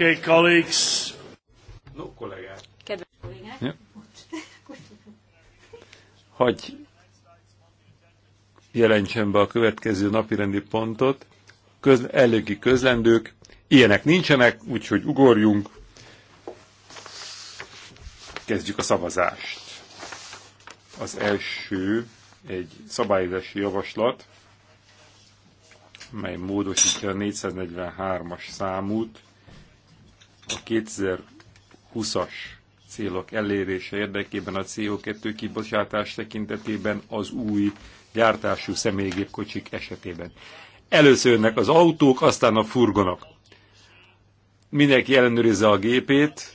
Okay, colleagues. No, kollégák. Kedves kollégák. Ja. Hagy jelentsen be a következő napirendi pontot. Köz, előgi közlendők. Ilyenek nincsenek, úgyhogy ugorjunk. Kezdjük a szavazást. Az első egy szabályozási javaslat, mely módosítja a 443-as számút, a 2020-as célok elérése érdekében a CO2 kibocsátás tekintetében az új gyártású személygépkocsik esetében. Először jönnek az autók, aztán a furgonok. Mindenki ellenőrizze a gépét,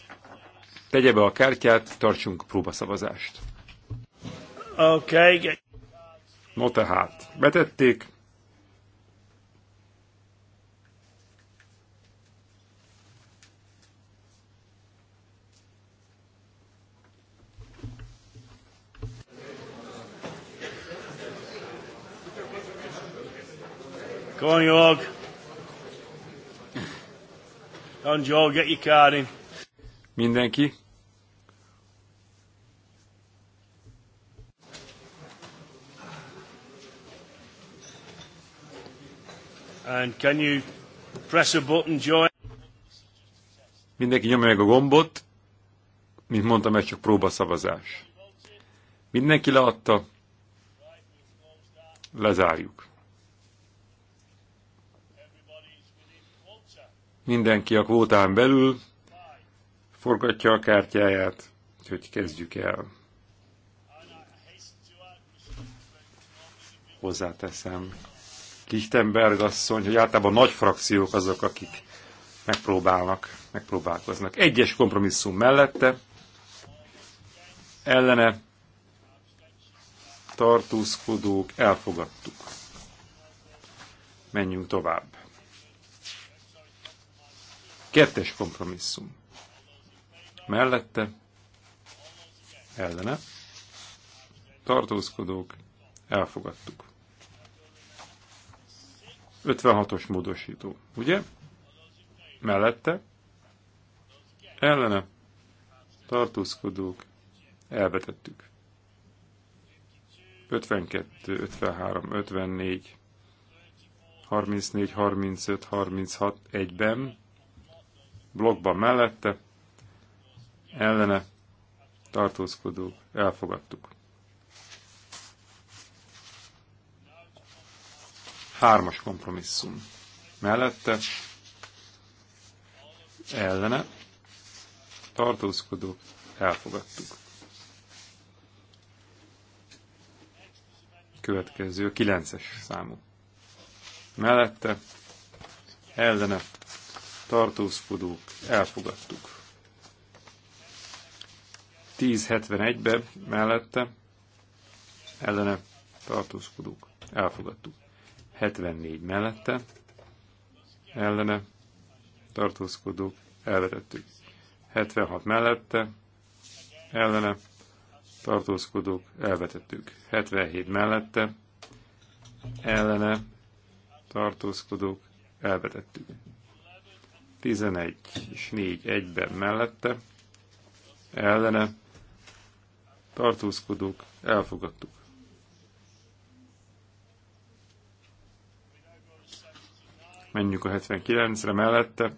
tegye be a kártyát, tartsunk próbaszavazást. Okay. No tehát, betették, Come on, Jorg. Come on, Jorg, get your card in. Mindenki. And can you press a button, join? Mindenki nyomja meg a gombot. Mint mondtam, ez csak próbaszavazás. Mindenki leadta. Lezárjuk. Mindenki a kvótán belül forgatja a kártyáját, úgyhogy kezdjük el. Hozzáteszem. Lichtenberg asszony, hogy általában nagy frakciók azok, akik megpróbálnak, megpróbálkoznak. Egyes kompromisszum mellette, ellene tartózkodók elfogadtuk. Menjünk tovább. Kettes kompromisszum. Mellette, ellene, tartózkodók, elfogadtuk. 56-os módosító, ugye? Mellette, ellene, tartózkodók, elvetettük. 52, 53, 54, 34, 35, 36 egyben blokkban mellette, ellene tartózkodók, elfogadtuk. Hármas kompromisszum. Mellette, ellene tartózkodók, elfogadtuk. Következő, a kilences számú. Mellette, ellene tartózkodók, elfogadtuk. 10.71-be mellette ellene tartózkodók, elfogadtuk. 74 mellette ellene tartózkodók, elvetettük. 76 mellette ellene tartózkodók, elvetettük. 77 mellette ellene tartózkodók, elvetettük. 11 és 4 egyben mellette, ellene tartózkodók, elfogadtuk. Menjünk a 79-re mellette,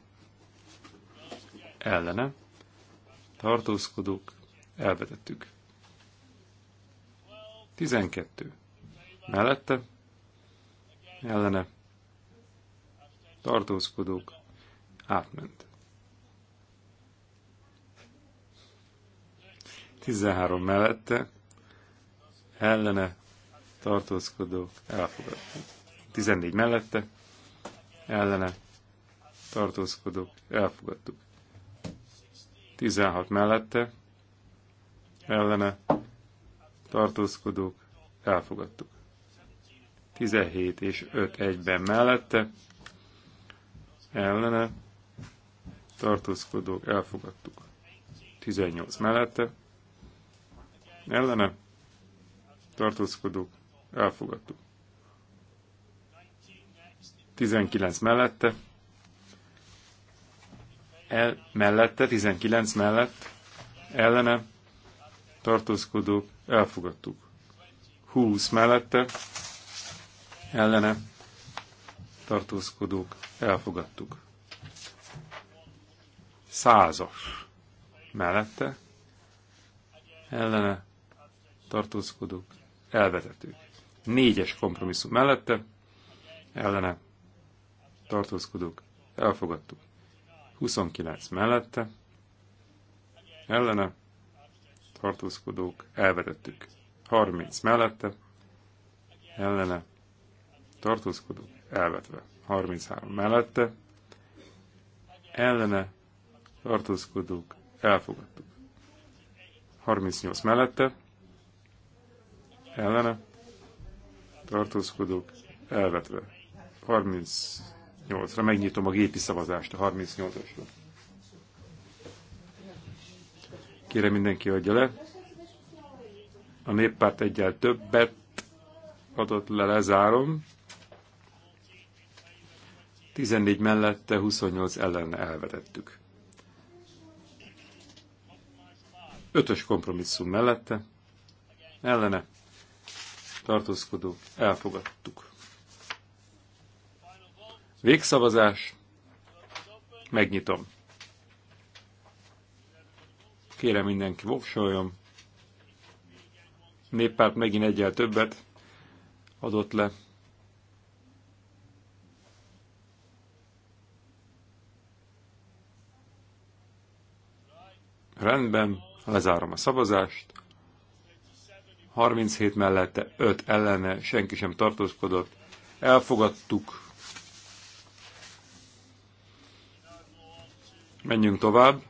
ellene tartózkodók, elvetettük. 12 mellette, ellene tartózkodók, átment. 13 mellette ellene tartózkodók elfogadták. 14 mellette ellene tartózkodók elfogadtuk. 16 mellette ellene tartózkodók elfogadtuk. 17 és 5 egyben mellette ellene tartózkodók elfogadtuk. 18 mellette, ellene, tartózkodók elfogadtuk. 19 mellette, el, mellette, 19 mellett, ellene, tartózkodók elfogadtuk. 20 mellette, ellene, tartózkodók elfogadtuk százas mellette ellene tartózkodók elvetetők. Négyes kompromisszum mellette ellene tartózkodók elfogadtuk. 29 mellette ellene tartózkodók elvetettük. 30 mellette ellene tartózkodók elvetve. 33 mellette ellene tartózkodók, elfogadtuk. 38 mellette, ellene, tartózkodók, elvetve. 38-ra megnyitom a gépi szavazást a 38-asra. Kérem mindenki adja le. A néppárt egyel többet adott le, lezárom. 14 mellette, 28 ellen elvetettük. Ötös kompromisszum mellette, ellene tartózkodó, elfogadtuk. Végszavazás, megnyitom. Kérem mindenki voksoljon. Néppárt megint egyel többet adott le. Rendben. Lezárom a szavazást. 37 mellette, 5 ellene, senki sem tartózkodott. Elfogadtuk. Menjünk tovább.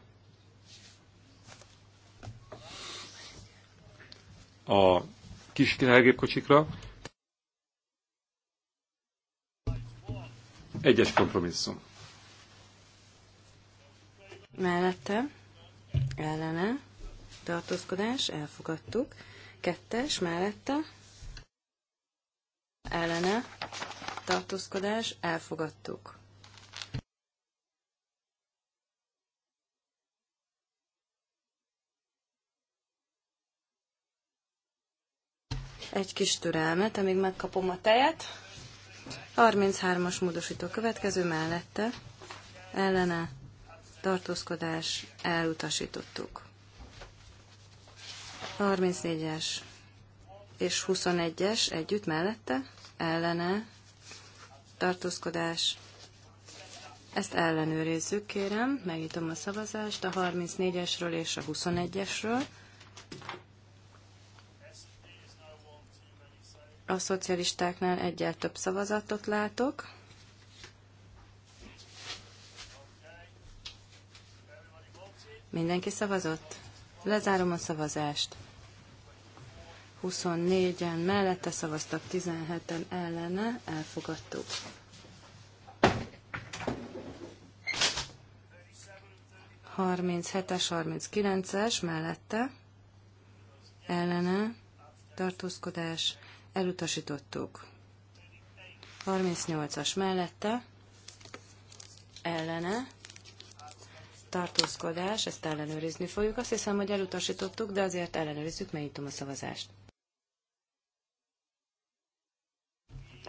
A kis tehergépkocsikra. Egyes kompromisszum. Mellette, ellene, tartózkodás, elfogadtuk. Kettes mellette, ellene, tartózkodás, elfogadtuk. Egy kis türelmet, amíg megkapom a tejet. 33-as módosító következő mellette, ellene, tartózkodás, elutasítottuk. 34-es és 21-es együtt mellette, ellene, tartózkodás. Ezt ellenőrizzük, kérem. Megnyitom a szavazást a 34-esről és a 21-esről. A szocialistáknál egyel több szavazatot látok. Mindenki szavazott? Lezárom a szavazást. 24-en mellette szavaztak, 17-en ellene, elfogadtuk. 37-es, 39-es mellette, ellene, tartózkodás, elutasítottuk. 38-as mellette, ellene, tartózkodás, ezt ellenőrizni fogjuk. Azt hiszem, hogy elutasítottuk, de azért ellenőrizzük, megnyitom a szavazást.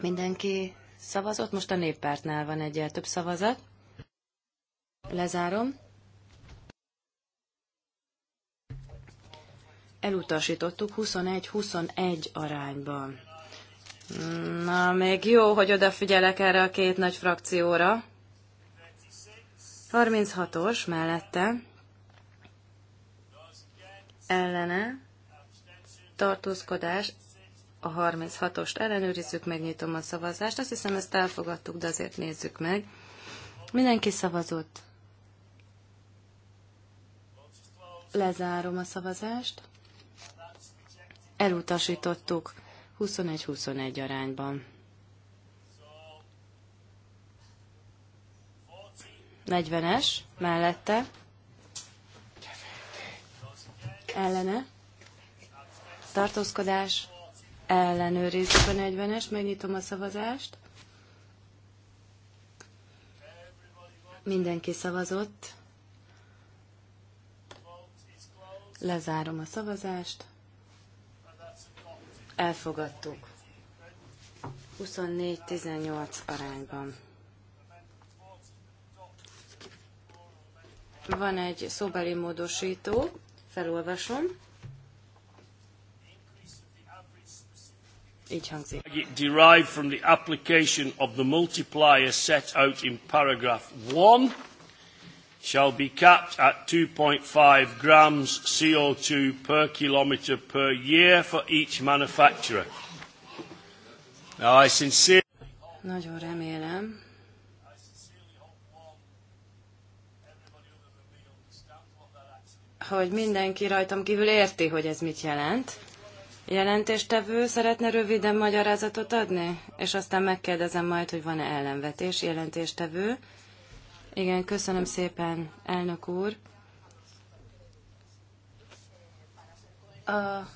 Mindenki szavazott, most a néppártnál van egyel több szavazat. Lezárom. Elutasítottuk 21-21 arányban. Na, még jó, hogy odafigyelek erre a két nagy frakcióra. 36-os mellette ellene tartózkodás, a 36-ost ellenőrizzük, megnyitom a szavazást. Azt hiszem, ezt elfogadtuk, de azért nézzük meg. Mindenki szavazott. Lezárom a szavazást. Elutasítottuk 21-21 arányban. 40-es mellette ellene tartózkodás ellenőrizzük a 40-es, megnyitom a szavazást. Mindenki szavazott. Lezárom a szavazást. Elfogadtuk. 24-18 arányban. Van egy szóbeli módosító, felolvasom. Így hangzik. It Derived from the application of the multiplier set out in paragraph 1 shall be capped at 2.5 grams CO2 per kilometre per year for each manufacturer. Now I sincerely... Nagyon remélem, hogy mindenki rajtam kívül érti, hogy ez mit jelent. Jelentéstevő szeretne röviden magyarázatot adni? És aztán megkérdezem majd, hogy van-e ellenvetés, jelentéstevő. Igen, köszönöm szépen, elnök úr. A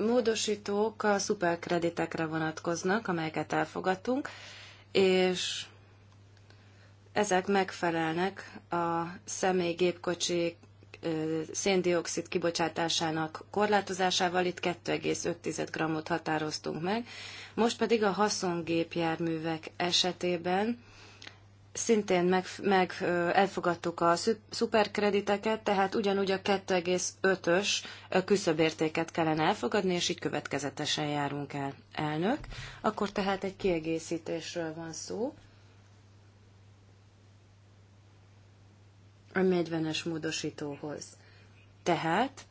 módosítók a szuperkreditekre vonatkoznak, amelyeket elfogadtunk, és ezek megfelelnek a személygépkocsi széndiokszid kibocsátásának korlátozásával itt 2,5 grammot határoztunk meg, most pedig a haszongépjárművek esetében szintén meg, meg elfogadtuk a szuperkrediteket, tehát ugyanúgy a 2,5-ös küszöbértéket kellene elfogadni, és így következetesen járunk el, elnök. Akkor tehát egy kiegészítésről van szó. a 40-es módosítóhoz. Tehát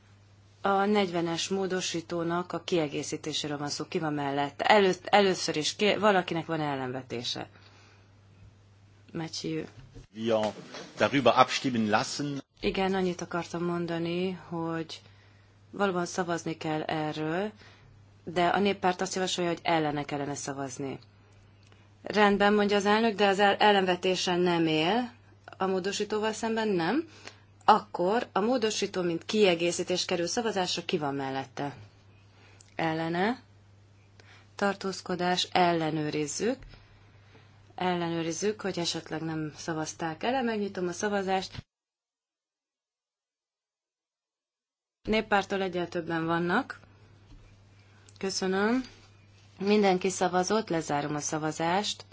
a 40-es módosítónak a kiegészítéséről van szó, ki van mellette. Elősz, először is ki, valakinek van ellenvetése. Matthew. darüber abstimmen lassen. Igen, annyit akartam mondani, hogy valóban szavazni kell erről, de a néppárt azt javasolja, hogy ellene kellene szavazni. Rendben, mondja az elnök, de az ellenvetésen nem él a módosítóval szemben nem, akkor a módosító, mint kiegészítés kerül szavazásra, ki van mellette? Ellene. Tartózkodás, ellenőrizzük. Ellenőrizzük, hogy esetleg nem szavazták el, megnyitom a szavazást. Néppártól egyel többen vannak. Köszönöm. Mindenki szavazott, lezárom a szavazást.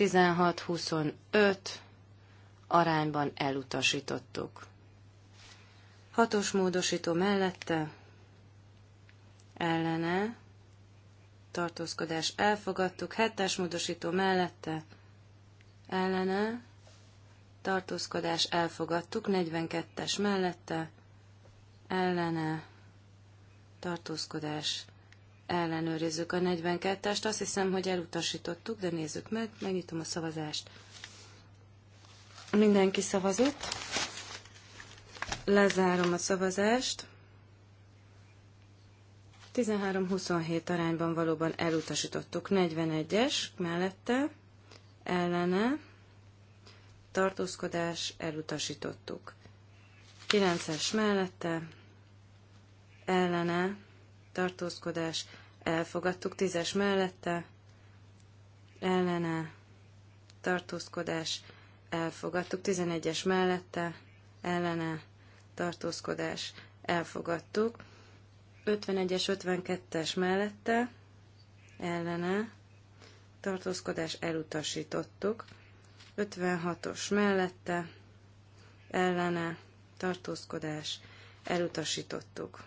16-25 arányban elutasítottuk. Hatos módosító mellette ellene tartózkodás elfogadtuk, hetes módosító mellette ellene tartózkodás elfogadtuk, 42-es mellette ellene tartózkodás ellenőrizzük a 42-est. Azt hiszem, hogy elutasítottuk, de nézzük meg. Megnyitom a szavazást. Mindenki szavazott. Lezárom a szavazást. 13-27 arányban valóban elutasítottuk. 41-es mellette, ellene, tartózkodás, elutasítottuk. 9-es mellette, ellene, tartózkodás, elutasítottuk elfogadtuk, tízes mellette, ellene, tartózkodás, elfogadtuk, tizenegyes mellette, ellene, tartózkodás, elfogadtuk, 51-es, 52-es mellette, ellene, tartózkodás, elutasítottuk, 56-os mellette, ellene, tartózkodás, elutasítottuk.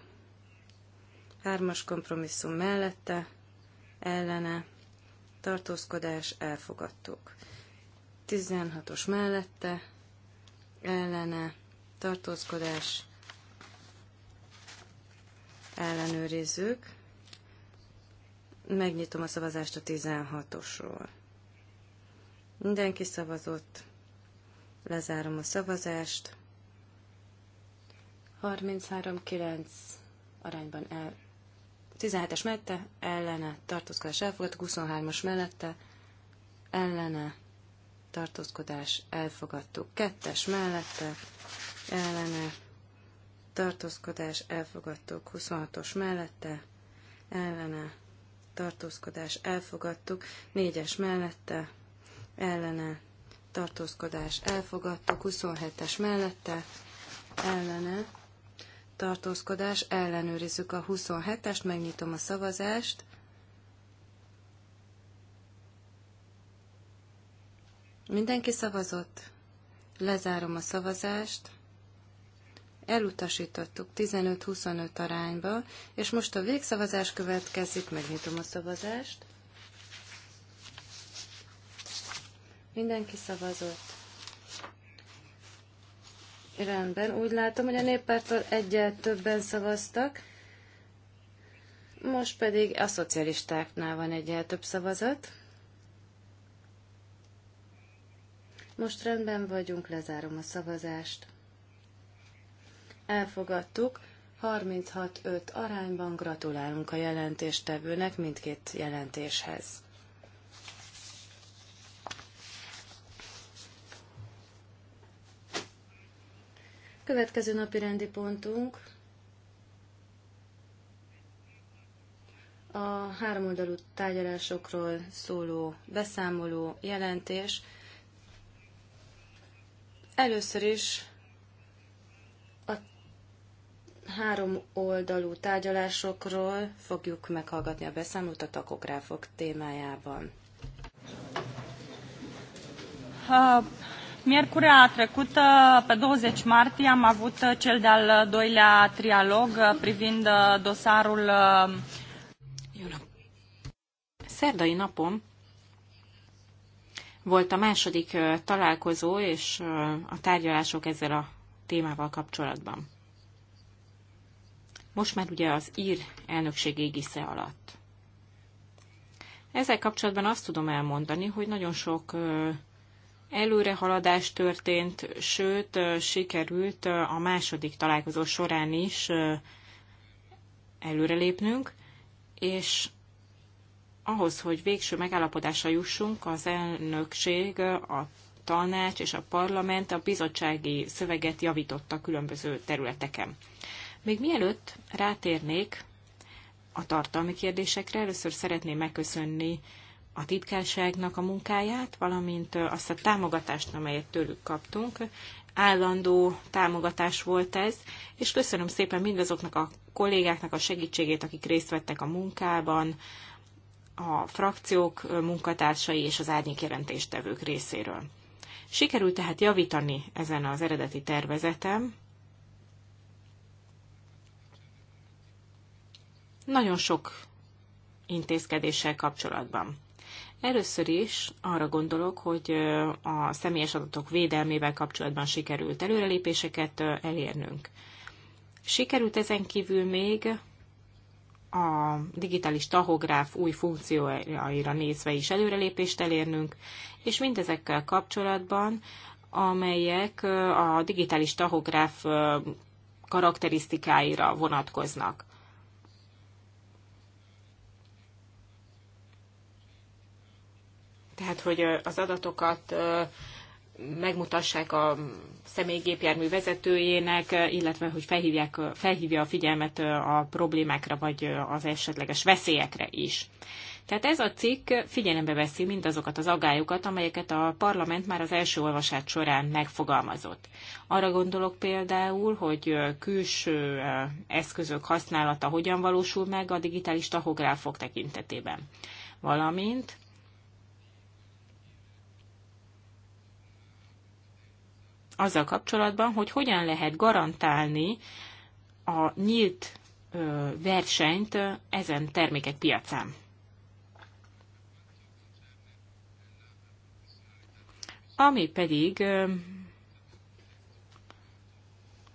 Hármas kompromisszum mellette, ellene, tartózkodás, elfogadtuk. 16-os mellette, ellene, tartózkodás, ellenőrizzük. Megnyitom a szavazást a 16-osról. Mindenki szavazott. Lezárom a szavazást. 33-9 arányban el, 17-es mellette, ellene, tartózkodás elfogadtuk, 23-as mellette, ellene, tartózkodás elfogadtuk, Kettes mellette, ellene, tartózkodás elfogadtuk, 26-os mellette, ellene, tartózkodás elfogadtuk, 4-es mellette, ellene, tartózkodás elfogadtuk, 27-es mellette, ellene, tartózkodás, ellenőrizzük a 27-est, megnyitom a szavazást. Mindenki szavazott? Lezárom a szavazást. Elutasítottuk 15-25 arányba, és most a végszavazás következik, megnyitom a szavazást. Mindenki szavazott. Rendben, úgy látom, hogy a néppártól egyet többen szavaztak, most pedig a szocialistáknál van egyet több szavazat. Most rendben vagyunk, lezárom a szavazást. Elfogadtuk, 36-5 arányban gratulálunk a jelentéstevőnek mindkét jelentéshez. Következő napi rendi pontunk a háromoldalú tárgyalásokról szóló beszámoló jelentés. Először is a három oldalú tárgyalásokról fogjuk meghallgatni a beszámolót a takográfok témájában. Uh, Miercurea trecută, pe 20 martie, am avut cel de-al doilea trialog privind dosarul... Uh, Szerdai napom volt a második uh, találkozó és uh, a tárgyalások ezzel a témával kapcsolatban. Most már ugye az ír elnökség égisze alatt. Ezzel kapcsolatban azt tudom elmondani, hogy nagyon sok Előrehaladás történt, sőt, sikerült a második találkozó során is előrelépnünk, és ahhoz, hogy végső megállapodásra jussunk, az elnökség, a tanács és a parlament a bizottsági szöveget javította különböző területeken. Még mielőtt rátérnék a tartalmi kérdésekre, először szeretném megköszönni a titkárságnak a munkáját, valamint azt a támogatást, amelyet tőlük kaptunk. Állandó támogatás volt ez, és köszönöm szépen mindazoknak a kollégáknak a segítségét, akik részt vettek a munkában, a frakciók munkatársai és az árnyékjelentéstevők részéről. Sikerült tehát javítani ezen az eredeti tervezetem. Nagyon sok intézkedéssel kapcsolatban. Először is arra gondolok, hogy a személyes adatok védelmével kapcsolatban sikerült előrelépéseket elérnünk. Sikerült ezen kívül még a digitális tahográf új funkcióira nézve is előrelépést elérnünk, és mindezekkel kapcsolatban, amelyek a digitális tahográf karakterisztikáira vonatkoznak. tehát hogy az adatokat megmutassák a személygépjármű vezetőjének, illetve hogy felhívják, felhívja a figyelmet a problémákra vagy az esetleges veszélyekre is. Tehát ez a cikk figyelembe veszi mindazokat az agályokat, amelyeket a parlament már az első olvasát során megfogalmazott. Arra gondolok például, hogy külső eszközök használata hogyan valósul meg a digitális tahográfok tekintetében. Valamint azzal kapcsolatban, hogy hogyan lehet garantálni a nyílt versenyt ezen termékek piacán. Ami pedig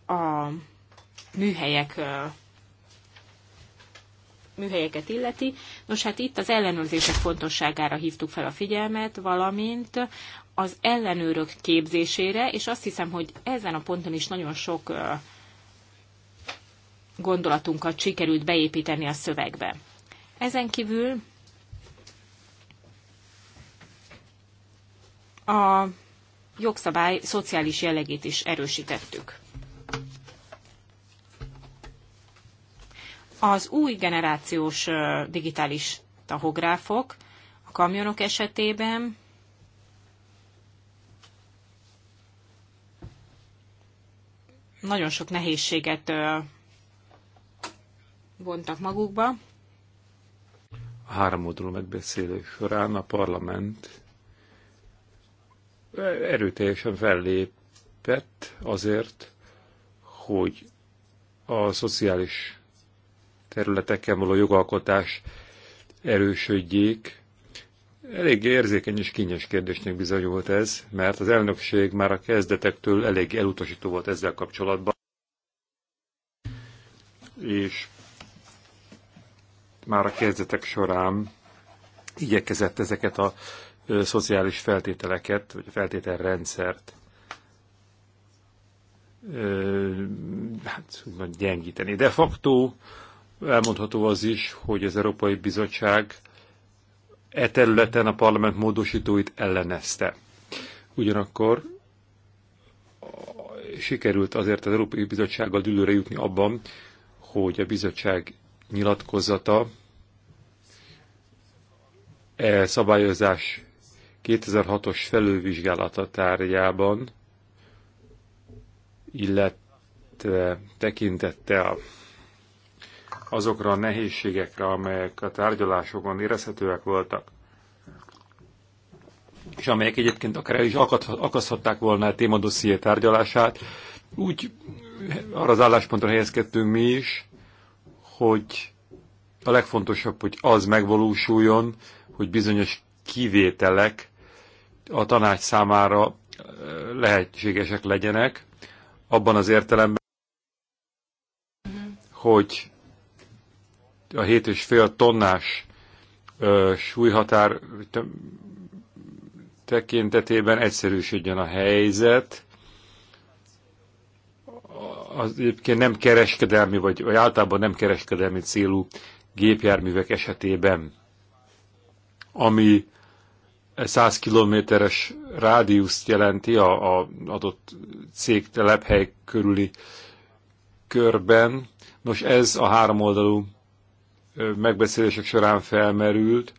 a műhelyek műhelyeket illeti. Nos, hát itt az ellenőrzések fontosságára hívtuk fel a figyelmet, valamint az ellenőrök képzésére, és azt hiszem, hogy ezen a ponton is nagyon sok gondolatunkat sikerült beépíteni a szövegbe. Ezen kívül a jogszabály szociális jellegét is erősítettük. Az új generációs digitális tahográfok a kamionok esetében nagyon sok nehézséget vontak magukba. A módról megbeszélők során a parlament erőteljesen fellépett azért, hogy a szociális területeken való jogalkotás erősödjék, Elég érzékeny és kényes kérdésnek bizonyult ez, mert az elnökség már a kezdetektől elég elutasító volt ezzel kapcsolatban. És már a kezdetek során igyekezett ezeket a szociális feltételeket, vagy a feltételrendszert hát gyengíteni. De facto elmondható az is, hogy az Európai Bizottság e területen a parlament módosítóit ellenezte. Ugyanakkor sikerült azért az Európai Bizottsággal dülőre jutni abban, hogy a bizottság nyilatkozata e szabályozás 2006-os felülvizsgálata tárgyában, illetve tekintette a azokra a nehézségekre, amelyek a tárgyalásokon érezhetőek voltak, és amelyek egyébként akár el is akaszthatták volna a témadosszié tárgyalását, úgy arra az álláspontra helyezkedtünk mi is, hogy a legfontosabb, hogy az megvalósuljon, hogy bizonyos kivételek a tanács számára eh, lehetségesek legyenek, abban az értelemben, hogy a 7,5 tonnás ö, súlyhatár tekintetében egyszerűsödjön a helyzet. Az egyébként nem kereskedelmi, vagy, vagy általában nem kereskedelmi célú gépjárművek esetében, ami 100 kilométeres rádiuszt jelenti a, a adott cég telephely körüli körben. Nos, ez a három oldalú megbeszélések során felmerült.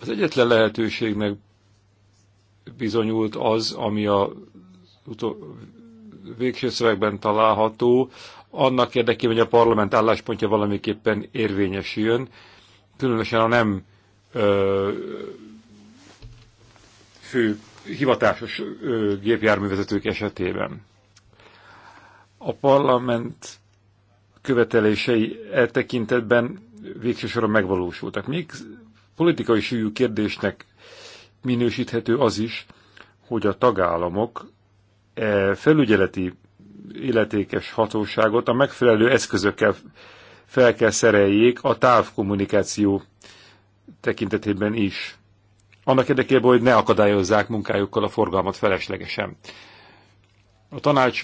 Az egyetlen lehetőségnek bizonyult az, ami a végső szövegben található, annak érdekében, hogy a parlament álláspontja valamiképpen érvényesüljön, különösen a nem ö, fő hivatásos ö, gépjárművezetők esetében. A parlament követelései e tekintetben végső soron megvalósultak. Még politikai súlyú kérdésnek minősíthető az is, hogy a tagállamok e, felügyeleti illetékes hatóságot a megfelelő eszközökkel fel kell szereljék a távkommunikáció tekintetében is. Annak érdekében, hogy ne akadályozzák munkájukkal a forgalmat feleslegesen. A tanács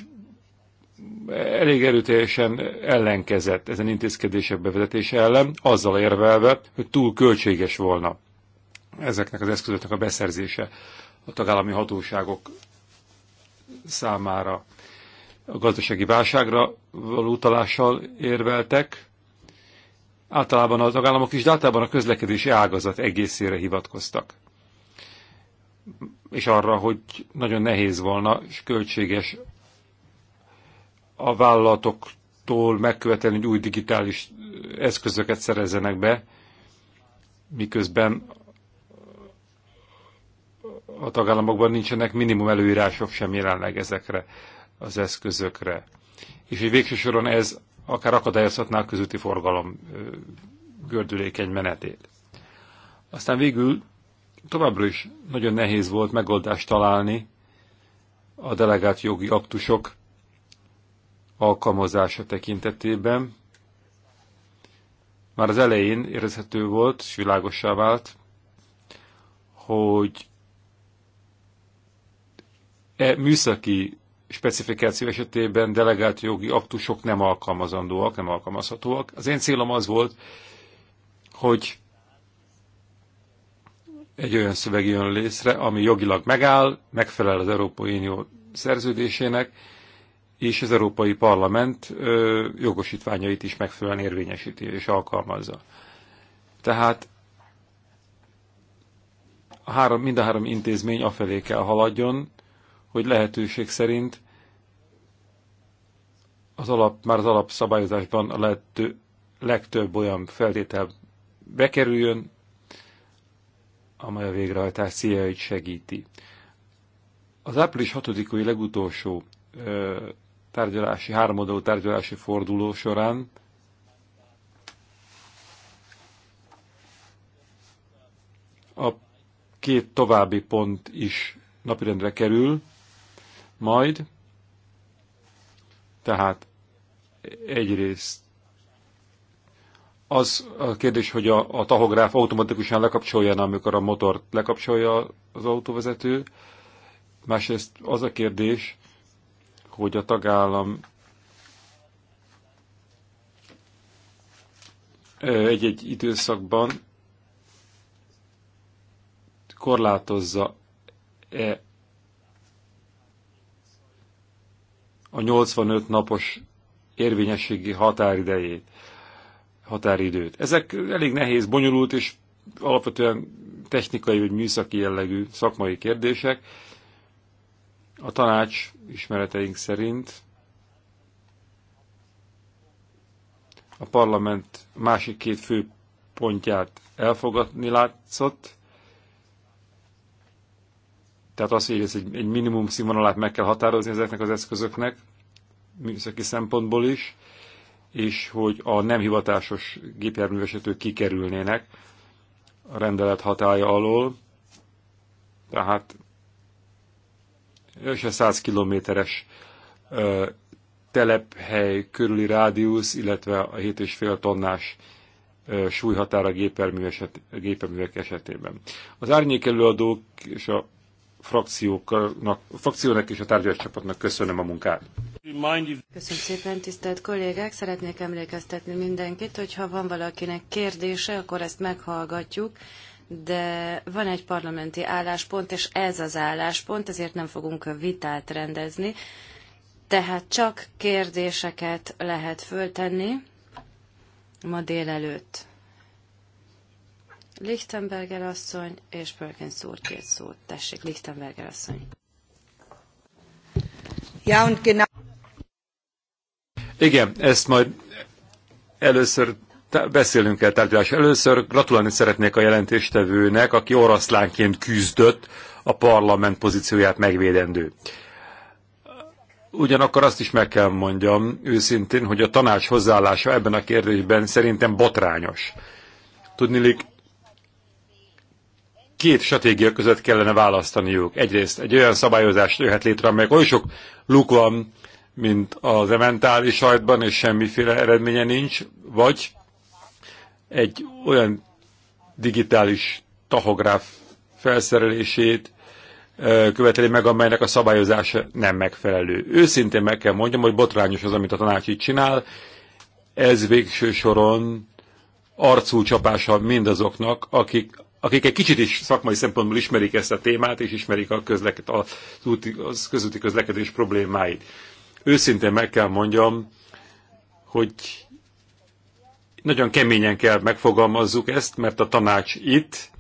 elég erőteljesen ellenkezett ezen intézkedések bevezetése ellen, azzal érvelve, hogy túl költséges volna ezeknek az eszközöknek a beszerzése a tagállami hatóságok számára. A gazdasági válságra való utalással érveltek, általában a tagállamok is, de általában a közlekedési ágazat egészére hivatkoztak. És arra, hogy nagyon nehéz volna és költséges a vállalatoktól megkövetelni, hogy új digitális eszközöket szerezzenek be, miközben a tagállamokban nincsenek minimum előírások sem jelenleg ezekre az eszközökre. És hogy végső soron ez akár akadályozhatná a közúti forgalom gördülékeny menetét. Aztán végül továbbra is nagyon nehéz volt megoldást találni a delegált jogi aktusok alkalmazása tekintetében. Már az elején érezhető volt, és világosá vált, hogy e műszaki specifikáció esetében delegált jogi aktusok nem alkalmazandóak, nem alkalmazhatóak. Az én célom az volt, hogy egy olyan szöveg jön létre, ami jogilag megáll, megfelel az Európai Unió szerződésének, és az Európai Parlament jogosítványait is megfelelően érvényesíti és alkalmazza. Tehát a három, mind a három intézmény afelé kell haladjon, hogy lehetőség szerint az alap, már az alapszabályozásban a lehető, legtöbb olyan feltétel bekerüljön, amely a végrehajtás céljait segíti. Az április 6-i legutolsó tárgyalási, háromoldalú tárgyalási forduló során a két további pont is napirendre kerül, majd tehát egyrészt az a kérdés, hogy a, a tahográf automatikusan lekapcsolja, amikor a motort lekapcsolja az autóvezető. Másrészt az a kérdés, hogy a tagállam egy-egy időszakban korlátozza-e a 85 napos érvényességi határidejét, határidőt. Ezek elég nehéz, bonyolult és alapvetően technikai vagy műszaki jellegű szakmai kérdések, a tanács ismereteink szerint a parlament másik két fő pontját elfogadni látszott, tehát az, hogy ez egy, egy minimum színvonalát meg kell határozni ezeknek az eszközöknek, műszaki szempontból is, és hogy a nem hivatásos gépjárművesetők kikerülnének a rendelet hatája alól, tehát és a 100 kilométeres telephely körüli rádiusz, illetve a 7,5 tonnás súlyhatára a gépeművek esetében. Az árnyékelőadók és a frakcióknak, a frakciónak és a csapatnak köszönöm a munkát. Köszönöm szépen, tisztelt kollégák! Szeretnék emlékeztetni mindenkit, hogy ha van valakinek kérdése, akkor ezt meghallgatjuk de van egy parlamenti álláspont, és ez az álláspont, ezért nem fogunk vitát rendezni. Tehát csak kérdéseket lehet föltenni ma délelőtt. Lichtenberger asszony és Perkins úr két szót. Tessék, Lichtenberger asszony. Ja, und genau... Igen, ezt majd először beszélünk el tárgyalás először. Gratulálni szeretnék a jelentéstevőnek, aki oroszlánként küzdött a parlament pozícióját megvédendő. Ugyanakkor azt is meg kell mondjam őszintén, hogy a tanács hozzáállása ebben a kérdésben szerintem botrányos. Tudnilik, két stratégia között kellene választaniuk. Egyrészt egy olyan szabályozást jöhet létre, amelyek oly sok luk van, mint az ementális sajtban, és semmiféle eredménye nincs, vagy egy olyan digitális tahográf felszerelését követeli meg, amelynek a szabályozása nem megfelelő. Őszintén meg kell mondjam, hogy botrányos az, amit a tanács így csinál. Ez végső soron arcú csapása mindazoknak, akik, akik egy kicsit is szakmai szempontból ismerik ezt a témát, és ismerik a, közleked, a, úti, a közúti közlekedés problémáit. Őszintén meg kell mondjam, hogy nagyon keményen kell megfogalmazzuk ezt, mert a tanács itt,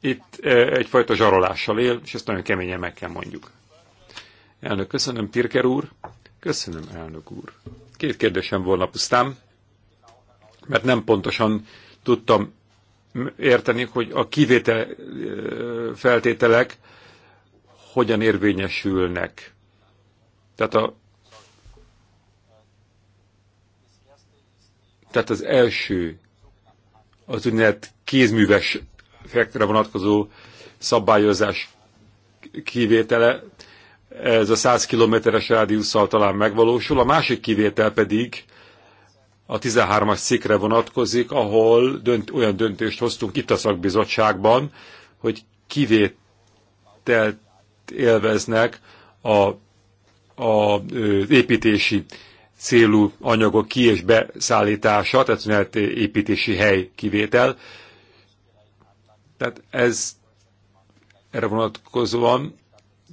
itt e, egyfajta zsarolással él, és ezt nagyon keményen meg kell mondjuk. Elnök, köszönöm, Pirker úr. Köszönöm, elnök úr. Két kérdésem volna pusztán, mert nem pontosan tudtam érteni, hogy a kivétel e, feltételek hogyan érvényesülnek. Tehát a Tehát az első, az úgynevezett kézműves fektre vonatkozó szabályozás kivétele, ez a 100 kilométeres rádiusszal talán megvalósul, a másik kivétel pedig a 13-as cikkre vonatkozik, ahol dönt, olyan döntést hoztunk itt a szakbizottságban, hogy kivételt élveznek a, a, az építési célú anyagok ki- és beszállítása, tehát mert építési hely kivétel. Tehát ez erre vonatkozóan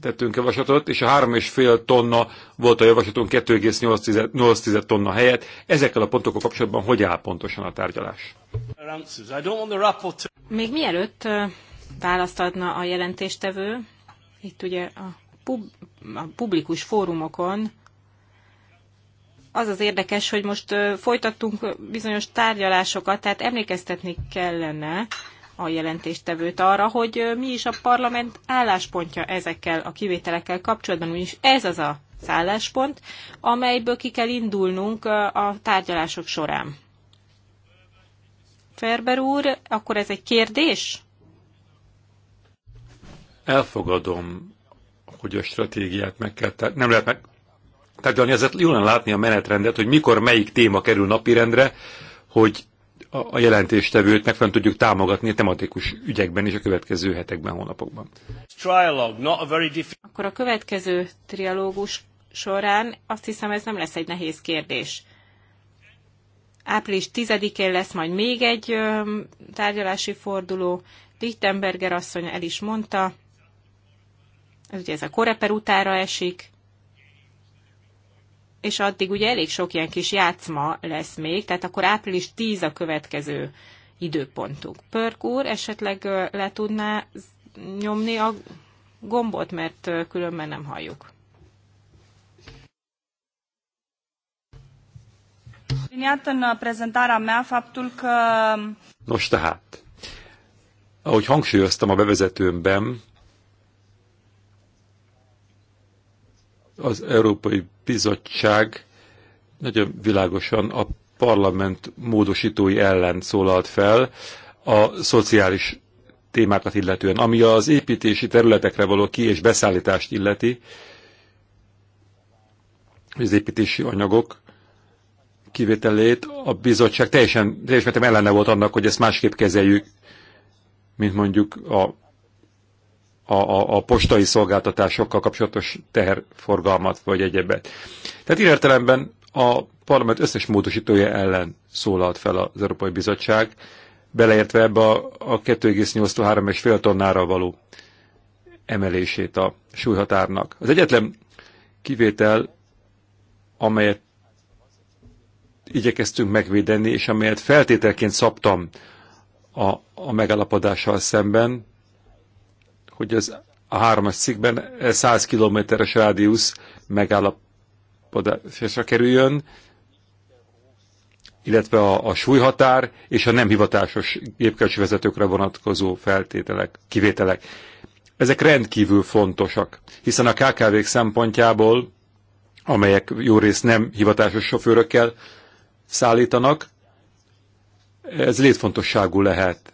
tettünk javaslatot, és a 3,5 tonna volt a javaslatunk 2,8 tonna helyett. Ezekkel a pontokkal kapcsolatban hogy áll pontosan a tárgyalás? Még mielőtt választ adna a jelentéstevő, itt ugye a, pub, a publikus fórumokon az az érdekes, hogy most folytattunk bizonyos tárgyalásokat, tehát emlékeztetni kellene a jelentéstevőt arra, hogy mi is a parlament álláspontja ezekkel a kivételekkel kapcsolatban, úgyis ez az a szálláspont, amelyből ki kell indulnunk a tárgyalások során. Ferber úr, akkor ez egy kérdés? Elfogadom, hogy a stratégiát meg kell, nem lehet meg, tárgyalni, azért jól lenne látni a menetrendet, hogy mikor melyik téma kerül napirendre, hogy a jelentéstevőt megfelelően tudjuk támogatni a tematikus ügyekben és a következő hetekben, hónapokban. Akkor a következő trialógus során azt hiszem ez nem lesz egy nehéz kérdés. Április 10-én lesz majd még egy tárgyalási forduló. Lichtenberger asszony el is mondta, ez ugye ez a koreper utára esik, és addig ugye elég sok ilyen kis játszma lesz még, tehát akkor április 10 a következő időpontunk. Pörk úr, esetleg le tudná nyomni a gombot, mert különben nem halljuk. Uh, Nos tehát, ahogy hangsúlyoztam a bevezetőmben, az Európai Bizottság nagyon világosan a parlament módosítói ellen szólalt fel a szociális témákat illetően. Ami az építési területekre való ki- és beszállítást illeti, az építési anyagok kivételét, a bizottság teljesen, teljesen ellene volt annak, hogy ezt másképp kezeljük, mint mondjuk a a, a, a postai szolgáltatásokkal kapcsolatos teherforgalmat, vagy egyebet. Tehát ilyen értelemben a parlament összes módosítója ellen szólalt fel az Európai Bizottság, beleértve ebbe a, a 2,83,5 tonnára való emelését a súlyhatárnak. Az egyetlen kivétel, amelyet igyekeztünk megvédeni, és amelyet feltételként szabtam a, a megállapodással szemben, hogy az a hármas cikkben 100 kilométeres rádiusz megállapodásra kerüljön, illetve a, a súlyhatár és a nem hivatásos vezetőkre vonatkozó feltételek, kivételek. Ezek rendkívül fontosak, hiszen a KKV-k szempontjából, amelyek jó részt nem hivatásos sofőrökkel szállítanak, ez létfontosságú lehet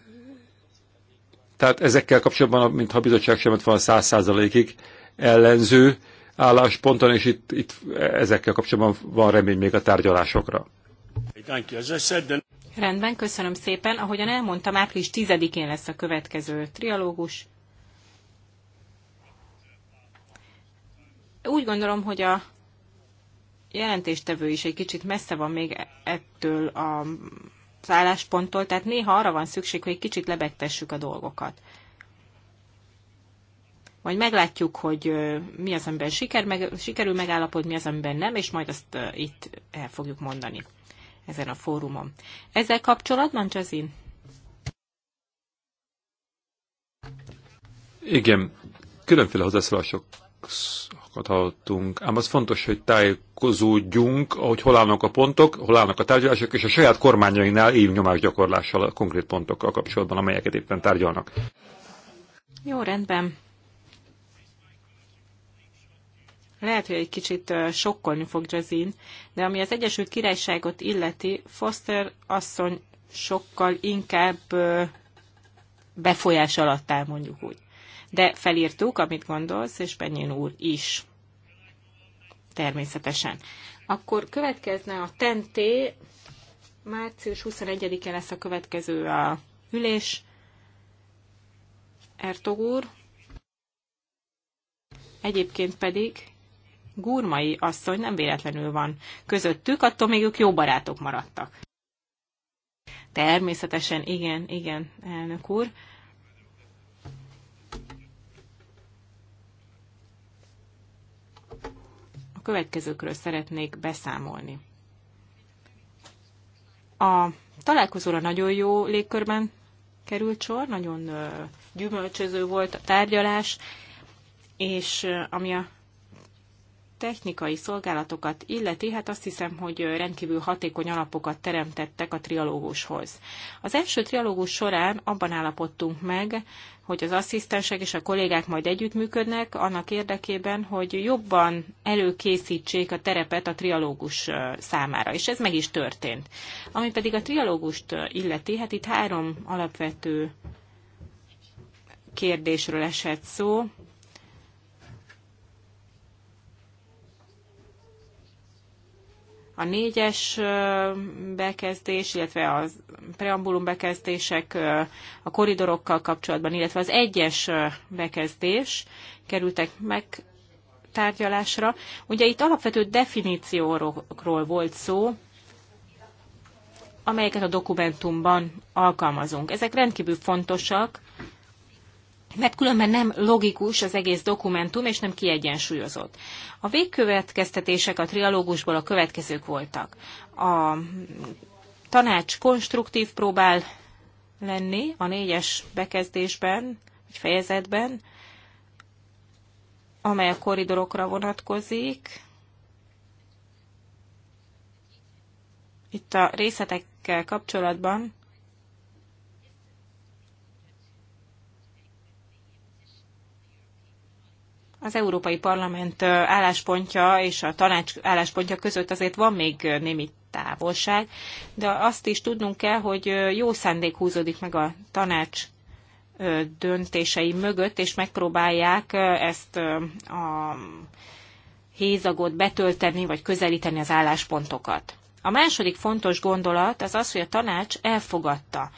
tehát ezekkel kapcsolatban, mintha a bizottság sem ott van száz százalékig ellenző állásponton, és itt, itt ezekkel kapcsolatban van remény még a tárgyalásokra. Rendben, köszönöm szépen. Ahogyan elmondtam, április 10-én lesz a következő trialógus. Úgy gondolom, hogy a jelentéstevő is egy kicsit messze van még ettől a állásponttól, tehát néha arra van szükség, hogy egy kicsit lebegtessük a dolgokat. Majd meglátjuk, hogy mi az, amiben siker, meg, sikerül megállapodni, mi az, amiben nem, és majd azt itt el fogjuk mondani ezen a fórumon. Ezzel kapcsolatban, Csazin? Igen, különféle hozzászólásokat hallottunk, ám az fontos, hogy tájékozódjunk tájékozódjunk, hogy hol állnak a pontok, hol állnak a tárgyalások, és a saját kormányainál éljünk nyomásgyakorlással a konkrét pontokkal kapcsolatban, amelyeket éppen tárgyalnak. Jó, rendben. Lehet, hogy egy kicsit sokkolni fog Jazin, de ami az Egyesült Királyságot illeti, Foster asszony sokkal inkább befolyás alatt áll, mondjuk úgy. De felírtuk, amit gondolsz, és Benyén úr is természetesen. Akkor következne a tenté, március 21-e lesz a következő a ülés. Ertog úr. Egyébként pedig Gurmai asszony nem véletlenül van közöttük, attól még ők jó barátok maradtak. Természetesen, igen, igen, elnök úr. következőkről szeretnék beszámolni. A találkozóra nagyon jó légkörben került sor, nagyon gyümölcsöző volt a tárgyalás, és ami a technikai szolgálatokat illeti, hát azt hiszem, hogy rendkívül hatékony alapokat teremtettek a trialógushoz. Az első trialógus során abban állapodtunk meg, hogy az asszisztensek és a kollégák majd együttműködnek annak érdekében, hogy jobban előkészítsék a terepet a trialógus számára, és ez meg is történt. Ami pedig a trialógust illeti, hát itt három alapvető kérdésről esett szó, a négyes bekezdés, illetve a preambulum bekezdések a koridorokkal kapcsolatban, illetve az egyes bekezdés kerültek meg tárgyalásra. Ugye itt alapvető definíciókról volt szó, amelyeket a dokumentumban alkalmazunk. Ezek rendkívül fontosak, mert különben nem logikus az egész dokumentum, és nem kiegyensúlyozott. A végkövetkeztetések a trialógusból a következők voltak. A tanács konstruktív próbál lenni a négyes bekezdésben, vagy fejezetben, amely a koridorokra vonatkozik. Itt a részletekkel kapcsolatban az Európai Parlament álláspontja és a tanács álláspontja között azért van még némi távolság, de azt is tudnunk kell, hogy jó szándék húzódik meg a tanács döntései mögött, és megpróbálják ezt a hézagot betölteni, vagy közelíteni az álláspontokat. A második fontos gondolat az az, hogy a tanács elfogadta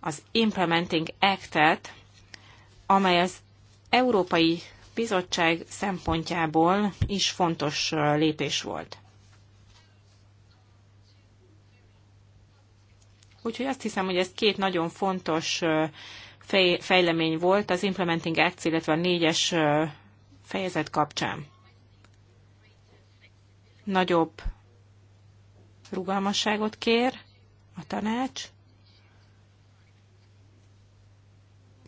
az Implementing Act-et, amely az európai bizottság szempontjából is fontos lépés volt. Úgyhogy azt hiszem, hogy ez két nagyon fontos fejlemény volt az Implementing Acts, illetve a négyes fejezet kapcsán. Nagyobb rugalmasságot kér a tanács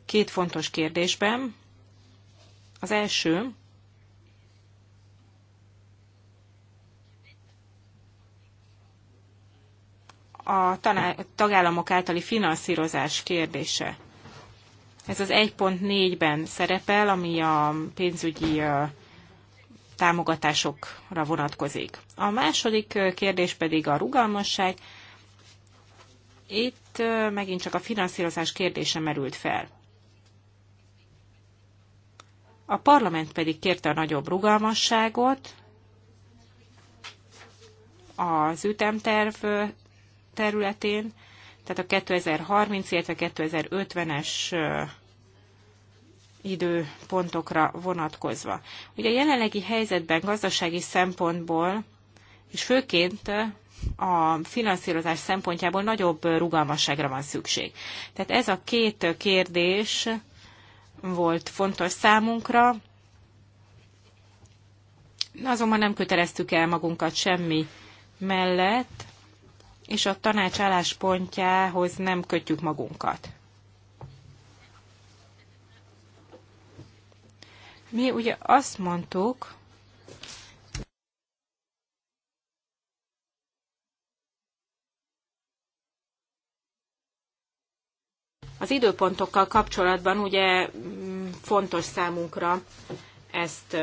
két fontos kérdésben. Az első, a tagállamok általi finanszírozás kérdése. Ez az 1.4-ben szerepel, ami a pénzügyi támogatásokra vonatkozik. A második kérdés pedig a rugalmasság. Itt megint csak a finanszírozás kérdése merült fel a parlament pedig kérte a nagyobb rugalmasságot az ütemterv területén, tehát a 2030, illetve 2050-es időpontokra vonatkozva. Ugye a jelenlegi helyzetben gazdasági szempontból, és főként a finanszírozás szempontjából nagyobb rugalmasságra van szükség. Tehát ez a két kérdés volt fontos számunkra, azonban nem köteleztük el magunkat semmi mellett, és a tanács álláspontjához nem kötjük magunkat. Mi ugye azt mondtuk, Az időpontokkal kapcsolatban ugye mm, fontos számunkra ezt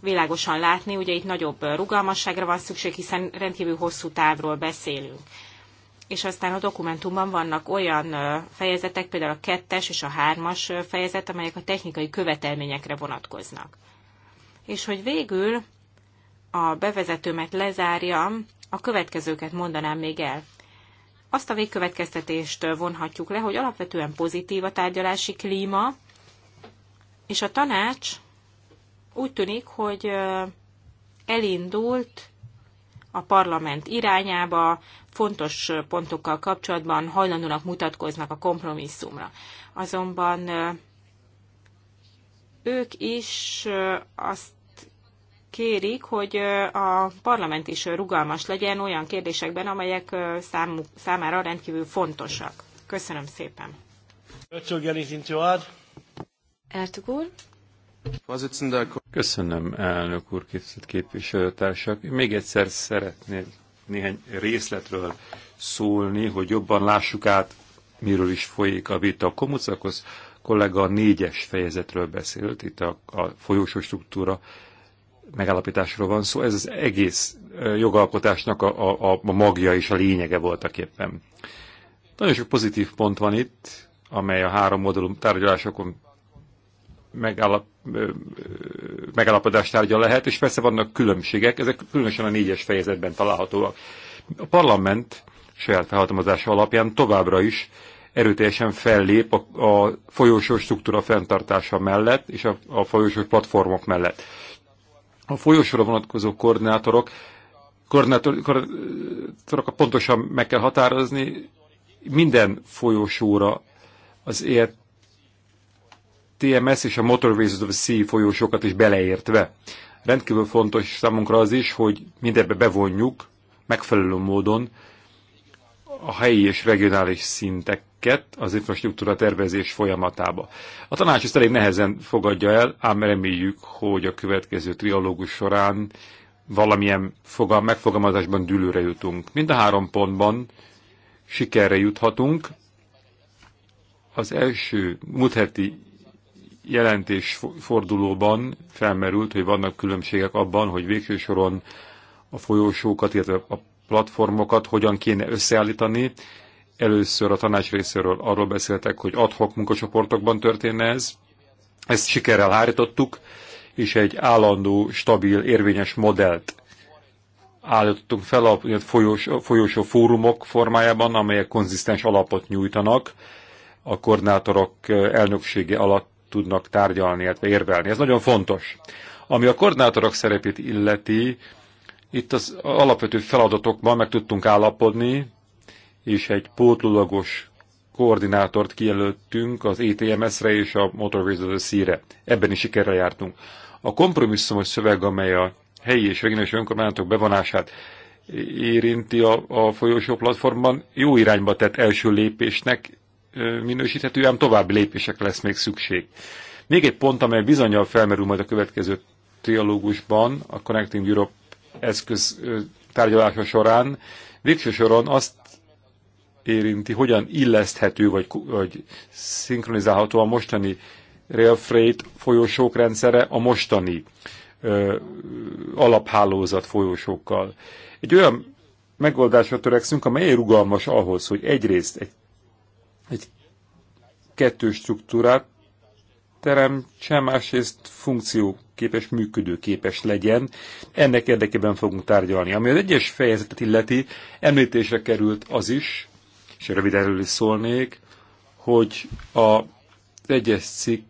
világosan látni, ugye itt nagyobb rugalmasságra van szükség, hiszen rendkívül hosszú távról beszélünk. És aztán a dokumentumban vannak olyan fejezetek, például a kettes és a hármas fejezet, amelyek a technikai követelményekre vonatkoznak. És hogy végül a bevezetőmet lezárjam, a következőket mondanám még el azt a végkövetkeztetést vonhatjuk le, hogy alapvetően pozitív a tárgyalási klíma, és a tanács úgy tűnik, hogy elindult a parlament irányába, fontos pontokkal kapcsolatban hajlandónak mutatkoznak a kompromisszumra. Azonban ők is azt kérik, hogy a parlament is rugalmas legyen olyan kérdésekben, amelyek számú, számára rendkívül fontosak. Köszönöm szépen. Ertug Köszönöm, elnök úr, képviselőtársak. Még egyszer szeretnék néhány részletről szólni, hogy jobban lássuk át, miről is folyik a vita. A komucakhoz kollega a négyes fejezetről beszélt, itt a, a folyósó struktúra megállapításról van szó, ez az egész jogalkotásnak a, a, a magja és a lényege voltak éppen. Nagyon sok pozitív pont van itt, amely a három modulum tárgyalásokon megállapodást tárgya lehet, és persze vannak különbségek, ezek különösen a négyes fejezetben találhatóak. A parlament saját felhatalmazása alapján továbbra is erőteljesen fellép a, a folyósó struktúra fenntartása mellett és a, a folyósó platformok mellett a folyosóra vonatkozó koordinátorok, koordinátor, koordinátorokat pontosan meg kell határozni, minden folyosóra az ért e TMS és a Motorways of the Sea folyósokat is beleértve. Rendkívül fontos számunkra az is, hogy mindebbe bevonjuk megfelelő módon a helyi és regionális szintek ezeket az infrastruktúra tervezés folyamatába. A tanács ezt elég nehezen fogadja el, ám reméljük, hogy a következő trialógus során valamilyen fogal, megfogalmazásban dűlőre jutunk. Mind a három pontban sikerre juthatunk. Az első múlt heti jelentés fordulóban felmerült, hogy vannak különbségek abban, hogy végső soron a folyósókat, illetve a platformokat hogyan kéne összeállítani, Először a tanács részéről arról beszéltek, hogy adhok munkacsoportokban történne ez. Ezt sikerrel hárítottuk, és egy állandó, stabil, érvényes modellt állítottunk fel a folyós, folyósó fórumok formájában, amelyek konzisztens alapot nyújtanak, a koordinátorok eh, elnöksége alatt tudnak tárgyalni, illetve érvelni. Ez nagyon fontos. Ami a koordinátorok szerepét illeti, itt az alapvető feladatokban meg tudtunk állapodni, és egy pótlulagos koordinátort kijelöltünk az ETMS-re és a Motorways of Ebben is sikerre jártunk. A kompromisszumos szöveg, amely a helyi és regionális önkormányzatok bevonását érinti a, a folyósó platformban, jó irányba tett első lépésnek minősíthető, ám további lépések lesz még szükség. Még egy pont, amely bizonyal felmerül majd a következő trialógusban, a Connecting Europe eszköz tárgyalása során, végső soron azt érinti, hogyan illeszthető vagy, vagy szinkronizálható a mostani rail freight folyósók rendszere a mostani ö, alaphálózat folyósókkal. Egy olyan megoldásra törekszünk, amely rugalmas ahhoz, hogy egyrészt egy, egy kettő struktúrát teremtsen, másrészt funkcióképes, működőképes legyen. Ennek érdekében fogunk tárgyalni. Ami az egyes fejezetet illeti, említésre került az is, és rövid erről is szólnék, hogy a egyes cikk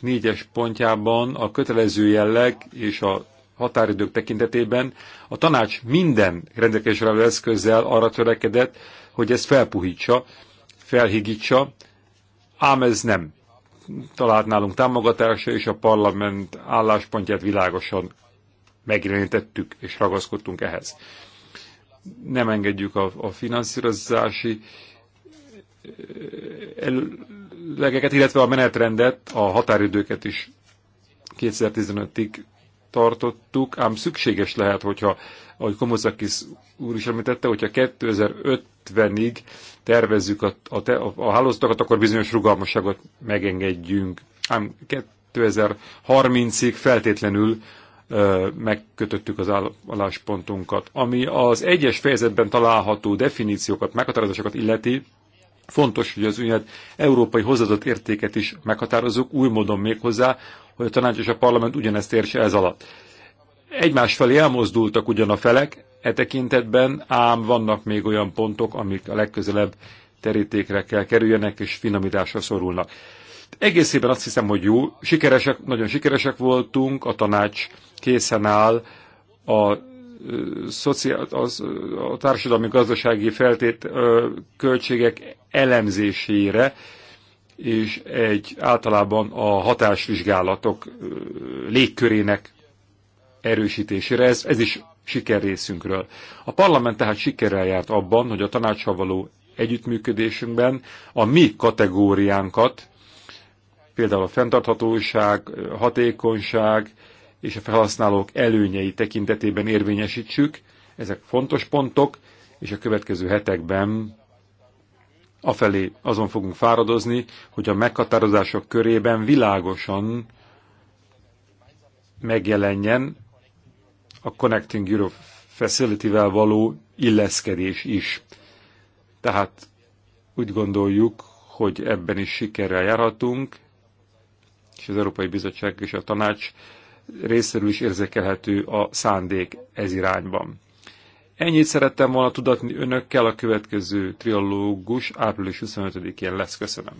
négyes pontjában a kötelező jelleg és a határidők tekintetében a tanács minden rendelkezésre álló eszközzel arra törekedett, hogy ezt felpuhítsa, felhigítsa, ám ez nem talált nálunk támogatása, és a parlament álláspontját világosan megjelenítettük, és ragaszkodtunk ehhez nem engedjük a, a finanszírozási eh, legeket, illetve a menetrendet, a határidőket is 2015-ig tartottuk, ám szükséges lehet, hogyha, ahogy Komozakis úr is említette, hogyha 2050-ig tervezzük a, a, a, a hálózatokat, akkor bizonyos rugalmasságot megengedjünk. Ám 2030-ig feltétlenül megkötöttük az álláspontunkat. Ami az egyes fejezetben található definíciókat, meghatározásokat illeti, fontos, hogy az ünnep európai hozzáadott értéket is meghatározzuk, új módon még hozzá, hogy a tanács és a parlament ugyanezt értse ez alatt. Egymás felé elmozdultak ugyan a felek, e tekintetben, ám vannak még olyan pontok, amik a legközelebb terítékre kell kerüljenek és finomításra szorulnak. Egészében azt hiszem, hogy jó, sikeresek, nagyon sikeresek voltunk, a tanács készen áll a, a, a társadalmi gazdasági feltét költségek elemzésére, és egy általában a hatásvizsgálatok légkörének erősítésére. Ez, ez is siker részünkről. A parlament tehát sikerrel járt abban, hogy a tanácssal való együttműködésünkben a mi kategóriánkat, például a fenntarthatóság, hatékonyság, és a felhasználók előnyei tekintetében érvényesítsük. Ezek fontos pontok, és a következő hetekben afelé azon fogunk fáradozni, hogy a meghatározások körében világosan megjelenjen a Connecting Europe Facility-vel való illeszkedés is. Tehát úgy gondoljuk, hogy ebben is sikerrel járhatunk, és az Európai Bizottság és a Tanács részéről is érzékelhető a szándék ez irányban. Ennyit szerettem volna tudatni önökkel, a következő triológus április 25-én lesz. Köszönöm.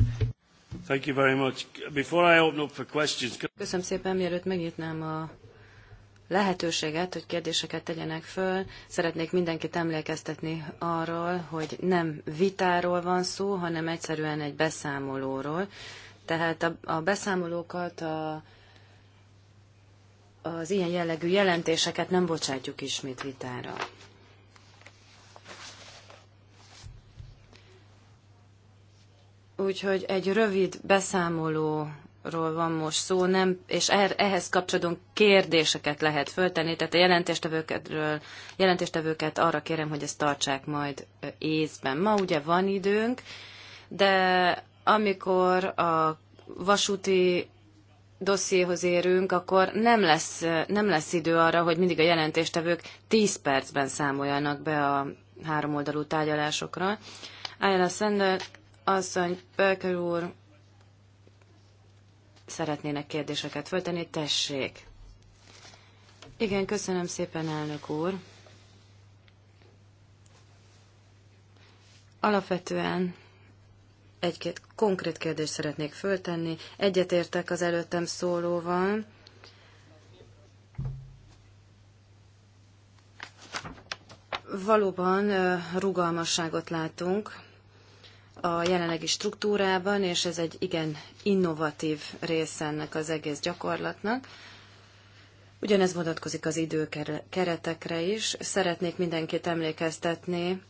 Thank you very much. Before I open up for questions... Köszönöm szépen, mielőtt megnyitnám a lehetőséget, hogy kérdéseket tegyenek föl. Szeretnék mindenkit emlékeztetni arról, hogy nem vitáról van szó, hanem egyszerűen egy beszámolóról. Tehát a, a beszámolókat a az ilyen jellegű jelentéseket nem bocsátjuk ismét vitára. Úgyhogy egy rövid beszámolóról van most szó, nem, és er, ehhez kapcsolódóan kérdéseket lehet föltenni, tehát a jelentéstevőketről, jelentéstevőket arra kérem, hogy ezt tartsák majd észben. Ma ugye van időnk, de amikor a vasúti dossziéhoz érünk, akkor nem lesz, nem lesz idő arra, hogy mindig a jelentéstevők 10 percben számoljanak be a háromoldalú tárgyalásokra. a Szendel, asszony, Pelker úr, szeretnének kérdéseket föltenni, tessék. Igen, köszönöm szépen, elnök úr. Alapvetően egy-két konkrét kérdést szeretnék föltenni. Egyetértek az előttem szólóval. Valóban rugalmasságot látunk a jelenlegi struktúrában, és ez egy igen innovatív része ennek az egész gyakorlatnak. Ugyanez vonatkozik az időkeretekre is. Szeretnék mindenkit emlékeztetni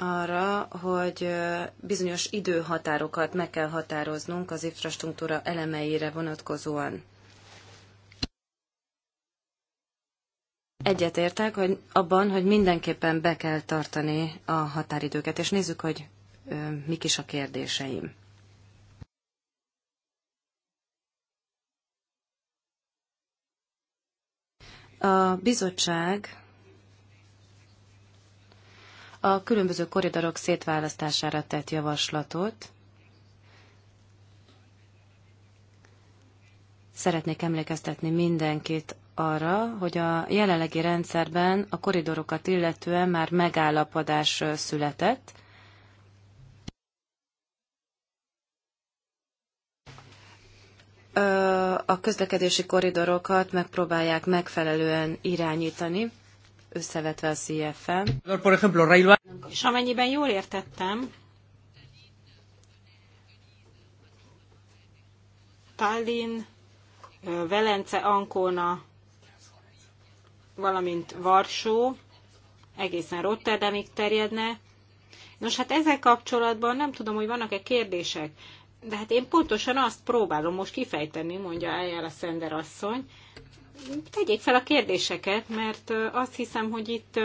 arra, hogy bizonyos időhatárokat meg kell határoznunk az infrastruktúra elemeire vonatkozóan. Egyetértek hogy abban, hogy mindenképpen be kell tartani a határidőket, és nézzük, hogy ö, mik is a kérdéseim. A bizottság a különböző koridorok szétválasztására tett javaslatot. Szeretnék emlékeztetni mindenkit arra, hogy a jelenlegi rendszerben a koridorokat illetően már megállapodás született, a közlekedési koridorokat megpróbálják megfelelően irányítani, összevetve a CFM. És amennyiben jól értettem, Tallinn, Velence, Ancona, valamint Varsó, egészen Rotterdamig terjedne. Nos, hát ezzel kapcsolatban nem tudom, hogy vannak-e kérdések, de hát én pontosan azt próbálom most kifejteni, mondja eljárás a Szender asszony, tegyék fel a kérdéseket, mert azt hiszem, hogy itt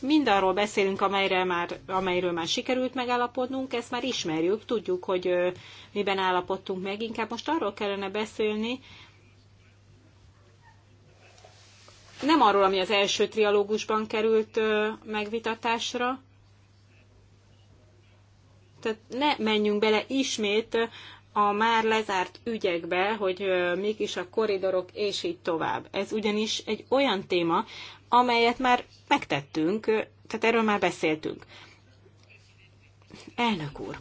mindarról beszélünk, amelyre már, amelyről már sikerült megállapodnunk, ezt már ismerjük, tudjuk, hogy miben állapodtunk meg, inkább most arról kellene beszélni, nem arról, ami az első trialógusban került megvitatásra, tehát ne menjünk bele ismét a már lezárt ügyekbe, hogy mik is a koridorok, és így tovább. Ez ugyanis egy olyan téma, amelyet már megtettünk, tehát erről már beszéltünk. Elnök úr,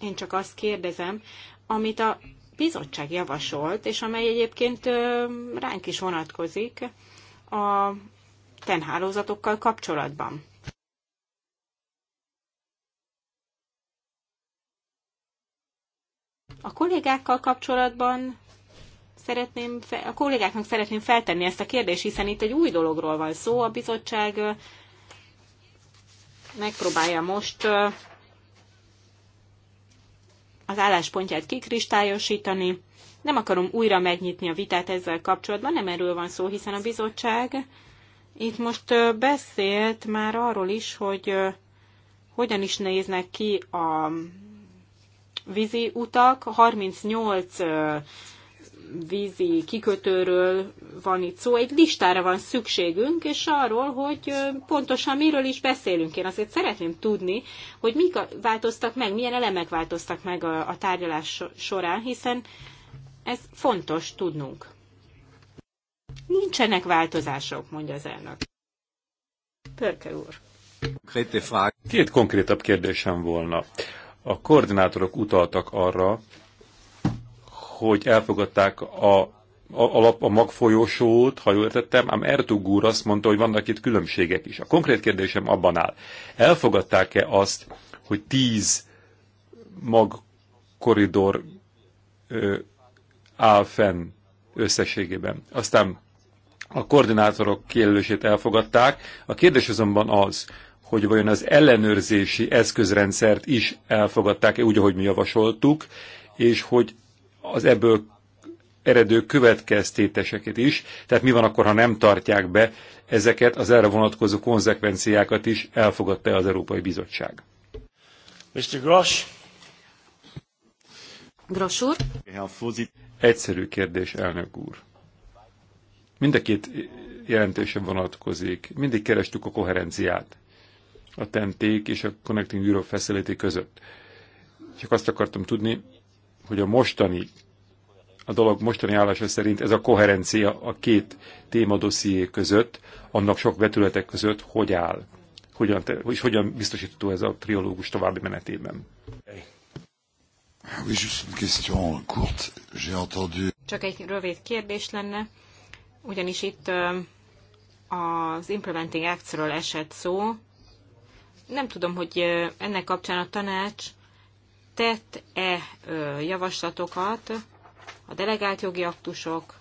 én csak azt kérdezem, amit a bizottság javasolt, és amely egyébként ránk is vonatkozik a tenhálózatokkal kapcsolatban. A kollégákkal kapcsolatban szeretném, a kollégáknak szeretném feltenni ezt a kérdést, hiszen itt egy új dologról van szó. A bizottság megpróbálja most az álláspontját kikristályosítani. Nem akarom újra megnyitni a vitát ezzel kapcsolatban, nem erről van szó, hiszen a bizottság itt most beszélt már arról is, hogy hogyan is néznek ki a vízi utak, 38 vízi kikötőről van itt szó, egy listára van szükségünk, és arról, hogy pontosan miről is beszélünk. Én azért szeretném tudni, hogy mik változtak meg, milyen elemek változtak meg a, a tárgyalás során, hiszen ez fontos tudnunk. Nincsenek változások, mondja az elnök. Pörke úr. Két konkrétabb kérdésem volna. A koordinátorok utaltak arra, hogy elfogadták a alap a magfolyósót, ha jól értettem, ám Ertug úr azt mondta, hogy vannak itt különbségek is. A konkrét kérdésem abban áll. Elfogadták-e azt, hogy tíz magkoridor áll fenn összességében? Aztán a koordinátorok kérdését elfogadták. A kérdés azonban az, hogy vajon az ellenőrzési eszközrendszert is elfogadták-e úgy, ahogy mi javasoltuk, és hogy az ebből eredő következtéteseket is, tehát mi van akkor, ha nem tartják be ezeket, az erre vonatkozó konzekvenciákat is elfogadta az Európai Bizottság. Mr. Gross. Gross úr. Egyszerű kérdés, elnök úr. Mind a két jelentése vonatkozik. Mindig kerestük a koherenciát a tenték és a Connecting Europe Facility között. Csak azt akartam tudni, hogy a mostani, a dolog mostani állása szerint ez a koherencia a két témadosszié között, annak sok vetületek között hogy áll, hogyan, és hogyan biztosítható ez a triológus további menetében. Csak egy rövid kérdés lenne, ugyanis itt az Implementing Acts-ről esett szó, nem tudom, hogy ennek kapcsán a tanács tett-e javaslatokat a delegált jogi aktusok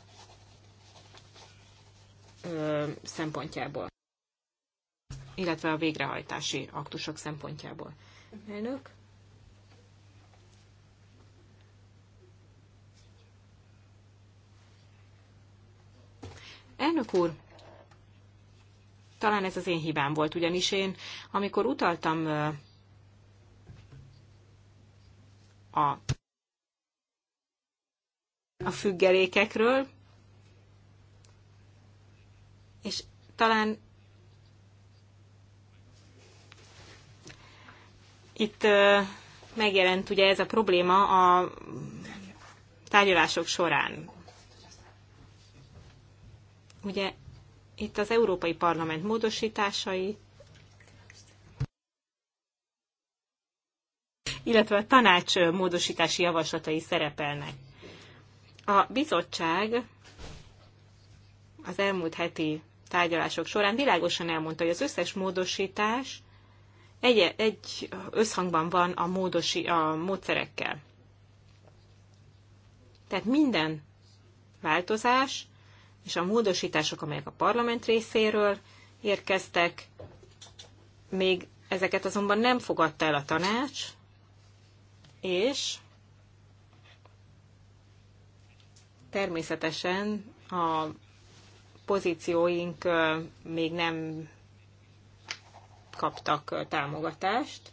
szempontjából, illetve a végrehajtási aktusok szempontjából. Elnök? Elnök úr, talán ez az én hibám volt, ugyanis én, amikor utaltam a, a függelékekről, és talán itt megjelent ugye ez a probléma a tárgyalások során. Ugye itt az Európai Parlament módosításai, illetve a tanács módosítási javaslatai szerepelnek. A bizottság az elmúlt heti tárgyalások során világosan elmondta, hogy az összes módosítás egy, egy összhangban van a, módosi, a módszerekkel. Tehát minden változás és a módosítások, amelyek a parlament részéről érkeztek, még ezeket azonban nem fogadta el a tanács, és természetesen a pozícióink még nem kaptak támogatást.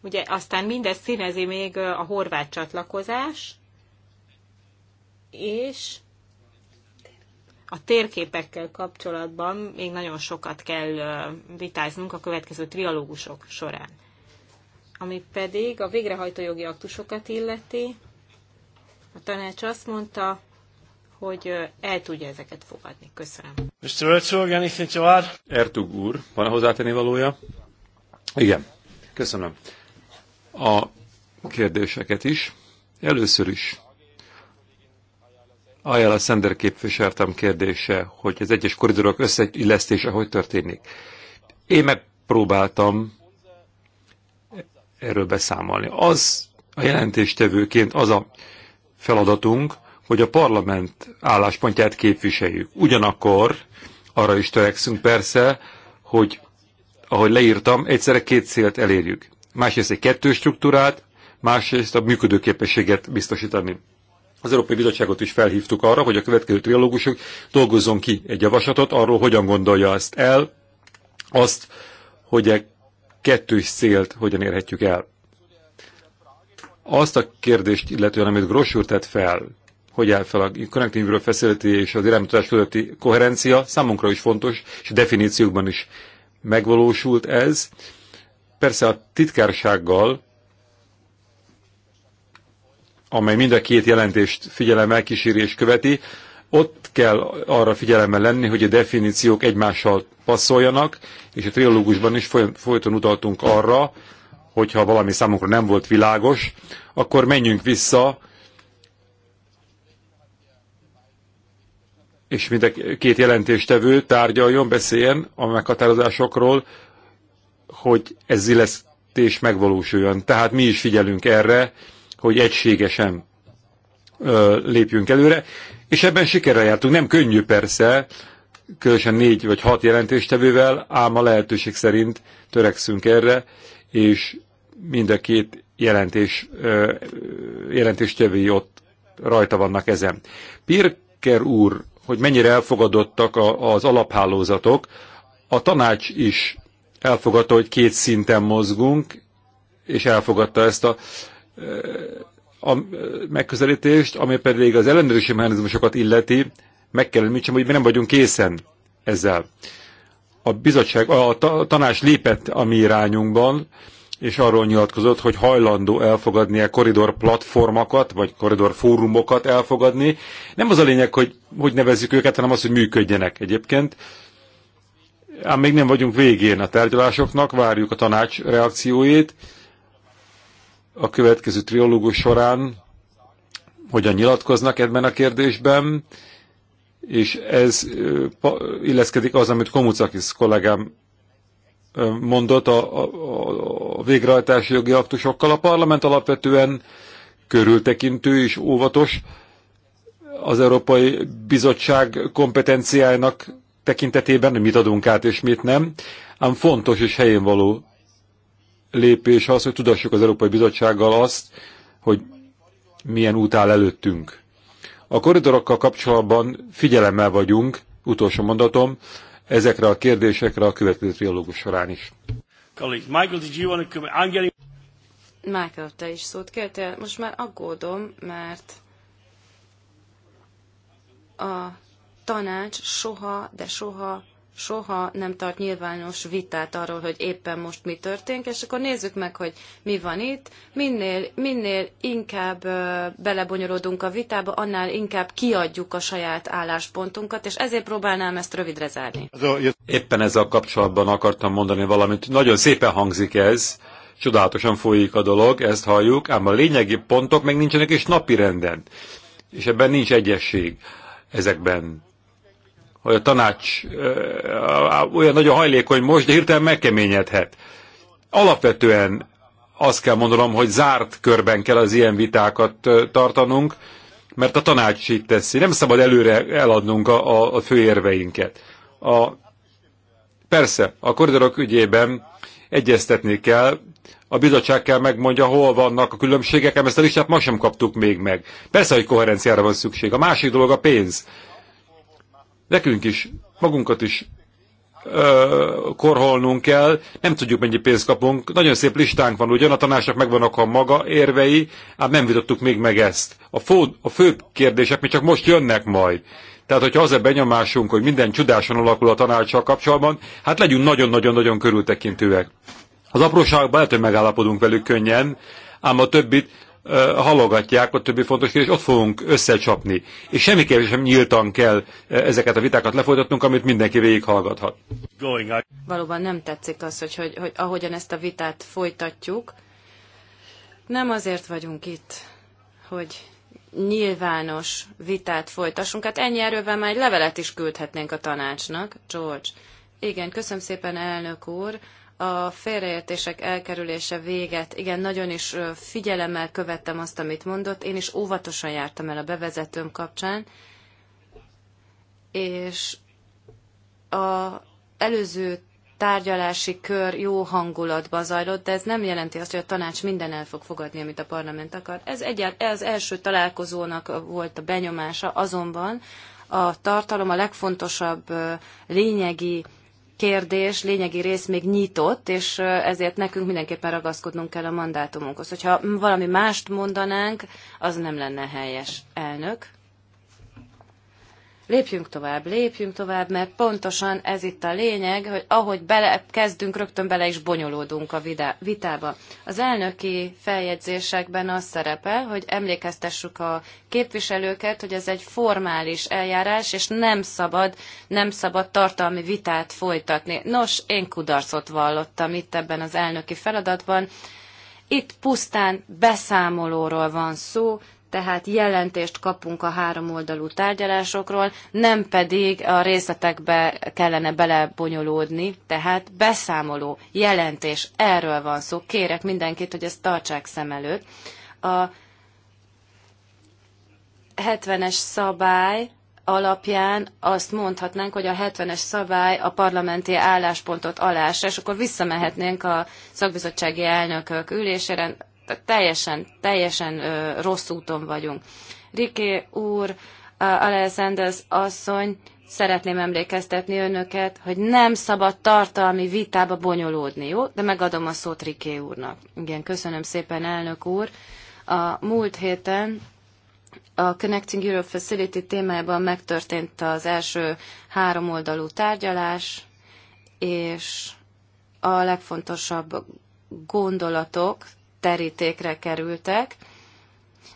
Ugye aztán mindezt színezi még a horvát csatlakozás, és a térképekkel kapcsolatban még nagyon sokat kell vitáznunk a következő trialógusok során. Ami pedig a végrehajtó jogi aktusokat illeti, a tanács azt mondta, hogy el tudja ezeket fogadni. Köszönöm. Mr. Herzog, anything to add? Ertug úr, van a -e hozzátenni valója? Igen, köszönöm. A kérdéseket is. Először is Ajala Szender képviseltem kérdése, hogy az egyes koridorok összeillesztése hogy történik. Én megpróbáltam erről beszámolni. Az a jelentéstevőként az a feladatunk, hogy a parlament álláspontját képviseljük. Ugyanakkor arra is törekszünk persze, hogy ahogy leírtam, egyszerre két célt elérjük. Másrészt egy kettő struktúrát, másrészt a működőképességet biztosítani az Európai Bizottságot is felhívtuk arra, hogy a következő trialógusok dolgozzon ki egy javaslatot arról, hogyan gondolja ezt el, azt, hogy a e kettős célt hogyan érhetjük el. Azt a kérdést, illetően amit Gross úr tett fel, hogy áll fel a Connecting Europe Facility és az irányítás közötti koherencia, számunkra is fontos, és a definíciókban is megvalósult ez. Persze a titkársággal amely mind a két jelentést figyelemmel kíséri és követi, ott kell arra figyelemmel lenni, hogy a definíciók egymással passzoljanak, és a trilógusban is folyton utaltunk arra, hogyha valami számunkra nem volt világos, akkor menjünk vissza, és mind a két jelentéstevő tárgyaljon, beszéljen a meghatározásokról, hogy ez illesztés megvalósuljon. Tehát mi is figyelünk erre, hogy egységesen ö, lépjünk előre, és ebben sikerrel jártunk. Nem könnyű persze, különösen négy vagy hat jelentéstevővel, ám a lehetőség szerint törekszünk erre, és mind a két jelentés, ö, jelentéstevői ott rajta vannak ezen. Pirker úr, hogy mennyire elfogadottak a, az alaphálózatok, a tanács is elfogadta, hogy két szinten mozgunk, és elfogadta ezt a a megközelítést, ami pedig az ellenőrzési mechanizmusokat illeti, meg kell említsem, hogy mi nem vagyunk készen ezzel. A bizottság, a tanács lépett a mi irányunkban, és arról nyilatkozott, hogy hajlandó elfogadni a koridor platformokat, vagy koridor fórumokat elfogadni. Nem az a lényeg, hogy hogy nevezzük őket, hanem az, hogy működjenek egyébként. Ám még nem vagyunk végén a tárgyalásoknak, várjuk a tanács reakcióit, a következő triológus során hogyan nyilatkoznak ebben a kérdésben, és ez illeszkedik az, amit Komucakis kollégám mondott a, a, a végrehajtási jogi aktusokkal. A parlament alapvetően körültekintő és óvatos az Európai Bizottság kompetenciájának tekintetében, hogy mit adunk át és mit nem, ám fontos és helyén való lépés az, hogy tudassuk az Európai Bizottsággal azt, hogy milyen út áll előttünk. A koridorokkal kapcsolatban figyelemmel vagyunk, utolsó mondatom, ezekre a kérdésekre a következő triológus során is. Michael, did you want to come? I'm getting... Michael, te is szót kértél. Most már aggódom, mert a tanács soha, de soha soha nem tart nyilvános vitát arról, hogy éppen most mi történik, és akkor nézzük meg, hogy mi van itt. Minél, minél inkább belebonyolódunk a vitába, annál inkább kiadjuk a saját álláspontunkat, és ezért próbálnám ezt rövidre zárni. Éppen ezzel kapcsolatban akartam mondani valamit. Nagyon szépen hangzik ez, csodálatosan folyik a dolog, ezt halljuk, ám a lényegi pontok meg nincsenek és napi renden. És ebben nincs egyesség ezekben hogy a tanács eh, olyan nagyon hajlékony most, de hirtelen megkeményedhet. Alapvetően azt kell mondanom, hogy zárt körben kell az ilyen vitákat eh, tartanunk, mert a tanács így teszi. Nem szabad előre eladnunk a, a, a főérveinket. A, persze, a koridorok ügyében egyeztetni kell, a bizottság kell megmondja, hol vannak a különbségek, ezt a listát ma sem kaptuk még meg. Persze, hogy koherenciára van szükség. A másik dolog a pénz. Nekünk is, magunkat is ö, korholnunk kell, nem tudjuk mennyi pénzt kapunk. Nagyon szép listánk van, ugyan a tanácsnak megvannak a maga érvei, ám hát nem vitattuk még meg ezt. A, fő, a fő kérdések még csak most jönnek majd. Tehát, hogyha az a benyomásunk, hogy minden csodásan alakul a tanácssal kapcsolatban, hát legyünk nagyon-nagyon-nagyon körültekintőek. Az apróságban lehet, hogy megállapodunk velük könnyen, ám a többit Eh, halogatják a többi fontos kérdés, ott fogunk összecsapni. És semmiképpen sem nyíltan kell eh, ezeket a vitákat lefolytatnunk, amit mindenki végighallgathat. Valóban nem tetszik az, hogy, hogy, hogy ahogyan ezt a vitát folytatjuk. Nem azért vagyunk itt, hogy nyilvános vitát folytassunk. Hát ennyi erővel már egy levelet is küldhetnénk a tanácsnak, George. Igen, köszönöm szépen, elnök úr a félreértések elkerülése véget. Igen, nagyon is figyelemmel követtem azt, amit mondott. Én is óvatosan jártam el a bevezetőm kapcsán, és a előző tárgyalási kör jó hangulatban zajlott, de ez nem jelenti azt, hogy a tanács minden el fog fogadni, amit a parlament akar. Ez egyált, az első találkozónak volt a benyomása, azonban a tartalom a legfontosabb lényegi kérdés lényegi rész még nyitott, és ezért nekünk mindenképpen ragaszkodnunk kell a mandátumunkhoz. Hogyha valami mást mondanánk, az nem lenne helyes elnök. Lépjünk tovább, lépjünk tovább, mert pontosan ez itt a lényeg, hogy ahogy bele kezdünk, rögtön bele is bonyolódunk a vitába. Az elnöki feljegyzésekben az szerepel, hogy emlékeztessük a képviselőket, hogy ez egy formális eljárás, és nem szabad, nem szabad tartalmi vitát folytatni. Nos, én kudarcot vallottam itt ebben az elnöki feladatban. Itt pusztán beszámolóról van szó, tehát jelentést kapunk a háromoldalú tárgyalásokról, nem pedig a részletekbe kellene belebonyolódni, tehát beszámoló, jelentés, erről van szó. Kérek mindenkit, hogy ezt tartsák szem előtt. A 70-es szabály alapján azt mondhatnánk, hogy a 70-es szabály a parlamenti álláspontot alásra, és akkor visszamehetnénk a szakbizottsági elnökök ülésére, tehát teljesen, teljesen ö, rossz úton vagyunk. Riké úr, Alessanders asszony, szeretném emlékeztetni önöket, hogy nem szabad tartalmi vitába bonyolódni, jó? De megadom a szót Riké úrnak. Igen, köszönöm szépen, elnök úr. A múlt héten a Connecting Europe Facility témájában megtörtént az első három oldalú tárgyalás, és a legfontosabb gondolatok terítékre kerültek.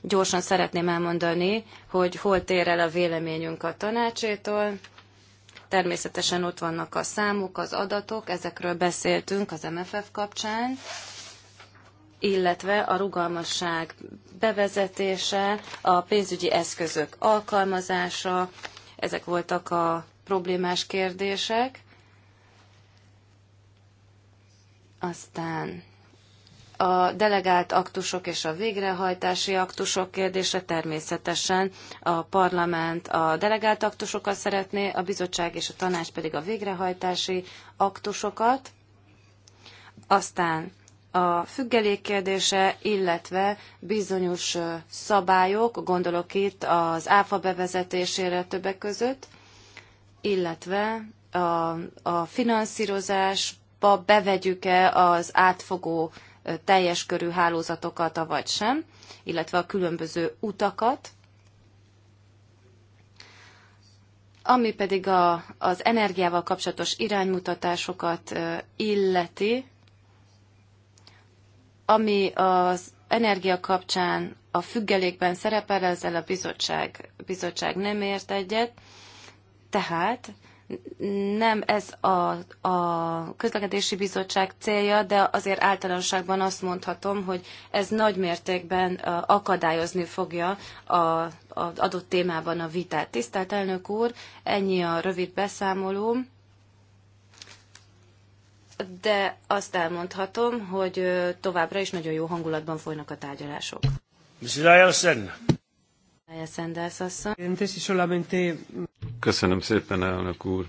Gyorsan szeretném elmondani, hogy hol tér el a véleményünk a tanácsétól. Természetesen ott vannak a számok, az adatok, ezekről beszéltünk az MFF kapcsán, illetve a rugalmasság bevezetése, a pénzügyi eszközök alkalmazása, ezek voltak a problémás kérdések. Aztán a delegált aktusok és a végrehajtási aktusok kérdése természetesen a parlament a delegált aktusokat szeretné, a bizottság és a tanács pedig a végrehajtási aktusokat. Aztán a függelék kérdése, illetve bizonyos szabályok, gondolok itt az áfa bevezetésére többek között, illetve a, a finanszírozásba bevegyük-e az átfogó teljes körű hálózatokat, vagy sem, illetve a különböző utakat, ami pedig a, az energiával kapcsolatos iránymutatásokat illeti, ami az energia kapcsán a függelékben szerepel, ezzel a bizottság, bizottság nem ért egyet, tehát nem ez a, a közlekedési bizottság célja, de azért általánosságban azt mondhatom, hogy ez nagy mértékben akadályozni fogja az adott témában a vitát. Tisztelt elnök úr, ennyi a rövid beszámolóm, de azt elmondhatom, hogy továbbra is nagyon jó hangulatban folynak a tárgyalások. Mrs. Köszönöm szépen, elnök úr.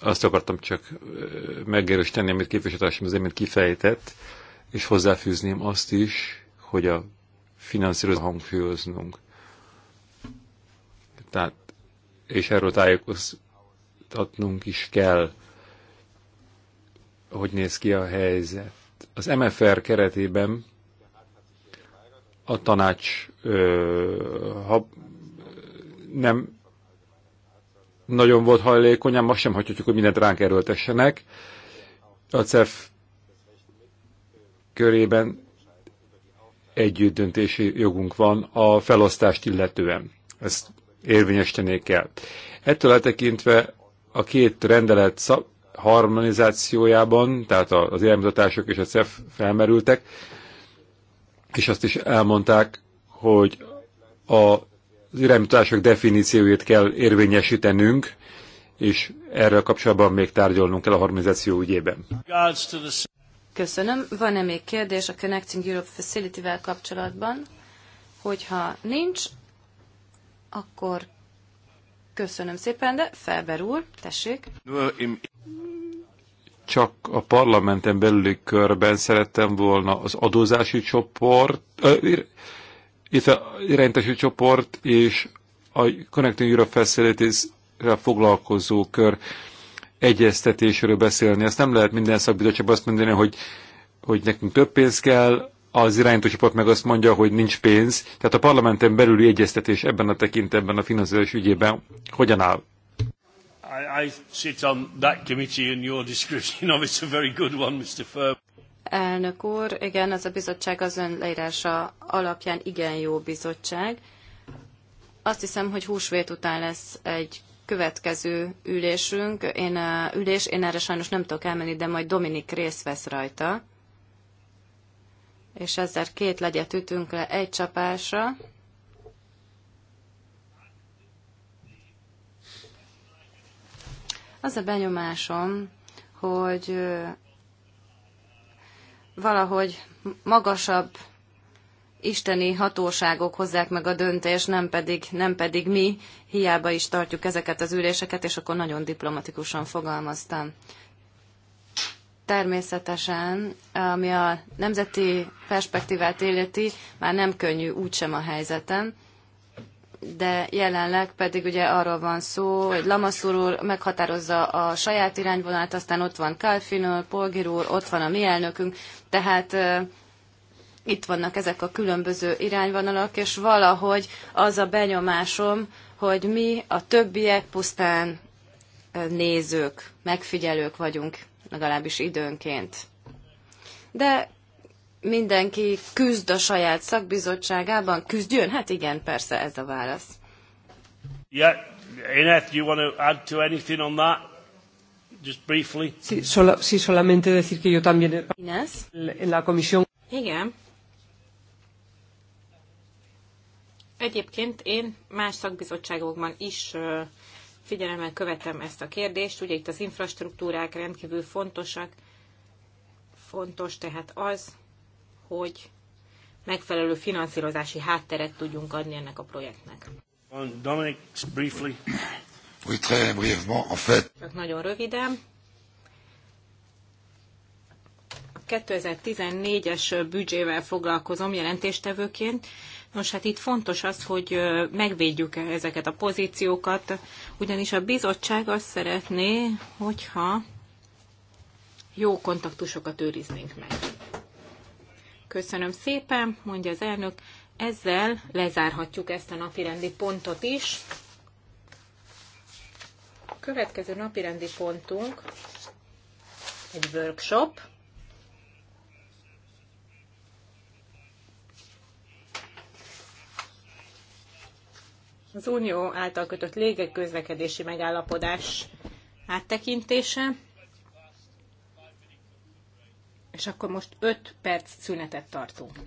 Azt akartam csak megerősíteni, amit képviselőtársam az imént kifejtett, és hozzáfűzném azt is, hogy a finanszírozó hangfőznünk. Tehát, és erről tájékoztatnunk is kell, hogy néz ki a helyzet. Az MFR keretében a tanács ö, ha nem nagyon volt hajlékony, most sem hagyhatjuk, hogy mindent ránk erőltessenek. A CEF körében együtt döntési jogunk van a felosztást illetően. Ezt érvényesíteni kell. Ettől eltekintve a két rendelet harmonizációjában, tehát az iránymutatások és a CEF felmerültek, és azt is elmondták, hogy a, az irányítások definícióját kell érvényesítenünk, és erről kapcsolatban még tárgyalnunk kell a harmonizáció ügyében. Köszönöm. Van-e még kérdés a Connecting Europe Facility-vel kapcsolatban? Hogyha nincs, akkor köszönöm szépen, de Felber úr, tessék csak a parlamenten belüli körben szerettem volna az adózási csoport, illetve irányítási csoport és a Connecting Europe facilities foglalkozó kör egyeztetésről beszélni. Azt nem lehet minden szakbizottságban azt mondani, hogy, hogy nekünk több pénz kell, az irányító csoport meg azt mondja, hogy nincs pénz. Tehát a parlamenten belüli egyeztetés ebben a tekintetben a finanszírozás ügyében hogyan áll? I, I sit on that committee and your description of it's a very good one, Mr. Elnök úr, igen, ez a bizottság az ön leírása alapján igen jó bizottság. Azt hiszem, hogy húsvét után lesz egy következő ülésünk, én, a ülés, én erre sajnos nem tudok elmenni, de majd Dominik részt vesz rajta. És ezzel két legyet ütünk le egy csapásra. Az a benyomásom, hogy valahogy magasabb isteni hatóságok hozzák meg a döntést, nem pedig, nem pedig mi, hiába is tartjuk ezeket az üléseket, és akkor nagyon diplomatikusan fogalmaztam. Természetesen, ami a nemzeti perspektívát életi, már nem könnyű úgysem a helyzeten, de jelenleg pedig ugye arról van szó, hogy Lamaszur úr meghatározza a saját irányvonalát, aztán ott van Kalfinő, úr, Polgir úr, ott van a mi elnökünk, tehát itt vannak ezek a különböző irányvonalak, és valahogy az a benyomásom, hogy mi a többiek pusztán nézők, megfigyelők vagyunk, legalábbis időnként. De mindenki küzd a saját szakbizottságában? Küzdjön? Hát igen, persze ez a válasz. Yeah, you want to add to anything on that? Just briefly. solamente decir que yo también en la comisión. Igen. Egyébként én más szakbizottságokban is figyelemmel követem ezt a kérdést. Ugye itt az infrastruktúrák rendkívül fontosak, fontos tehát az, hogy megfelelő finanszírozási hátteret tudjunk adni ennek a projektnek. Um, Dominic, briefly. Oui, très brièvement, en fait. Csak nagyon röviden. A 2014-es büdzsével foglalkozom jelentéstevőként. Nos, hát itt fontos az, hogy megvédjük e ezeket a pozíciókat, ugyanis a bizottság azt szeretné, hogyha jó kontaktusokat őriznénk meg. Köszönöm szépen, mondja az elnök. Ezzel lezárhatjuk ezt a napirendi pontot is. Következő napirendi pontunk egy workshop. Az Unió által kötött közlekedési megállapodás áttekintése. És akkor most 5 perc szünetet tartunk.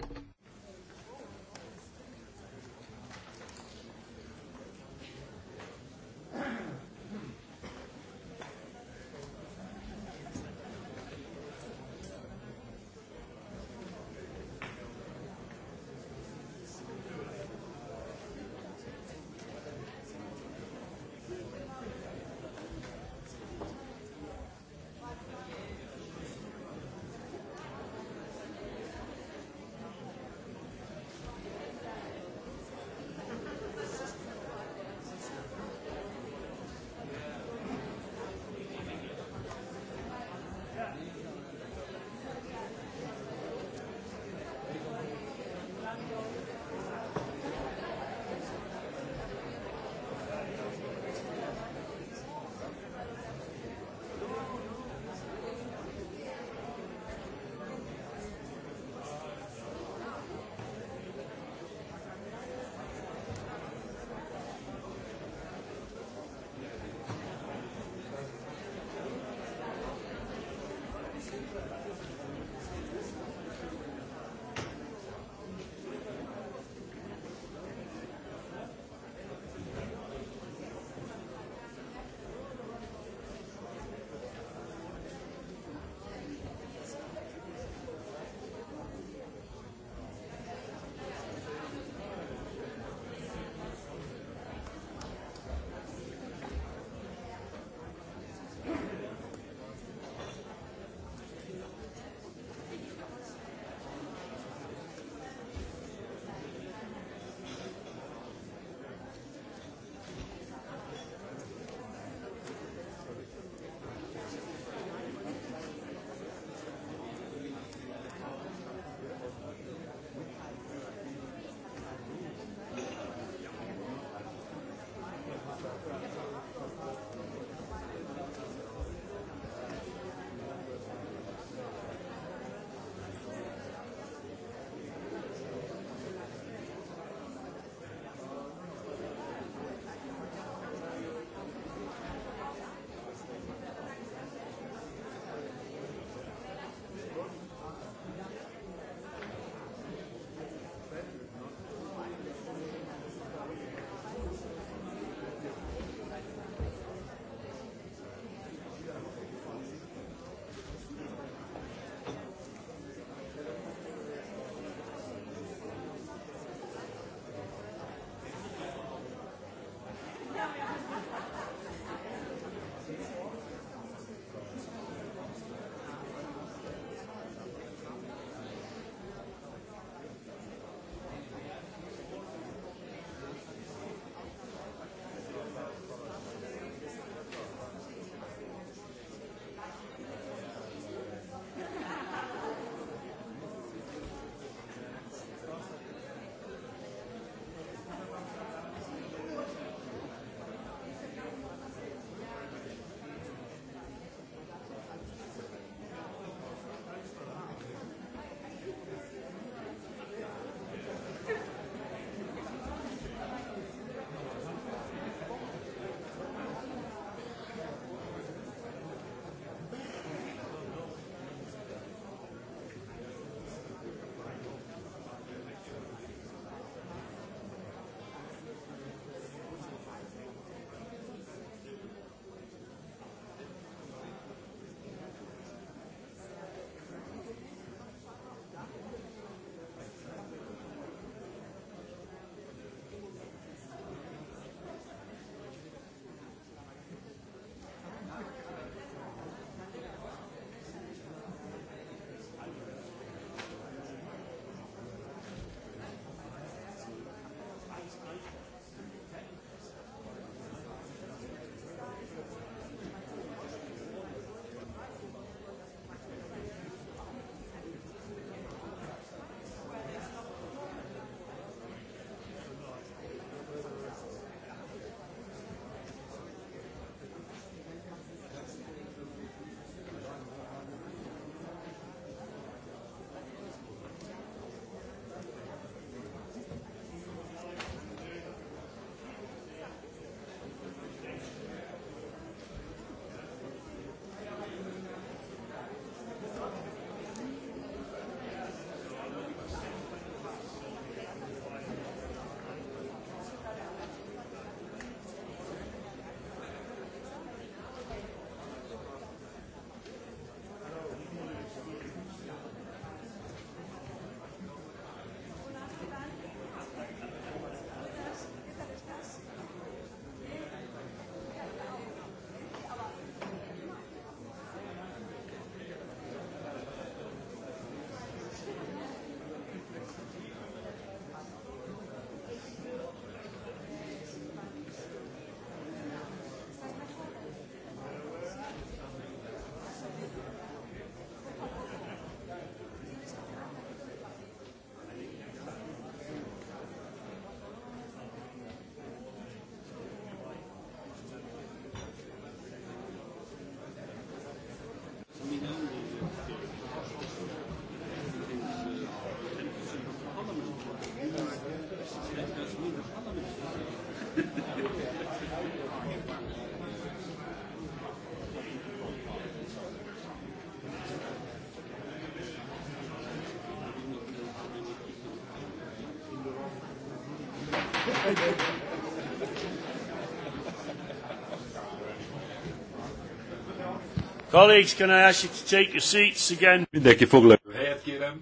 Colleagues, can I ask you to take your seats again? Mindenki foglaljon helyet, kérem.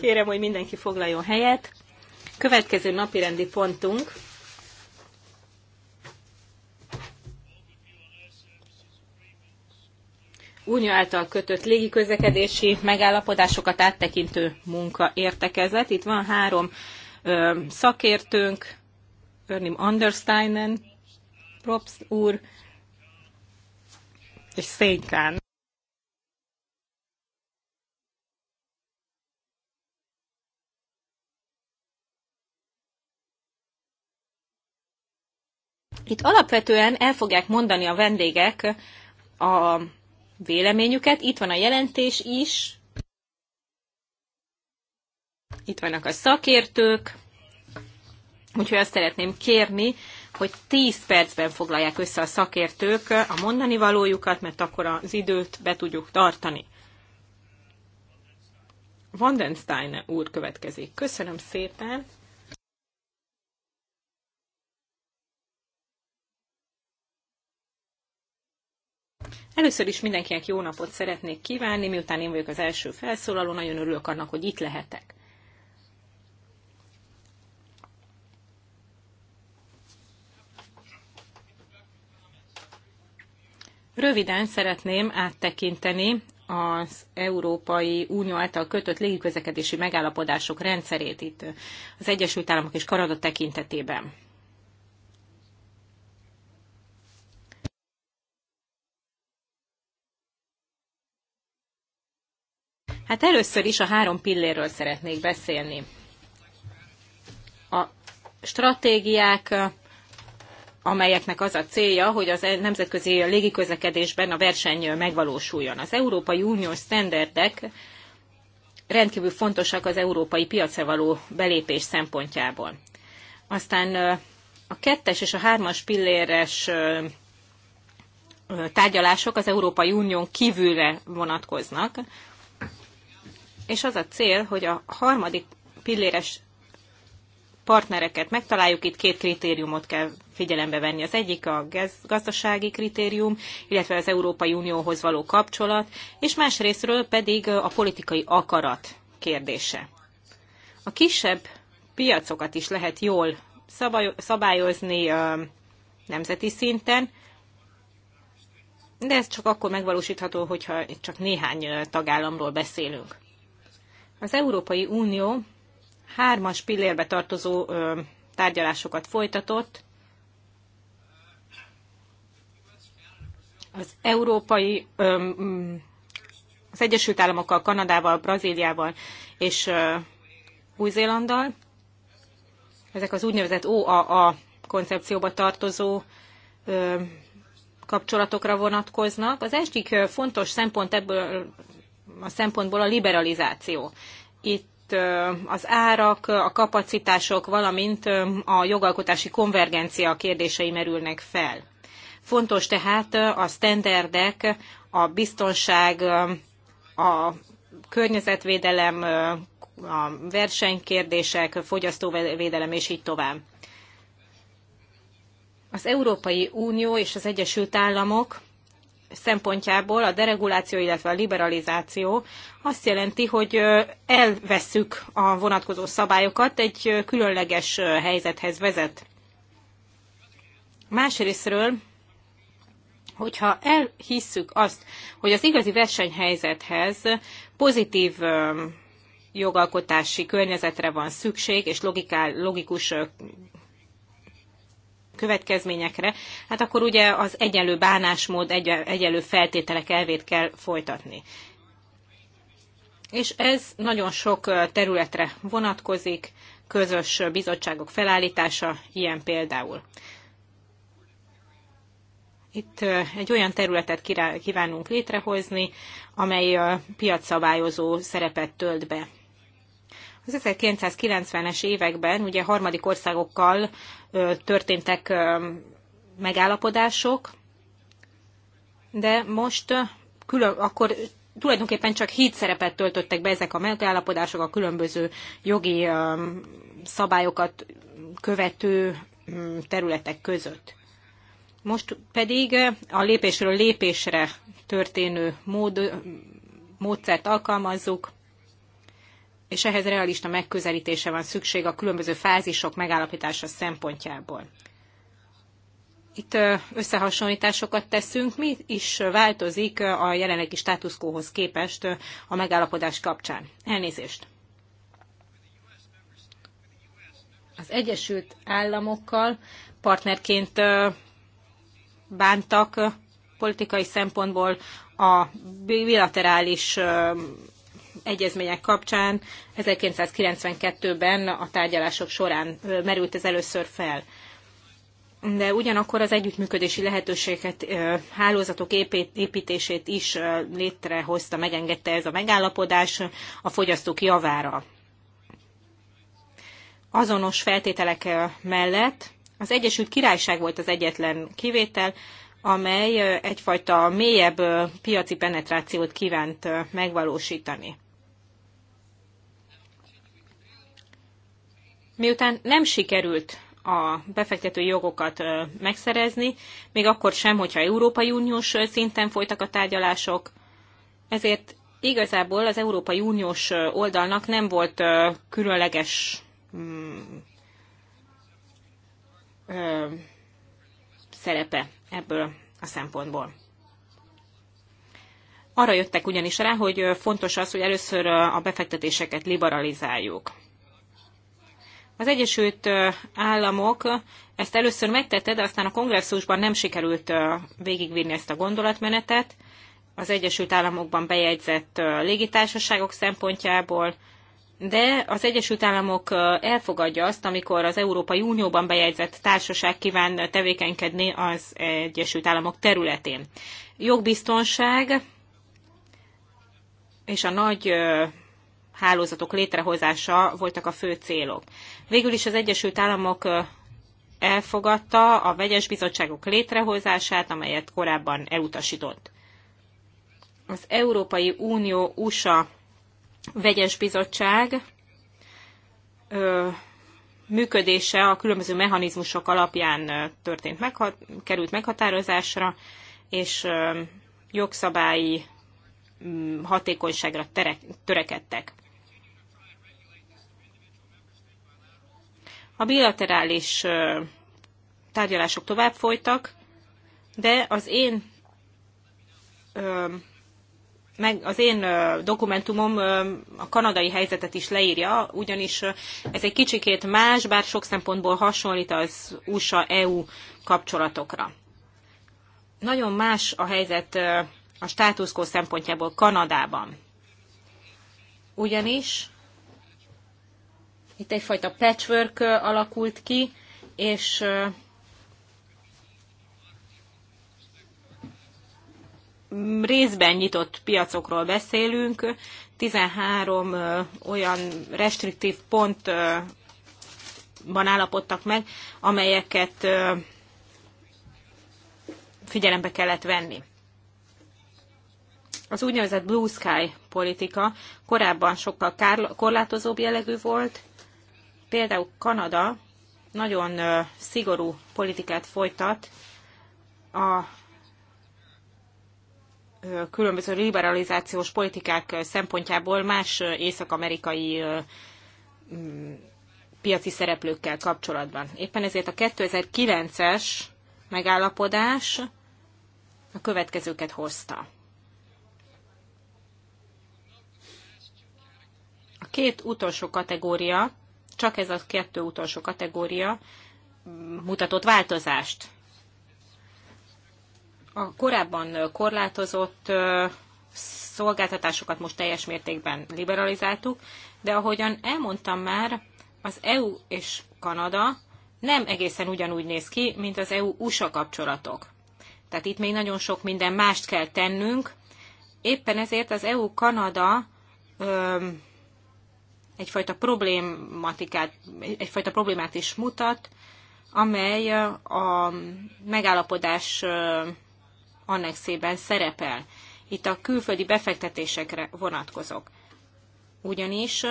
Kérem, hogy mindenki foglaljon helyet. Következő napi rendi pontunk Unió által kötött légiközlekedési megállapodásokat áttekintő munka értekezett. Itt van három ö, szakértőnk, Örnim Andersteinen, Props úr és Szénkán. Itt alapvetően el fogják mondani a vendégek a véleményüket. Itt van a jelentés is, itt vannak a szakértők, úgyhogy azt szeretném kérni, hogy 10 percben foglalják össze a szakértők a mondani valójukat, mert akkor az időt be tudjuk tartani. Vandenstein úr következik. Köszönöm szépen. Először is mindenkinek jó napot szeretnék kívánni, miután én vagyok az első felszólaló, nagyon örülök annak, hogy itt lehetek. Röviden szeretném áttekinteni az Európai Unió által kötött légiközlekedési megállapodások rendszerét itt az Egyesült Államok és Kanada tekintetében. Hát először is a három pillérről szeretnék beszélni. A stratégiák, amelyeknek az a célja, hogy az nemzetközi légiközlekedésben a verseny megvalósuljon. Az Európai Uniós standardek rendkívül fontosak az európai piacra való belépés szempontjából. Aztán a kettes és a hármas pilléres tárgyalások az Európai Unión kívülre vonatkoznak, és az a cél, hogy a harmadik pilléres partnereket megtaláljuk, itt két kritériumot kell figyelembe venni. Az egyik a gazdasági kritérium, illetve az Európai Unióhoz való kapcsolat, és másrésztről pedig a politikai akarat kérdése. A kisebb piacokat is lehet jól szabályozni nemzeti szinten, de ez csak akkor megvalósítható, hogyha csak néhány tagállamról beszélünk. Az Európai Unió hármas pillérbe tartozó tárgyalásokat folytatott az európai, az Egyesült Államokkal, Kanadával, Brazíliával és Új-Zélanddal. Ezek az úgynevezett OAA koncepcióba tartozó kapcsolatokra vonatkoznak. Az egyik fontos szempont ebből a szempontból a liberalizáció. Itt az árak, a kapacitások, valamint a jogalkotási konvergencia kérdései merülnek fel. Fontos tehát a standardek, a biztonság, a környezetvédelem, a versenykérdések, fogyasztóvédelem és így tovább. Az Európai Unió és az Egyesült Államok szempontjából a dereguláció, illetve a liberalizáció azt jelenti, hogy elveszük a vonatkozó szabályokat, egy különleges helyzethez vezet. Másrésztről, hogyha elhisszük azt, hogy az igazi versenyhelyzethez pozitív jogalkotási környezetre van szükség, és logikál, logikus következményekre, hát akkor ugye az egyenlő bánásmód, egyenlő feltételek elvét kell folytatni. És ez nagyon sok területre vonatkozik, közös bizottságok felállítása, ilyen például. Itt egy olyan területet kívánunk létrehozni, amely a piacszabályozó szerepet tölt be. Az 1990-es években ugye harmadik országokkal történtek megállapodások, de most külön, akkor tulajdonképpen csak hét szerepet töltöttek be ezek a megállapodások a különböző jogi szabályokat követő területek között. Most pedig a lépésről lépésre történő mód, módszert alkalmazzuk, és ehhez realista megközelítése van szükség a különböző fázisok megállapítása szempontjából. Itt összehasonlításokat teszünk, mi is változik a jelenlegi státuszkóhoz képest a megállapodás kapcsán. Elnézést! Az Egyesült Államokkal partnerként bántak politikai szempontból a bilaterális egyezmények kapcsán 1992-ben a tárgyalások során merült ez először fel. De ugyanakkor az együttműködési lehetőséget, hálózatok építését is létrehozta, megengedte ez a megállapodás a fogyasztók javára. Azonos feltételek mellett az Egyesült Királyság volt az egyetlen kivétel, amely egyfajta mélyebb piaci penetrációt kívánt megvalósítani. miután nem sikerült a befektetői jogokat megszerezni, még akkor sem, hogyha Európai Uniós szinten folytak a tárgyalások, ezért igazából az Európai Uniós oldalnak nem volt különleges mm, szerepe ebből a szempontból. Arra jöttek ugyanis rá, hogy fontos az, hogy először a befektetéseket liberalizáljuk. Az Egyesült Államok ezt először megtette, de aztán a kongresszusban nem sikerült végigvinni ezt a gondolatmenetet. Az Egyesült Államokban bejegyzett légitársaságok szempontjából, de az Egyesült Államok elfogadja azt, amikor az Európai Unióban bejegyzett társaság kíván tevékenykedni az Egyesült Államok területén. Jogbiztonság és a nagy hálózatok létrehozása voltak a fő célok. Végül is az Egyesült Államok elfogadta a vegyes bizottságok létrehozását, amelyet korábban elutasított. Az Európai Unió USA vegyes bizottság ö, működése a különböző mechanizmusok alapján történt megha- került meghatározásra, és ö, jogszabályi hatékonyságra tere- törekedtek. A bilaterális tárgyalások tovább folytak, de az én meg az én dokumentumom a kanadai helyzetet is leírja, ugyanis ez egy kicsikét más, bár sok szempontból hasonlít az USA-EU kapcsolatokra. Nagyon más a helyzet a státuszkó szempontjából Kanadában. Ugyanis itt egyfajta patchwork alakult ki, és részben nyitott piacokról beszélünk, 13 olyan restriktív pontban állapodtak meg, amelyeket figyelembe kellett venni. Az úgynevezett Blue Sky politika korábban sokkal korlátozóbb jellegű volt, Például Kanada nagyon szigorú politikát folytat a különböző liberalizációs politikák szempontjából más észak-amerikai piaci szereplőkkel kapcsolatban. Éppen ezért a 2009-es megállapodás a következőket hozta. A két utolsó kategória csak ez a kettő utolsó kategória mutatott változást. A korábban korlátozott szolgáltatásokat most teljes mértékben liberalizáltuk, de ahogyan elmondtam már, az EU és Kanada nem egészen ugyanúgy néz ki, mint az EU-USA kapcsolatok. Tehát itt még nagyon sok minden mást kell tennünk. Éppen ezért az EU-Kanada egyfajta problématikát, egyfajta problémát is mutat, amely a megállapodás annexében szerepel. Itt a külföldi befektetésekre vonatkozok. Ugyanis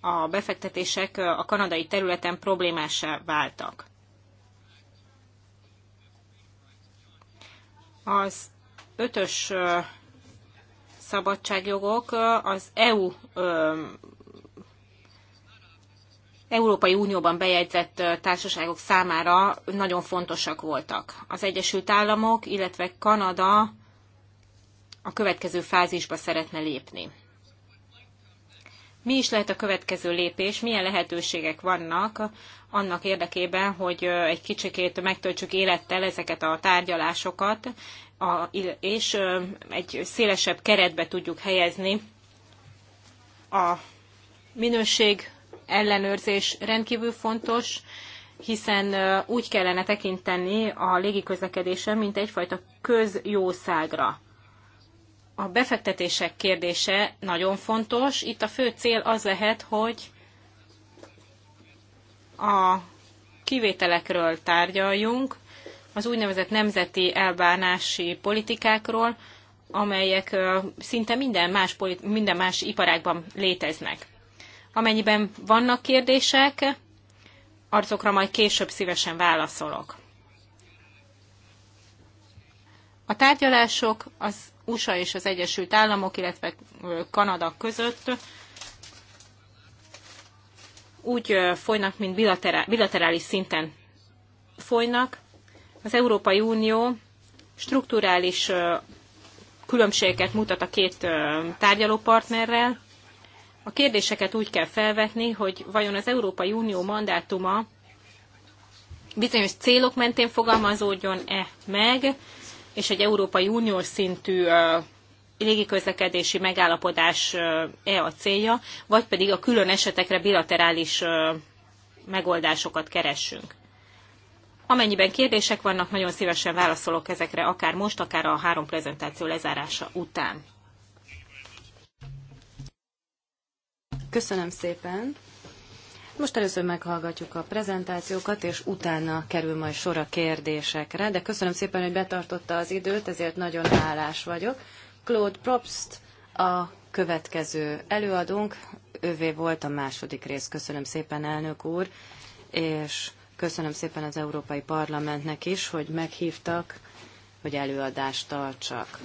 a befektetések a kanadai területen problémássá váltak. Az ötös szabadságjogok az EU Európai Unióban bejegyzett társaságok számára nagyon fontosak voltak. Az Egyesült Államok, illetve Kanada a következő fázisba szeretne lépni. Mi is lehet a következő lépés, milyen lehetőségek vannak annak érdekében, hogy egy kicsikét megtöltsük élettel ezeket a tárgyalásokat, és egy szélesebb keretbe tudjuk helyezni a minőség ellenőrzés rendkívül fontos, hiszen úgy kellene tekinteni a légiközlekedésre, mint egyfajta közjószágra. A befektetések kérdése nagyon fontos. Itt a fő cél az lehet, hogy a kivételekről tárgyaljunk, az úgynevezett nemzeti elbánási politikákról, amelyek szinte minden más, minden más iparágban léteznek. Amennyiben vannak kérdések, azokra majd később szívesen válaszolok. A tárgyalások az USA és az Egyesült Államok, illetve Kanada között úgy folynak, mint bilaterális szinten folynak. Az Európai Unió strukturális különbségeket mutat a két tárgyalópartnerrel, a kérdéseket úgy kell felvetni, hogy vajon az Európai Unió mandátuma bizonyos célok mentén fogalmazódjon-e meg, és egy Európai Uniós szintű közlekedési megállapodás-e a célja, vagy pedig a külön esetekre bilaterális megoldásokat keressünk. Amennyiben kérdések vannak, nagyon szívesen válaszolok ezekre, akár most, akár a három prezentáció lezárása után. Köszönöm szépen. Most először meghallgatjuk a prezentációkat, és utána kerül majd sor a kérdésekre, de köszönöm szépen, hogy betartotta az időt, ezért nagyon hálás vagyok. Claude Probst a következő előadónk, ővé volt a második rész. Köszönöm szépen, elnök úr, és köszönöm szépen az Európai Parlamentnek is, hogy meghívtak, hogy előadást tartsak.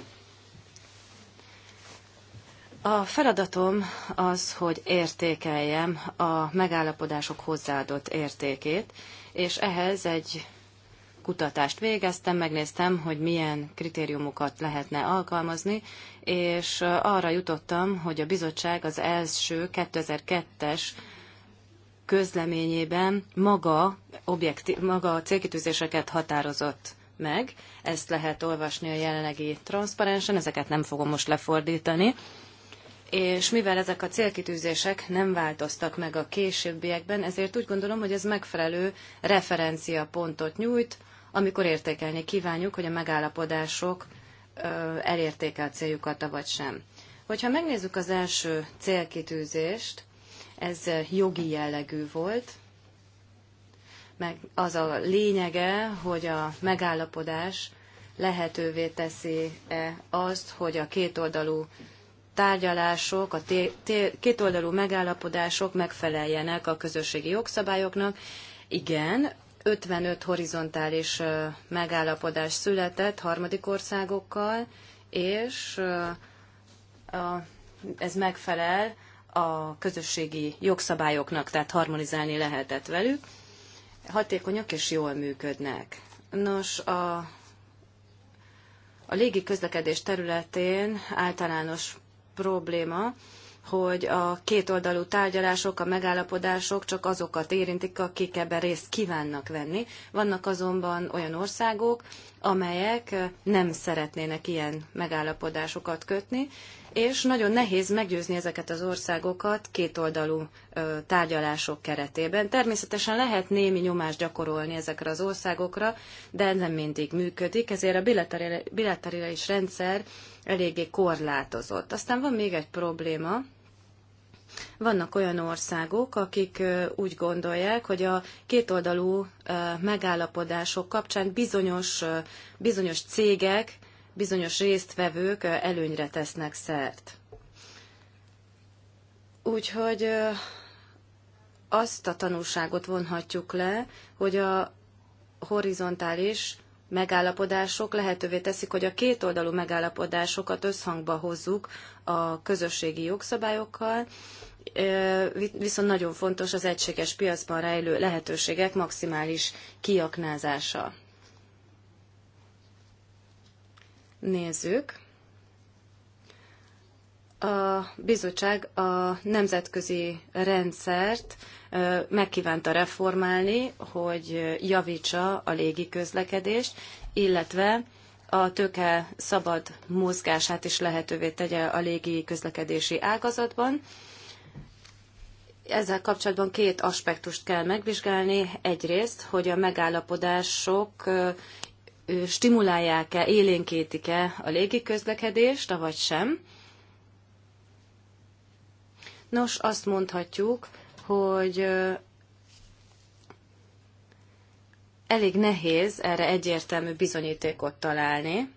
A feladatom az, hogy értékeljem a megállapodások hozzáadott értékét, és ehhez egy kutatást végeztem, megnéztem, hogy milyen kritériumokat lehetne alkalmazni, és arra jutottam, hogy a bizottság az első 2002-es közleményében maga, objektív, maga a célkitűzéseket határozott meg. Ezt lehet olvasni a jelenlegi transzparensen, ezeket nem fogom most lefordítani és mivel ezek a célkitűzések nem változtak meg a későbbiekben, ezért úgy gondolom, hogy ez megfelelő referencia pontot nyújt, amikor értékelni kívánjuk, hogy a megállapodások elérték el céljukat, vagy sem. Hogyha megnézzük az első célkitűzést, ez jogi jellegű volt, meg az a lényege, hogy a megállapodás lehetővé teszi-e azt, hogy a kétoldalú tárgyalások, a kétoldalú megállapodások megfeleljenek a közösségi jogszabályoknak. Igen, 55 horizontális megállapodás született harmadik országokkal, és ez megfelel a közösségi jogszabályoknak, tehát harmonizálni lehetett velük. Hatékonyak és jól működnek. Nos, a, a légi közlekedés területén általános probléma, hogy a kétoldalú tárgyalások, a megállapodások csak azokat érintik, akik ebben részt kívánnak venni. Vannak azonban olyan országok, amelyek nem szeretnének ilyen megállapodásokat kötni, és nagyon nehéz meggyőzni ezeket az országokat kétoldalú tárgyalások keretében. Természetesen lehet némi nyomást gyakorolni ezekre az országokra, de ez nem mindig működik, ezért a bilaterális rendszer eléggé korlátozott. Aztán van még egy probléma, vannak olyan országok, akik úgy gondolják, hogy a kétoldalú megállapodások kapcsán bizonyos, bizonyos cégek bizonyos résztvevők előnyre tesznek szert. Úgyhogy azt a tanulságot vonhatjuk le, hogy a horizontális megállapodások lehetővé teszik, hogy a kétoldalú megállapodásokat összhangba hozzuk a közösségi jogszabályokkal, viszont nagyon fontos az egységes piacban rejlő lehetőségek maximális kiaknázása. nézzük, a bizottság a nemzetközi rendszert megkívánta reformálni, hogy javítsa a légi közlekedést, illetve a tőke szabad mozgását is lehetővé tegye a légi közlekedési ágazatban. Ezzel kapcsolatban két aspektust kell megvizsgálni. Egyrészt, hogy a megállapodások stimulálják-e, élénkítik-e a légiközlekedést, avagy sem. Nos, azt mondhatjuk, hogy elég nehéz erre egyértelmű bizonyítékot találni.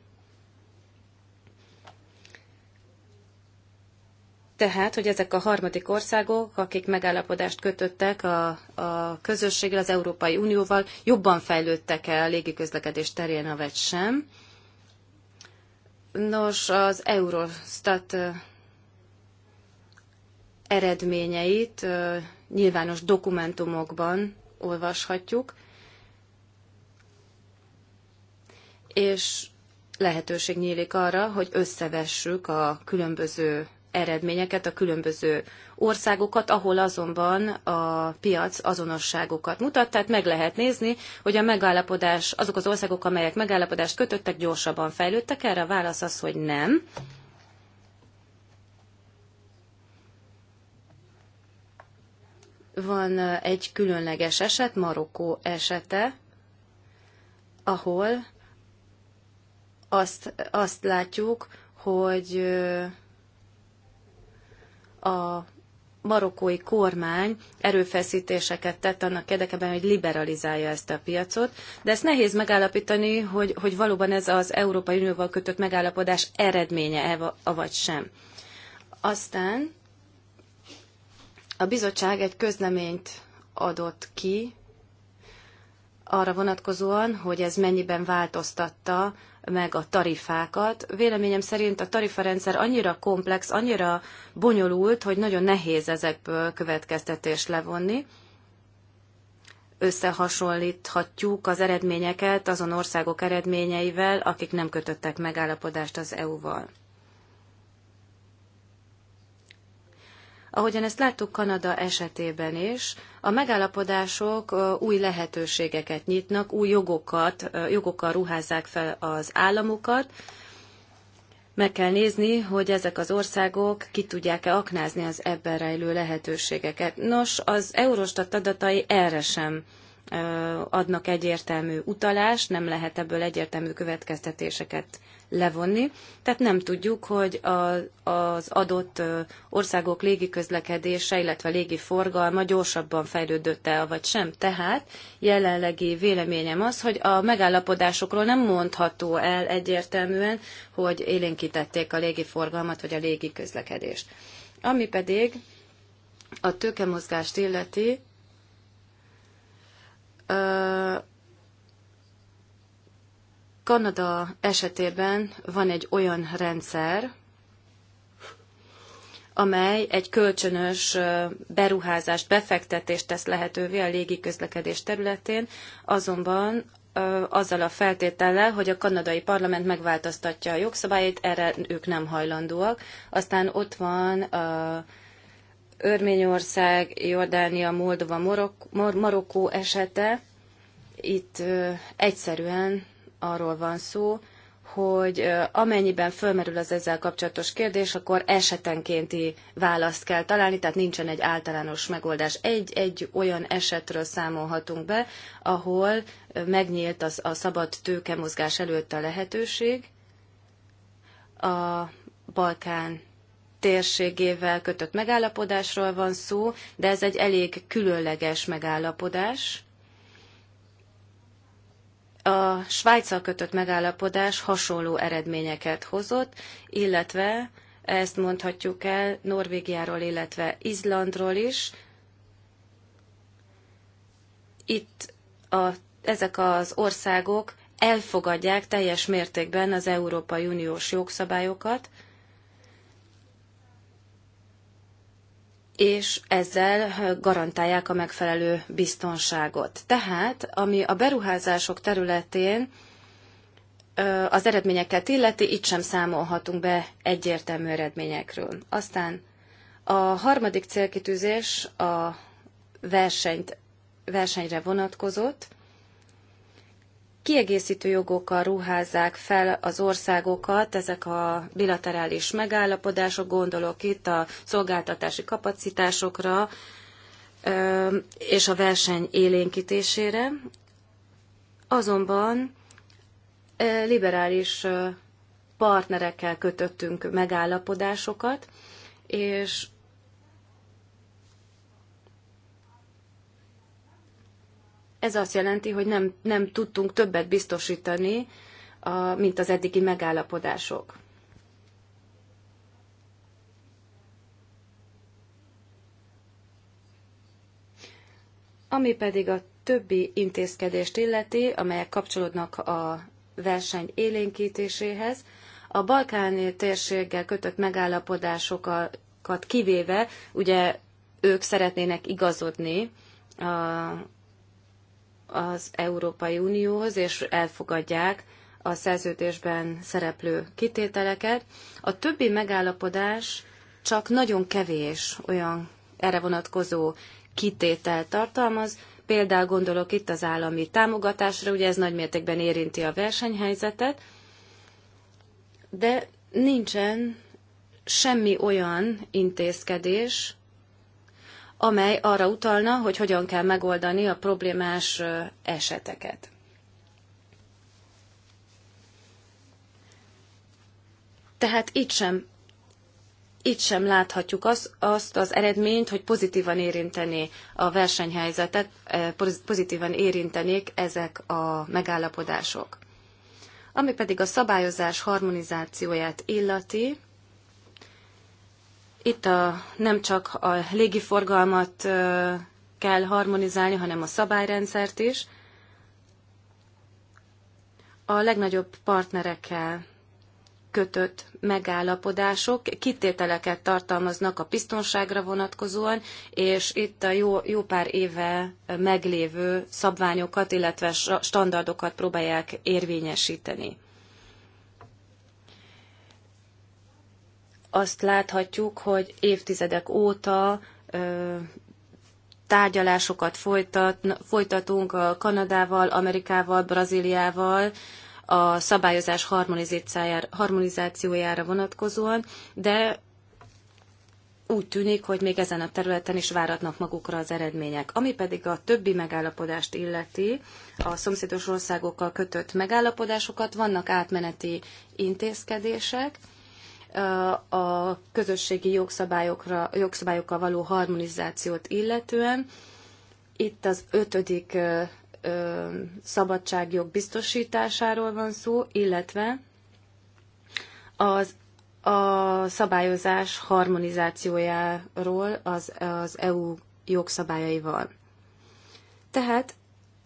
tehát, hogy ezek a harmadik országok, akik megállapodást kötöttek a, a közösséggel, az Európai Unióval, jobban fejlődtek el a légiközlekedés terén, vagy sem. Nos, az Eurostat eredményeit nyilvános dokumentumokban olvashatjuk, és lehetőség nyílik arra, hogy összevessük a különböző eredményeket, a különböző országokat, ahol azonban a piac azonosságokat mutat, tehát meg lehet nézni, hogy a megállapodás, azok az országok, amelyek megállapodást kötöttek, gyorsabban fejlődtek. Erre a válasz az, hogy nem. Van eh, egy különleges eset, Marokkó esete, ahol azt, azt látjuk, hogy eh, a marokkói kormány erőfeszítéseket tett annak érdekében, hogy liberalizálja ezt a piacot, de ezt nehéz megállapítani, hogy, hogy valóban ez az Európai Unióval kötött megállapodás eredménye, e avagy sem. Aztán a bizottság egy közleményt adott ki arra vonatkozóan, hogy ez mennyiben változtatta meg a tarifákat. Véleményem szerint a tarifarendszer annyira komplex, annyira bonyolult, hogy nagyon nehéz ezekből következtetést levonni. Összehasonlíthatjuk az eredményeket azon országok eredményeivel, akik nem kötöttek megállapodást az EU-val. Ahogyan ezt láttuk Kanada esetében is, a megállapodások új lehetőségeket nyitnak, új jogokat, jogokkal ruházzák fel az államokat. Meg kell nézni, hogy ezek az országok ki tudják-e aknázni az ebben rejlő lehetőségeket. Nos, az Eurostat adatai erre sem adnak egyértelmű utalást, nem lehet ebből egyértelmű következtetéseket levonni. Tehát nem tudjuk, hogy a, az adott országok közlekedése, illetve forgalma gyorsabban fejlődött el, vagy sem. Tehát jelenlegi véleményem az, hogy a megállapodásokról nem mondható el egyértelműen, hogy élénkítették a légiforgalmat, vagy a légiközlekedést. Ami pedig a tőkemozgást illeti, Kanada esetében van egy olyan rendszer, amely egy kölcsönös beruházást, befektetést tesz lehetővé a légiközlekedés területén, azonban azzal a feltétellel, hogy a kanadai parlament megváltoztatja a jogszabályait, erre ők nem hajlandóak. Aztán ott van a Örményország, Jordánia, Moldova, Marokkó esete. Itt egyszerűen arról van szó, hogy amennyiben fölmerül az ezzel kapcsolatos kérdés, akkor esetenkénti választ kell találni, tehát nincsen egy általános megoldás. Egy-egy olyan esetről számolhatunk be, ahol megnyílt az, a szabad tőkemozgás előtt a lehetőség, a Balkán térségével kötött megállapodásról van szó, de ez egy elég különleges megállapodás a Svájccal kötött megállapodás hasonló eredményeket hozott, illetve ezt mondhatjuk el Norvégiáról, illetve Izlandról is. Itt a, ezek az országok elfogadják teljes mértékben az Európai Uniós jogszabályokat, és ezzel garantálják a megfelelő biztonságot. Tehát, ami a beruházások területén az eredményeket illeti, itt sem számolhatunk be egyértelmű eredményekről. Aztán a harmadik célkitűzés a versenyt, versenyre vonatkozott, kiegészítő jogokkal ruházzák fel az országokat, ezek a bilaterális megállapodások, gondolok itt a szolgáltatási kapacitásokra és a verseny élénkítésére. Azonban liberális partnerekkel kötöttünk megállapodásokat, és Ez azt jelenti, hogy nem, nem tudtunk többet biztosítani, a, mint az eddigi megállapodások. Ami pedig a többi intézkedést illeti, amelyek kapcsolódnak a verseny élénkítéséhez, a balkáni térséggel kötött megállapodásokat kivéve, ugye ők szeretnének igazodni a az Európai Unióhoz, és elfogadják a szerződésben szereplő kitételeket. A többi megállapodás csak nagyon kevés olyan erre vonatkozó kitétel tartalmaz, Például gondolok itt az állami támogatásra, ugye ez nagymértékben érinti a versenyhelyzetet, de nincsen semmi olyan intézkedés, amely arra utalna, hogy hogyan kell megoldani a problémás eseteket. Tehát itt sem, itt sem láthatjuk azt, azt az eredményt, hogy pozitívan érinteni a versenyhelyzetet, pozitívan érintenék ezek a megállapodások. Ami pedig a szabályozás harmonizációját illeti, itt a, nem csak a légiforgalmat kell harmonizálni, hanem a szabályrendszert is. A legnagyobb partnerekkel kötött megállapodások kitételeket tartalmaznak a biztonságra vonatkozóan, és itt a jó, jó pár éve meglévő szabványokat, illetve standardokat próbálják érvényesíteni. azt láthatjuk, hogy évtizedek óta tárgyalásokat folytat, folytatunk a Kanadával, Amerikával, Brazíliával, a szabályozás harmonizációjára vonatkozóan, de úgy tűnik, hogy még ezen a területen is váratnak magukra az eredmények. Ami pedig a többi megállapodást illeti, a szomszédos országokkal kötött megállapodásokat, vannak átmeneti intézkedések, a közösségi jogszabályokra, jogszabályokkal való harmonizációt illetően. Itt az ötödik szabadságjog biztosításáról van szó, illetve az a szabályozás harmonizációjáról az, az EU jogszabályaival. Tehát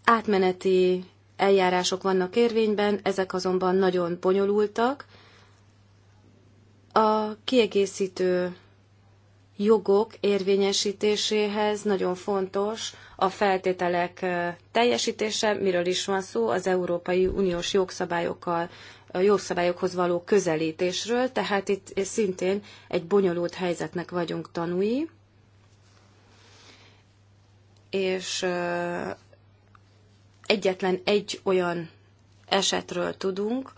átmeneti eljárások vannak érvényben, ezek azonban nagyon bonyolultak, a kiegészítő jogok érvényesítéséhez nagyon fontos a feltételek teljesítése, miről is van szó, az Európai Uniós jogszabályokkal, jogszabályokhoz való közelítésről, tehát itt szintén egy bonyolult helyzetnek vagyunk tanúi, és egyetlen egy olyan esetről tudunk,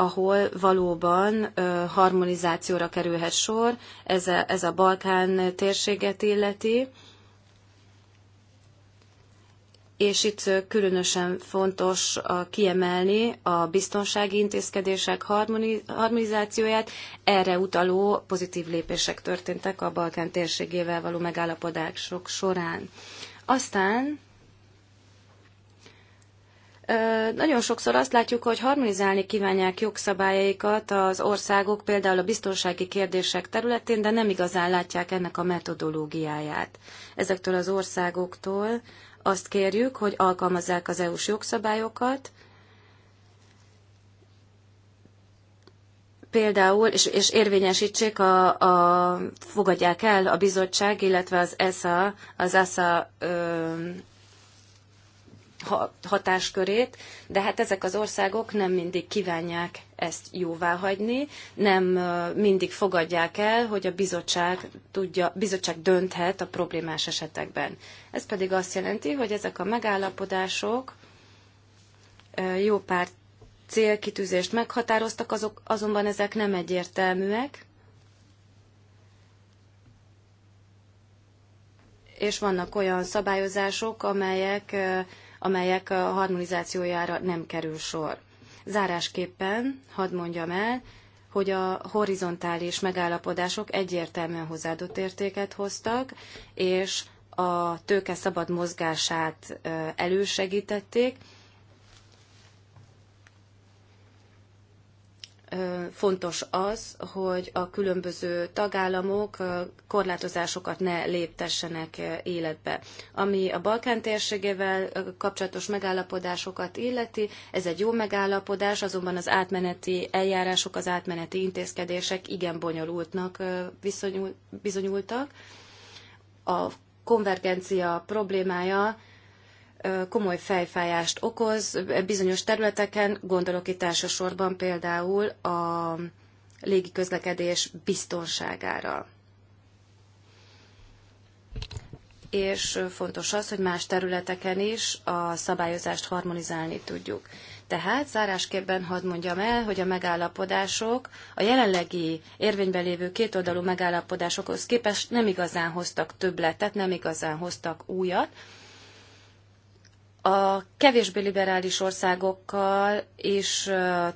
ahol valóban harmonizációra kerülhet sor, ez a, ez a Balkán térséget illeti, és itt különösen fontos kiemelni a biztonsági intézkedések harmonizációját. Erre utaló pozitív lépések történtek a Balkán térségével való megállapodások során. Aztán nagyon sokszor azt látjuk, hogy harmonizálni kívánják jogszabályaikat az országok, például a biztonsági kérdések területén, de nem igazán látják ennek a metodológiáját. Ezektől az országoktól azt kérjük, hogy alkalmazzák az EU-s jogszabályokat, például, és, és érvényesítsék, a, a, fogadják el a bizottság, illetve az ESA, az ESA ö, hatáskörét, de hát ezek az országok nem mindig kívánják ezt jóvá hagyni, nem mindig fogadják el, hogy a bizottság, tudja, bizottság dönthet a problémás esetekben. Ez pedig azt jelenti, hogy ezek a megállapodások jó pár célkitűzést meghatároztak, azok, azonban ezek nem egyértelműek, és vannak olyan szabályozások, amelyek amelyek a harmonizációjára nem kerül sor. Zárásképpen hadd mondjam el, hogy a horizontális megállapodások egyértelműen hozzáadott értéket hoztak, és a tőke szabad mozgását elősegítették, fontos az, hogy a különböző tagállamok korlátozásokat ne léptessenek életbe. Ami a Balkán térségével kapcsolatos megállapodásokat illeti, ez egy jó megállapodás, azonban az átmeneti eljárások, az átmeneti intézkedések igen bonyolultnak bizonyultak. A konvergencia problémája komoly fejfájást okoz bizonyos területeken, gondolok itt elsősorban például a légiközlekedés biztonságára. És fontos az, hogy más területeken is a szabályozást harmonizálni tudjuk. Tehát zárásképpen hadd mondjam el, hogy a megállapodások a jelenlegi érvényben lévő kétoldalú megállapodásokhoz képest nem igazán hoztak többletet, nem igazán hoztak újat, a kevésbé liberális országokkal is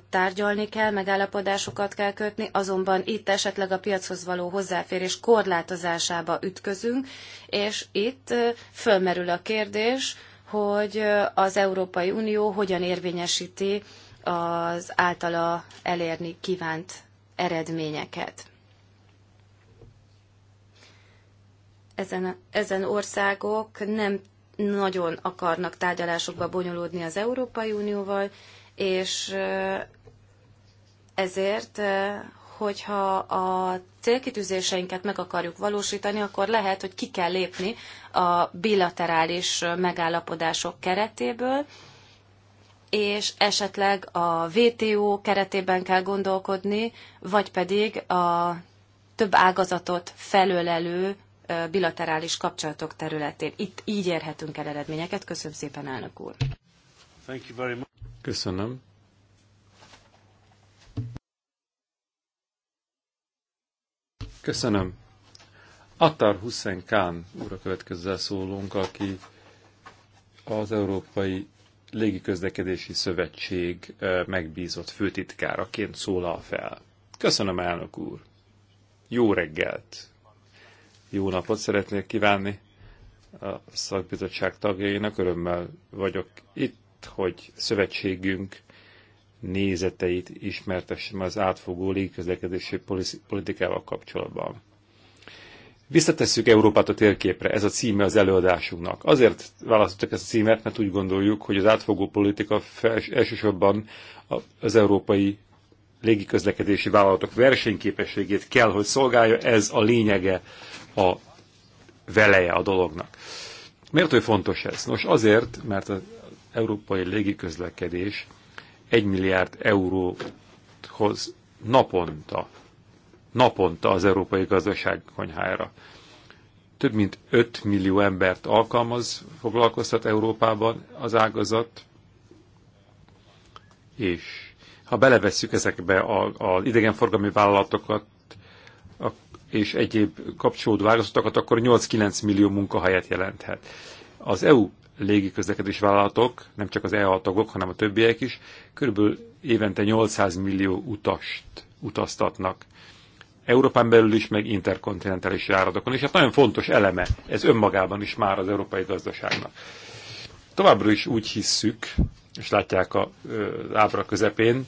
tárgyalni kell, megállapodásokat kell kötni, azonban itt esetleg a piachoz való hozzáférés korlátozásába ütközünk, és itt fölmerül a kérdés, hogy az Európai Unió hogyan érvényesíti az általa elérni kívánt eredményeket. Ezen, ezen országok nem nagyon akarnak tárgyalásokba bonyolódni az Európai Unióval, és ezért, hogyha a célkitűzéseinket meg akarjuk valósítani, akkor lehet, hogy ki kell lépni a bilaterális megállapodások keretéből, és esetleg a WTO keretében kell gondolkodni, vagy pedig a több ágazatot felölelő bilaterális kapcsolatok területén. Itt így érhetünk el eredményeket. Köszönöm szépen, elnök úr. Thank you very much. Köszönöm. Köszönöm. Attar Hussein Khan úr a következő szólónk, aki az Európai Légiközlekedési Szövetség megbízott főtitkáraként szólal fel. Köszönöm, elnök úr! Jó reggelt! Jó napot szeretnék kívánni a szakbizottság tagjainak. Örömmel vagyok itt, hogy szövetségünk nézeteit ismertessem az átfogó légközlekedési politikával kapcsolatban. Visszatesszük Európát a térképre, ez a címe az előadásunknak. Azért választottak ezt a címet, mert úgy gondoljuk, hogy az átfogó politika fels, elsősorban az európai légiközlekedési vállalatok versenyképességét kell, hogy szolgálja, ez a lényege a veleje a dolognak. Miért hogy fontos ez? Nos, azért, mert az európai légiközlekedés 1 milliárd euróhoz naponta, naponta az európai gazdaság konyhájára. Több mint 5 millió embert alkalmaz, foglalkoztat Európában az ágazat, és ha belevesszük ezekbe az idegenforgalmi vállalatokat, és egyéb kapcsolódó ágazatokat, akkor 8-9 millió munkahelyet jelenthet. Az EU légiközlekedés vállalatok, nem csak az EA tagok, hanem a többiek is, körülbelül évente 800 millió utast utaztatnak. Európán belül is, meg interkontinentális járatokon, és hát nagyon fontos eleme, ez önmagában is már az európai gazdaságnak. Továbbra is úgy hisszük, és látják az ábra közepén,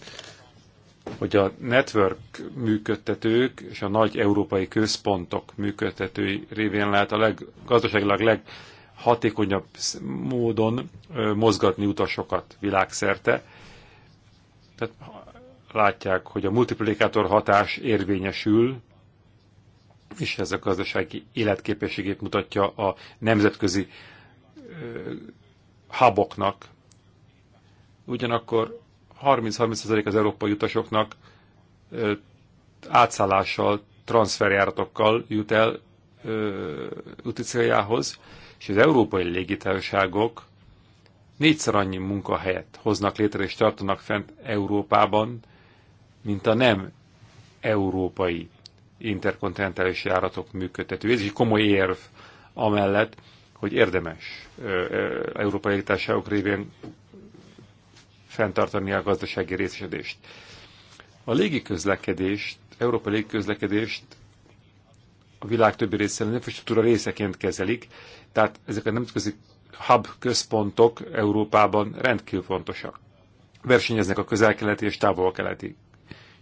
hogy a network működtetők és a nagy európai központok működtetői révén lehet a leg, gazdaságilag leghatékonyabb módon mozgatni utasokat világszerte. Tehát látják, hogy a multiplikátor hatás érvényesül, és ez a gazdasági életképességét mutatja a nemzetközi haboknak. Ugyanakkor 30-30% az európai utasoknak átszállással, transferjáratokkal jut el úti céljához, és az európai légitársaságok négyszer annyi munkahelyet hoznak létre és tartanak fent Európában, mint a nem európai interkontinentális járatok működtető. Ez is komoly érv amellett, hogy érdemes európai légitársaságok révén fenntartani a gazdasági részesedést. A légiközlekedést, Európa légiközlekedést a világ többi részén infrastruktúra részeként kezelik, tehát ezek a nemzetközi hub központok Európában rendkívül fontosak. Versenyeznek a közel-keleti és távol-keleti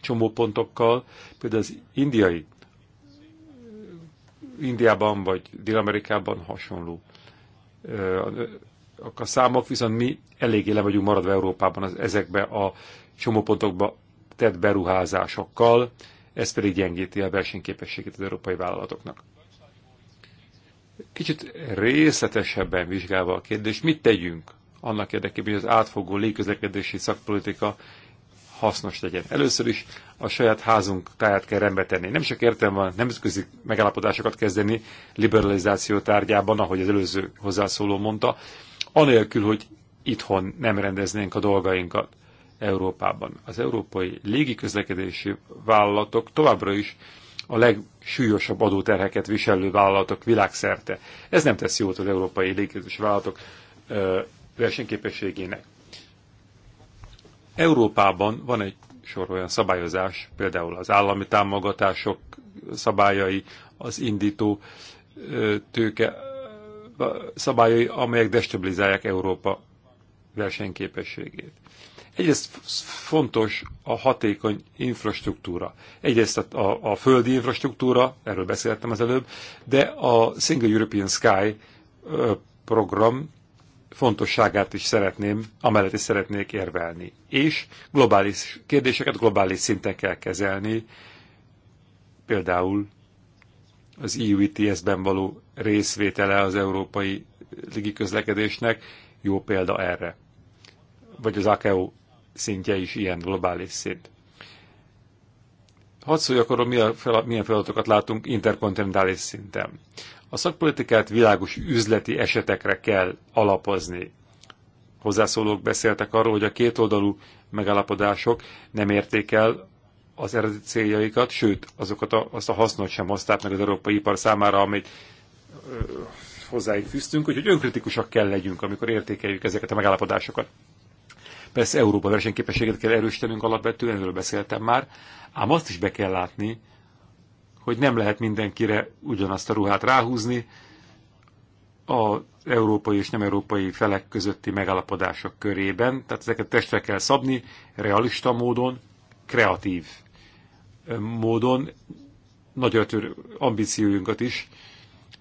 csomópontokkal, például az indiai, Indiában vagy Dél-Amerikában hasonló a számok, viszont mi eléggé le vagyunk maradva Európában az, ezekbe a csomópontokba tett beruházásokkal, ez pedig gyengíti a versenyképességét az európai vállalatoknak. Kicsit részletesebben vizsgálva a kérdést, mit tegyünk annak érdekében, hogy az átfogó légközlekedési szakpolitika hasznos legyen. Először is a saját házunk táját kell rendbe tenni. Nem csak értem van nemzetközi megállapodásokat kezdeni liberalizáció tárgyában, ahogy az előző hozzászóló mondta, anélkül, hogy itthon nem rendeznénk a dolgainkat Európában. Az európai légiközlekedési vállalatok továbbra is a legsúlyosabb adóterheket viselő vállalatok világszerte. Ez nem tesz jót az európai légiközlekedési vállalatok ö, versenyképességének. Európában van egy sor olyan szabályozás, például az állami támogatások szabályai, az indító tőke szabályai, amelyek destabilizálják Európa versenyképességét. Egyrészt fontos a hatékony infrastruktúra. Egyrészt a, a, a földi infrastruktúra, erről beszéltem az előbb, de a Single European Sky program fontosságát is szeretném, amellett is szeretnék érvelni. És globális kérdéseket globális szinten kell kezelni, például az EU ETS-ben való részvétele az európai légiközlekedésnek jó példa erre. Vagy az AKEO szintje is ilyen globális szint. Hadd szóljak arról, milyen feladatokat látunk interkontinentális szinten. A szakpolitikát világos üzleti esetekre kell alapozni. Hozzászólók beszéltek arról, hogy a kétoldalú megállapodások nem érték el az eredeti céljaikat, sőt, azokat a, azt a hasznot sem hozták meg az európai ipar számára, amit hozzáig fűztünk, úgyhogy önkritikusak kell legyünk, amikor értékeljük ezeket a megállapodásokat. Persze Európa versenyképességet kell erősítenünk alapvetően, erről beszéltem már, ám azt is be kell látni, hogy nem lehet mindenkire ugyanazt a ruhát ráhúzni, az európai és nem európai felek közötti megállapodások körében, tehát ezeket testre kell szabni, realista módon, kreatív módon nagy ambíciójunkat is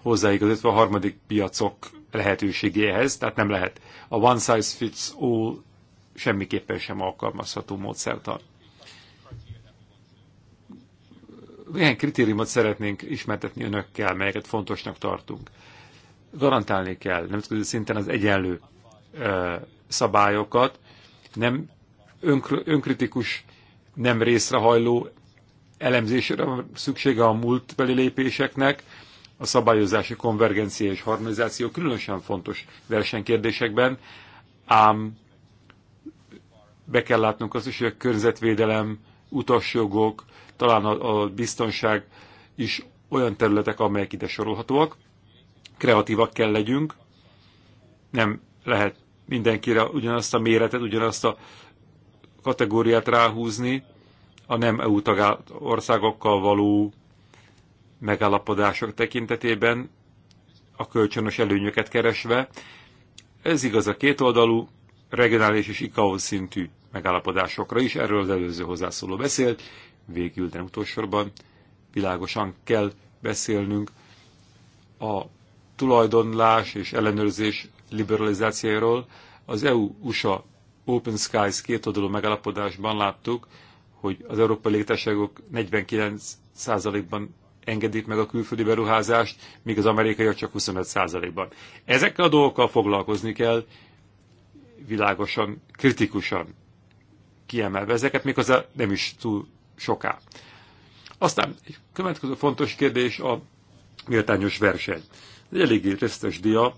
hozzáigazítva a harmadik piacok lehetőségéhez, tehát nem lehet. A one size fits all semmiképpen sem alkalmazható módszertan. Milyen kritériumot szeretnénk ismertetni önökkel, melyeket fontosnak tartunk? Garantálni kell nemzetközi szinten az egyenlő ö, szabályokat, nem önkr önkritikus, nem részrehajló elemzésre van szüksége a múltbeli lépéseknek, a szabályozási konvergencia és harmonizáció különösen fontos versenykérdésekben, ám be kell látnunk azt is, hogy a környezetvédelem, utasjogok, talán a, a biztonság is olyan területek, amelyek ide sorolhatóak. Kreatívak kell legyünk, nem lehet mindenkire ugyanazt a méretet, ugyanazt a kategóriát ráhúzni, a nem EU országokkal való megállapodások tekintetében, a kölcsönös előnyöket keresve. Ez igaz a kétoldalú, regionális és ICAO szintű megállapodásokra is, erről az előző hozzászóló beszélt, végül, de utolsóban világosan kell beszélnünk a tulajdonlás és ellenőrzés liberalizációról. Az EU-USA Open Skies kétoldalú megállapodásban láttuk, hogy az európai légitársaságok 49%-ban engedik meg a külföldi beruházást, míg az amerikaiak csak 25%-ban. Ezekkel a dolgokkal foglalkozni kell, világosan, kritikusan kiemelve ezeket, az nem is túl soká. Aztán egy következő fontos kérdés a méltányos verseny. Egy eléggé résztes dia.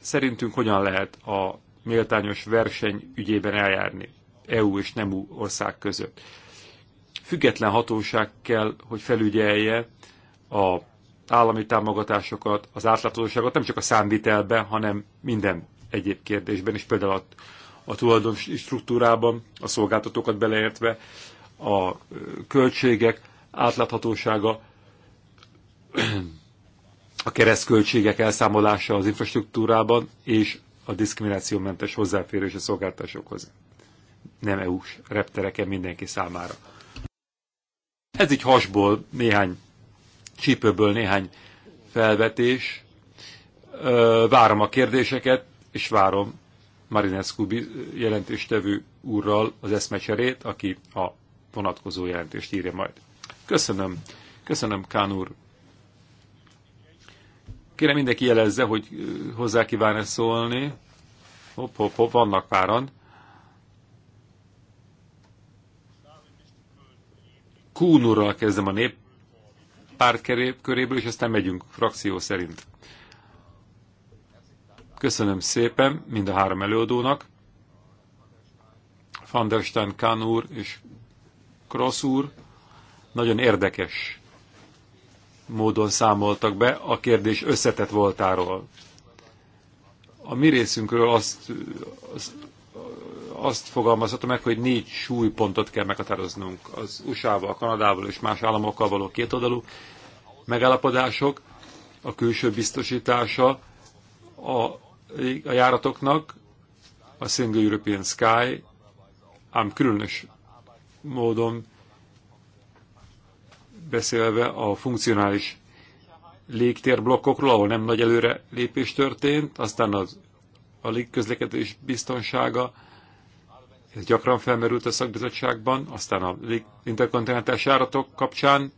Szerintünk hogyan lehet a méltányos verseny ügyében eljárni? EU és nem EU ország között. Független hatóság kell, hogy felügyelje a állami támogatásokat, az átláthatóságot nem csak a számvitelben, hanem minden egyéb kérdésben is, például a, a tulajdon struktúrában, a szolgáltatókat beleértve, a költségek átláthatósága, a keresztköltségek elszámolása az infrastruktúrában és a diszkriminációmentes hozzáférés a szolgáltatásokhoz nem EU-s reptereken mindenki számára. Ez így hasból néhány csípőből néhány felvetés. Várom a kérdéseket, és várom Marinescu jelentéstevő úrral az eszmecserét, aki a vonatkozó jelentést írja majd. Köszönöm. Köszönöm, Kán úr. Kérem mindenki jelezze, hogy hozzá kíván -e szólni. Hopp, hopp, hopp, vannak páran. Kúnurral kezdem a nép párt köréből, és aztán megyünk frakció szerint. Köszönöm szépen mind a három előadónak, Van der Stein Kahn úr és Kross úr. Nagyon érdekes módon számoltak be a kérdés összetett voltáról. A mi részünkről azt azt fogalmazhatom meg, hogy négy súlypontot kell meghatároznunk az USA-val, Kanadával és más államokkal való kétoldalú megállapodások, a külső biztosítása a, a járatoknak, a Single European Sky, ám különös módon beszélve a funkcionális légtérblokkokról, ahol nem nagy előre lépés történt, aztán az, a légközlekedés biztonsága, ez gyakran felmerült a szakbizottságban, aztán a interkontinentális járatok kapcsán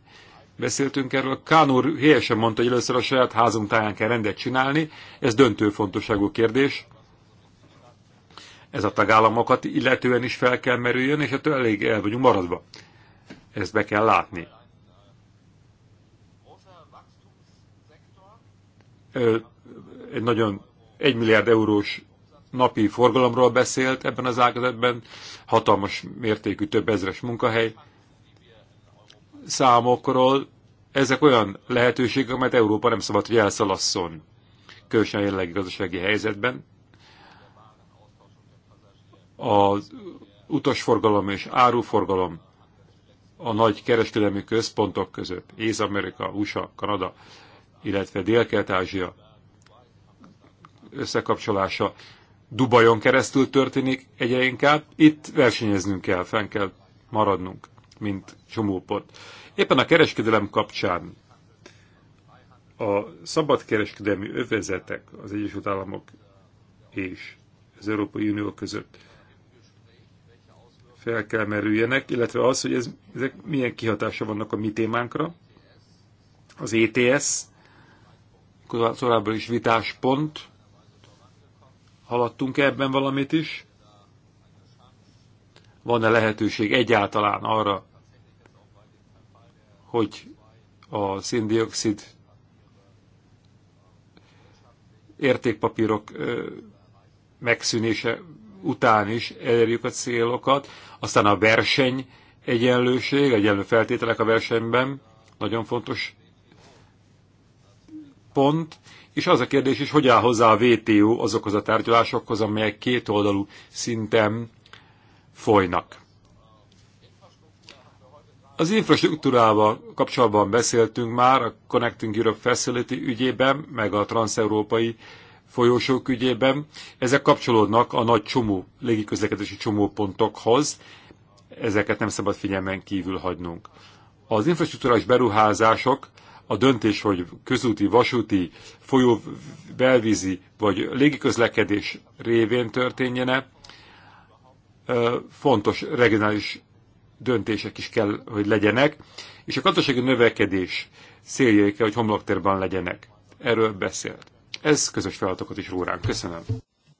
beszéltünk erről. Kán úr helyesen mondta, hogy először a saját házunk táján kell rendet csinálni, ez döntő fontosságú kérdés. Ez a tagállamokat illetően is fel kell merüljön, és ettől elég el vagyunk maradva. Ezt be kell látni. Egy nagyon 1 milliárd eurós napi forgalomról beszélt ebben az ágazatban, hatalmas mértékű több ezres munkahely számokról. Ezek olyan lehetőségek, amelyet Európa nem szabad, hogy elszalasszon különösen jelenlegi gazdasági helyzetben. Az utasforgalom és áruforgalom a nagy kereskedelmi központok között, Észak-Amerika, USA, Kanada, illetve Dél-Kelet-Ázsia összekapcsolása Dubajon keresztül történik egyre inkább, itt versenyeznünk kell, fenn kell maradnunk, mint csomópont. Éppen a kereskedelem kapcsán a szabadkereskedelmi övezetek az Egyesült Államok és az Európai Unió között fel kell merüljenek, illetve az, hogy ez, ezek milyen kihatása vannak a mi témánkra. Az ETS, korábban is vitáspont, Haladtunk -e ebben valamit is? Van-e lehetőség egyáltalán arra, hogy a széndiokszid értékpapírok megszűnése után is elérjük a célokat, aztán a verseny egyenlőség, egyenlő feltételek a versenyben, nagyon fontos pont, és az a kérdés is, hogy áll hozzá a VTO azokhoz a tárgyalásokhoz, amelyek kétoldalú szinten folynak. Az infrastruktúrával kapcsolatban beszéltünk már a Connecting Europe Facility ügyében, meg a transeurópai folyósók ügyében. Ezek kapcsolódnak a nagy csomó, légiközlekedési csomópontokhoz. Ezeket nem szabad figyelmen kívül hagynunk. Az infrastruktúrás beruházások a döntés, hogy közúti, vasúti, folyó, belvízi vagy légiközlekedés révén történjene, fontos regionális döntések is kell, hogy legyenek, és a gazdasági növekedés céljai kell, hogy homloktérben legyenek. Erről beszélt. Ez közös feladatokat is róránk. Köszönöm.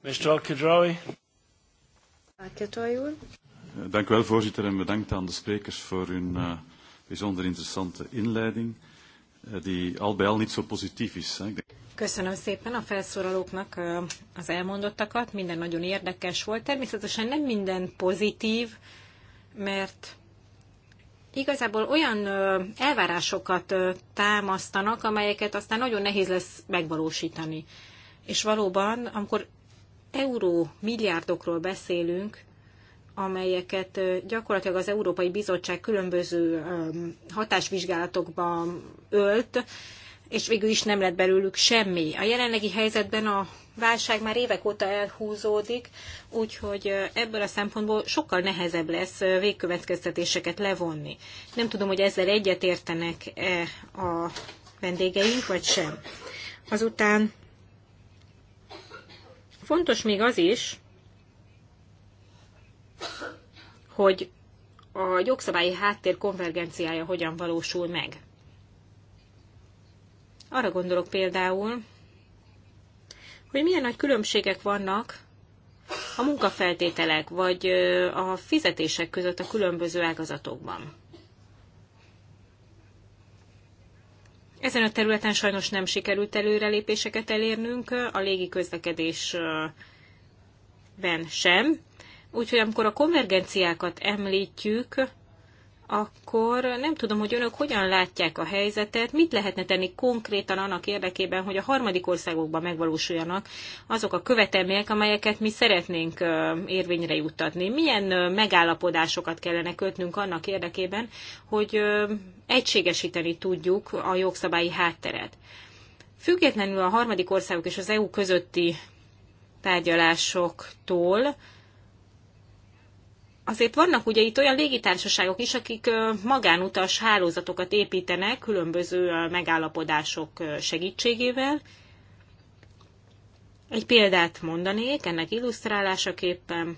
Mr. Alkidrawi. Alkedrawi úr. Dank u wel, voorzitter, en bedankt aan de sprekers voor hun uh, bijzonder interessante inleiding. Eh, die al bij al niet zo positief is. Köszönöm szépen a felszólalóknak eh, az elmondottakat, minden nagyon érdekes volt. Természetesen nem minden pozitív, mert igazából olyan eh, elvárásokat támasztanak, amelyeket aztán nagyon nehéz lesz megvalósítani. És valóban, amikor euró milliárdokról beszélünk, amelyeket gyakorlatilag az Európai Bizottság különböző hatásvizsgálatokba ölt, és végül is nem lett belőlük semmi. A jelenlegi helyzetben a válság már évek óta elhúzódik, úgyhogy ebből a szempontból sokkal nehezebb lesz végkövetkeztetéseket levonni. Nem tudom, hogy ezzel egyetértenek-e a vendégeink, vagy sem. Azután fontos még az is, hogy a jogszabályi háttér konvergenciája hogyan valósul meg. Arra gondolok például, hogy milyen nagy különbségek vannak a munkafeltételek vagy a fizetések között a különböző ágazatokban. Ezen a területen sajnos nem sikerült előrelépéseket elérnünk, a légi közlekedésben sem, Úgyhogy amikor a konvergenciákat említjük, akkor nem tudom, hogy önök hogyan látják a helyzetet, mit lehetne tenni konkrétan annak érdekében, hogy a harmadik országokban megvalósuljanak azok a követelmények, amelyeket mi szeretnénk érvényre juttatni. Milyen megállapodásokat kellene kötnünk annak érdekében, hogy egységesíteni tudjuk a jogszabályi hátteret. Függetlenül a harmadik országok és az EU közötti tárgyalásoktól, azért vannak ugye itt olyan légitársaságok is, akik magánutas hálózatokat építenek különböző megállapodások segítségével. Egy példát mondanék ennek illusztrálásaképpen.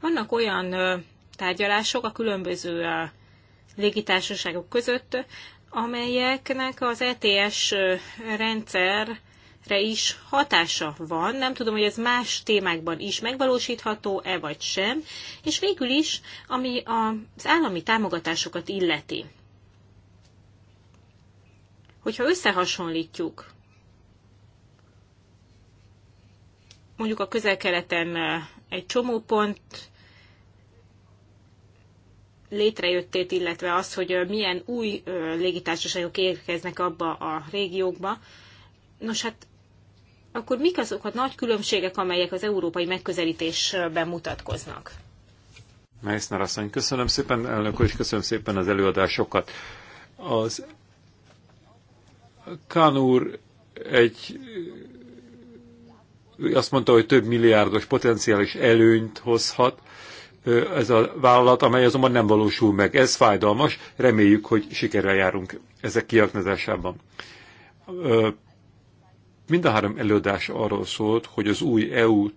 Vannak olyan tárgyalások a különböző légitársaságok között, amelyeknek az ETS rendszerre is hatása van. Nem tudom, hogy ez más témákban is megvalósítható-e vagy sem. És végül is, ami az állami támogatásokat illeti. Hogyha összehasonlítjuk mondjuk a közel-keleten egy csomó pont létrejöttét, illetve az, hogy milyen új légitársaságok érkeznek abba a régiókba. Nos, hát akkor mik azok a nagy különbségek, amelyek az európai megközelítésben mutatkoznak? Meissner asszony, köszönöm szépen, elnök úr, és köszönöm szépen az előadásokat. Az Kán úr egy azt mondta, hogy több milliárdos potenciális előnyt hozhat ez a vállalat, amely azonban nem valósul meg. Ez fájdalmas, reméljük, hogy sikerrel járunk ezek kiaknázásában. Mind a három előadás arról szólt, hogy az új EU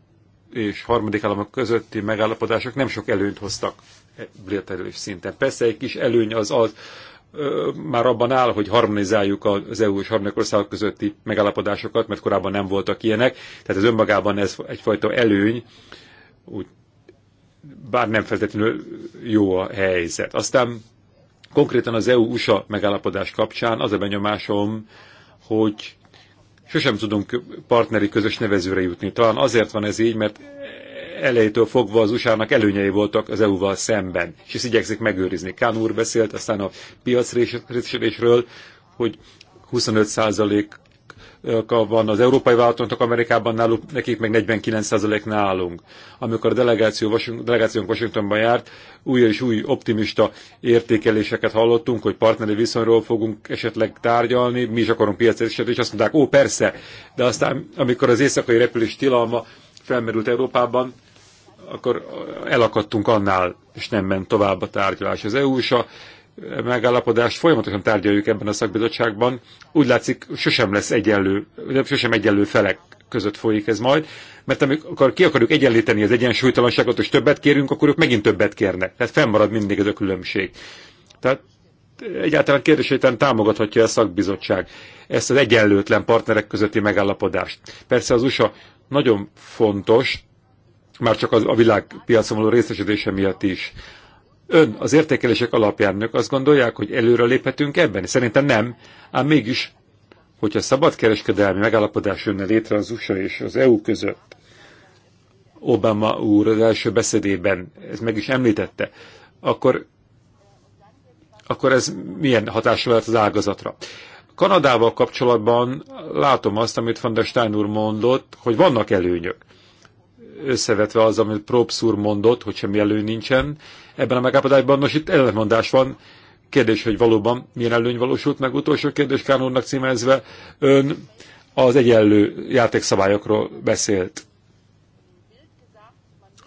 és harmadik államok közötti megállapodások nem sok előnyt hoztak e bilaterális szinten. Persze egy kis előny az az, már abban áll, hogy harmonizáljuk az EU és harmadik országok közötti megállapodásokat, mert korábban nem voltak ilyenek, tehát ez önmagában ez egyfajta előny, úgy bár nem feltétlenül jó a helyzet. Aztán konkrétan az EU-USA megállapodás kapcsán az a benyomásom, hogy sosem tudunk partneri közös nevezőre jutni. Talán azért van ez így, mert elejétől fogva az USA-nak előnyei voltak az EU-val szemben, és ezt igyekszik megőrizni. Kán úr beszélt aztán a piacrészésről, hogy 25% van az európai vállalatoknak Amerikában náluk, nekik meg 49% nálunk. Amikor a delegáció, delegációnk Washingtonban járt, új és új optimista értékeléseket hallottunk, hogy partneri viszonyról fogunk esetleg tárgyalni, mi is akarunk piacérséget, és azt mondták, ó, persze, de aztán amikor az éjszakai repülés tilalma felmerült Európában, akkor elakadtunk annál, és nem ment tovább a tárgyalás. Az EU-sa megállapodást folyamatosan tárgyaljuk ebben a szakbizottságban. Úgy látszik, sosem lesz egyenlő, sosem egyenlő felek között folyik ez majd, mert amikor ki akarjuk egyenlíteni az egyensúlytalanságot, és többet kérünk, akkor ők megint többet kérnek. Tehát fennmarad mindig ez a különbség. Tehát egyáltalán kérdésétlen támogathatja a szakbizottság ezt az egyenlőtlen partnerek közötti megállapodást. Persze az USA nagyon fontos, már csak az, a világpiacon való részesedése miatt is ön az értékelések alapján önök azt gondolják, hogy előre léphetünk ebben? Szerintem nem, ám mégis, hogyha szabadkereskedelmi megállapodás jönne létre az USA és az EU között, Obama úr az első beszédében, ez meg is említette, akkor, akkor ez milyen hatással lehet az ágazatra? Kanadával kapcsolatban látom azt, amit Van der Stein úr mondott, hogy vannak előnyök. Összevetve az, amit Probst úr mondott, hogy semmi előny nincsen, ebben a megállapodásban. Nos, itt ellentmondás van. Kérdés, hogy valóban milyen előny valósult meg. Utolsó kérdés Kán úrnak címezve. Ön az egyenlő játékszabályokról beszélt.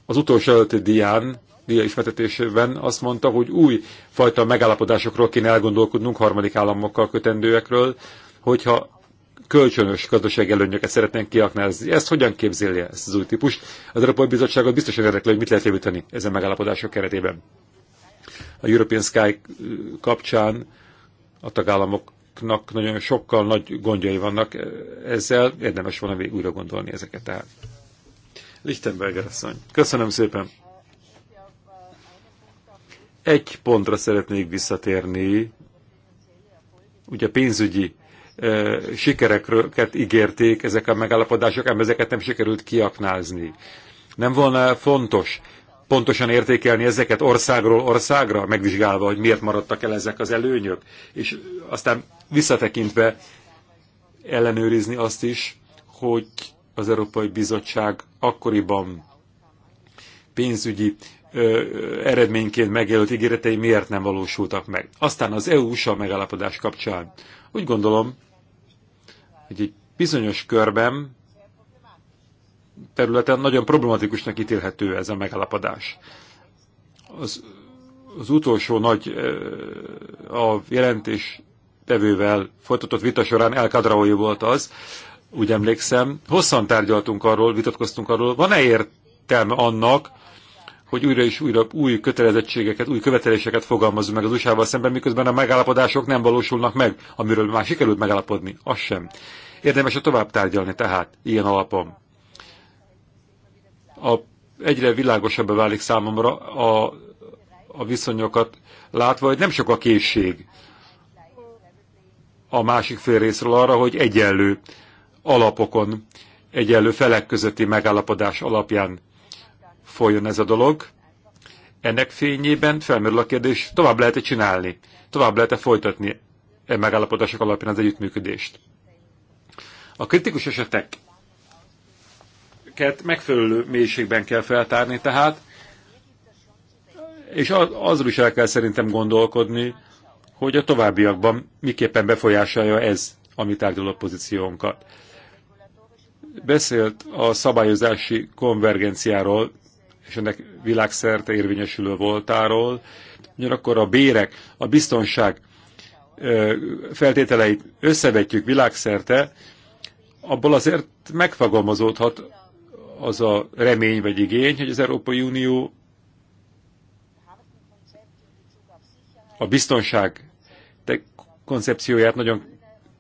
Az utolsó előtti dián díja ismertetésében azt mondta, hogy új fajta megállapodásokról kéne elgondolkodnunk harmadik államokkal kötendőekről, hogyha kölcsönös gazdasági előnyöket szeretnénk kiaknázni. Ezt hogyan képzelje ezt az új típus? Az Európai Bizottságot biztosan érdekli, hogy mit lehet javítani ezen megállapodások keretében. A European Sky kapcsán a tagállamoknak nagyon sokkal nagy gondjai vannak ezzel, érdemes volna még újra gondolni ezeket tehát. Lichtenberger asszony, köszönöm szépen. Egy pontra szeretnék visszatérni, ugye pénzügyi sikereket ígérték ezek a megállapodások, ám ezeket nem sikerült kiaknázni. Nem volna fontos pontosan értékelni ezeket országról országra, megvizsgálva, hogy miért maradtak el ezek az előnyök, és aztán visszatekintve ellenőrizni azt is, hogy az Európai Bizottság akkoriban pénzügyi ö, eredményként megjelölt ígéretei miért nem valósultak meg. Aztán az EU-USA megállapodás kapcsán úgy gondolom, hogy egy bizonyos körben területen nagyon problematikusnak ítélhető ez a megállapodás. Az, az utolsó nagy a jelentés tevővel folytatott vita során elkadraói volt az, úgy emlékszem, hosszan tárgyaltunk arról, vitatkoztunk arról, van-e értelme annak, hogy újra és újra új kötelezettségeket, új követeléseket fogalmazunk meg az USA-val szemben, miközben a megállapodások nem valósulnak meg, amiről már sikerült megállapodni, az sem. Érdemes a tovább tárgyalni tehát, ilyen alapon. A, egyre világosabbá válik számomra a, a viszonyokat látva, hogy nem sok a készség a másik fél részről arra, hogy egyenlő alapokon, egyenlő felek közötti megállapodás alapján folyjon ez a dolog. Ennek fényében felmerül a kérdés, tovább lehet-e csinálni, tovább lehet-e folytatni e megállapodások alapján az együttműködést. A kritikus eseteket megfelelő mélységben kell feltárni tehát, és azról is el kell szerintem gondolkodni, hogy a továbbiakban miképpen befolyásolja ez a mi tárgyaló pozíciónkat. Beszélt a szabályozási konvergenciáról és ennek világszerte érvényesülő voltáról. Ugyanakkor a bérek, a biztonság feltételeit összevetjük világszerte, abból azért megfogalmazódhat az a remény vagy igény, hogy az Európai Unió a biztonság koncepcióját nagyon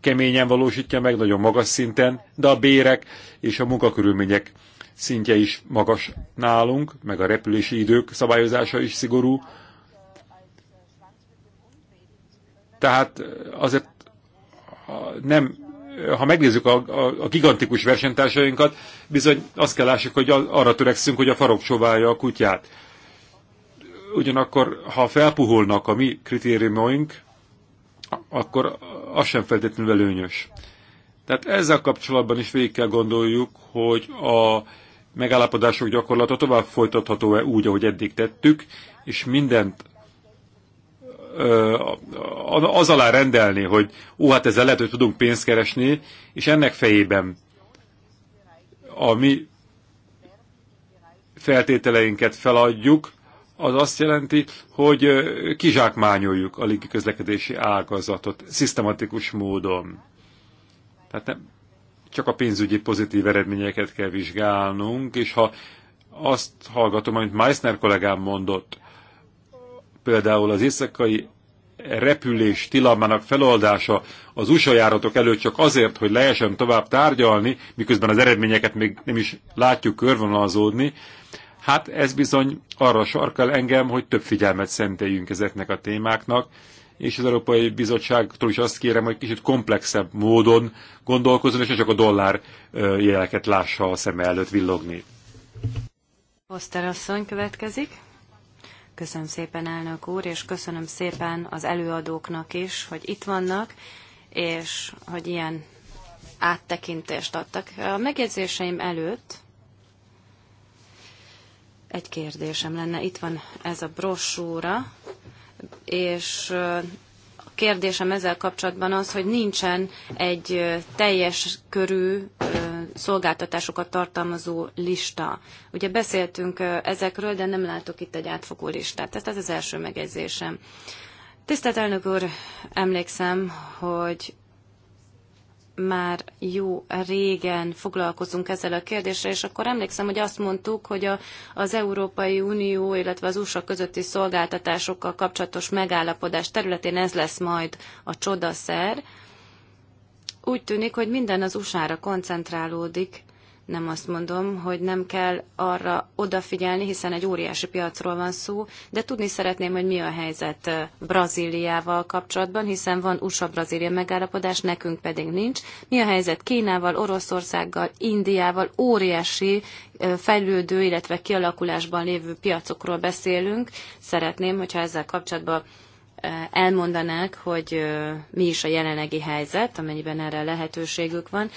keményen valósítja meg, nagyon magas szinten, de a bérek és a munkakörülmények szintje is magas nálunk, meg a repülési idők szabályozása is szigorú. Tehát azért nem, ha megnézzük a, a, a gigantikus versenytársainkat, bizony azt kell lássuk, hogy arra törekszünk, hogy a farok csóválja a kutyát. Ugyanakkor, ha felpuholnak a mi kritériumaink, akkor az sem feltétlenül előnyös. Tehát ezzel kapcsolatban is végig kell gondoljuk, hogy a megállapodások gyakorlata tovább folytatható-e úgy, ahogy eddig tettük, és mindent az alá rendelni, hogy ó, hát ezzel lehet, hogy tudunk pénzt keresni, és ennek fejében a mi feltételeinket feladjuk, az azt jelenti, hogy kizsákmányoljuk a légi közlekedési ágazatot szisztematikus módon. Tehát nem, csak a pénzügyi pozitív eredményeket kell vizsgálnunk, és ha azt hallgatom, amit Meissner kollégám mondott, például az éjszakai repülés tilalmának feloldása az USA járatok előtt csak azért, hogy lehessen tovább tárgyalni, miközben az eredményeket még nem is látjuk körvonalazódni, hát ez bizony arra sarkal engem, hogy több figyelmet szenteljünk ezeknek a témáknak, és az Európai Bizottságtól is azt kérem, hogy kicsit komplexebb módon gondolkozzon, és ne csak a dollár jeleket lássa a szeme előtt villogni. asszony következik. Köszönöm szépen, elnök úr, és köszönöm szépen az előadóknak is, hogy itt vannak, és hogy ilyen áttekintést adtak. A megjegyzéseim előtt egy kérdésem lenne. Itt van ez a brossúra, és a kérdésem ezzel kapcsolatban az, hogy nincsen egy teljes körű szolgáltatásokat tartalmazó lista. Ugye beszéltünk ezekről, de nem látok itt egy átfogó listát. Tehát ez az első megjegyzésem. Tisztelt elnök úr, emlékszem, hogy már jó régen foglalkozunk ezzel a kérdéssel, és akkor emlékszem, hogy azt mondtuk, hogy a, az Európai Unió, illetve az USA közötti szolgáltatásokkal kapcsolatos megállapodás területén ez lesz majd a csodaszer. Úgy tűnik, hogy minden az USA-ra koncentrálódik nem azt mondom, hogy nem kell arra odafigyelni, hiszen egy óriási piacról van szó, de tudni szeretném, hogy mi a helyzet Brazíliával kapcsolatban, hiszen van USA-Brazília megállapodás, nekünk pedig nincs. Mi a helyzet Kínával, Oroszországgal, Indiával, óriási fejlődő, illetve kialakulásban lévő piacokról beszélünk. Szeretném, hogyha ezzel kapcsolatban elmondanák, hogy mi is a jelenlegi helyzet, amennyiben erre lehetőségük van.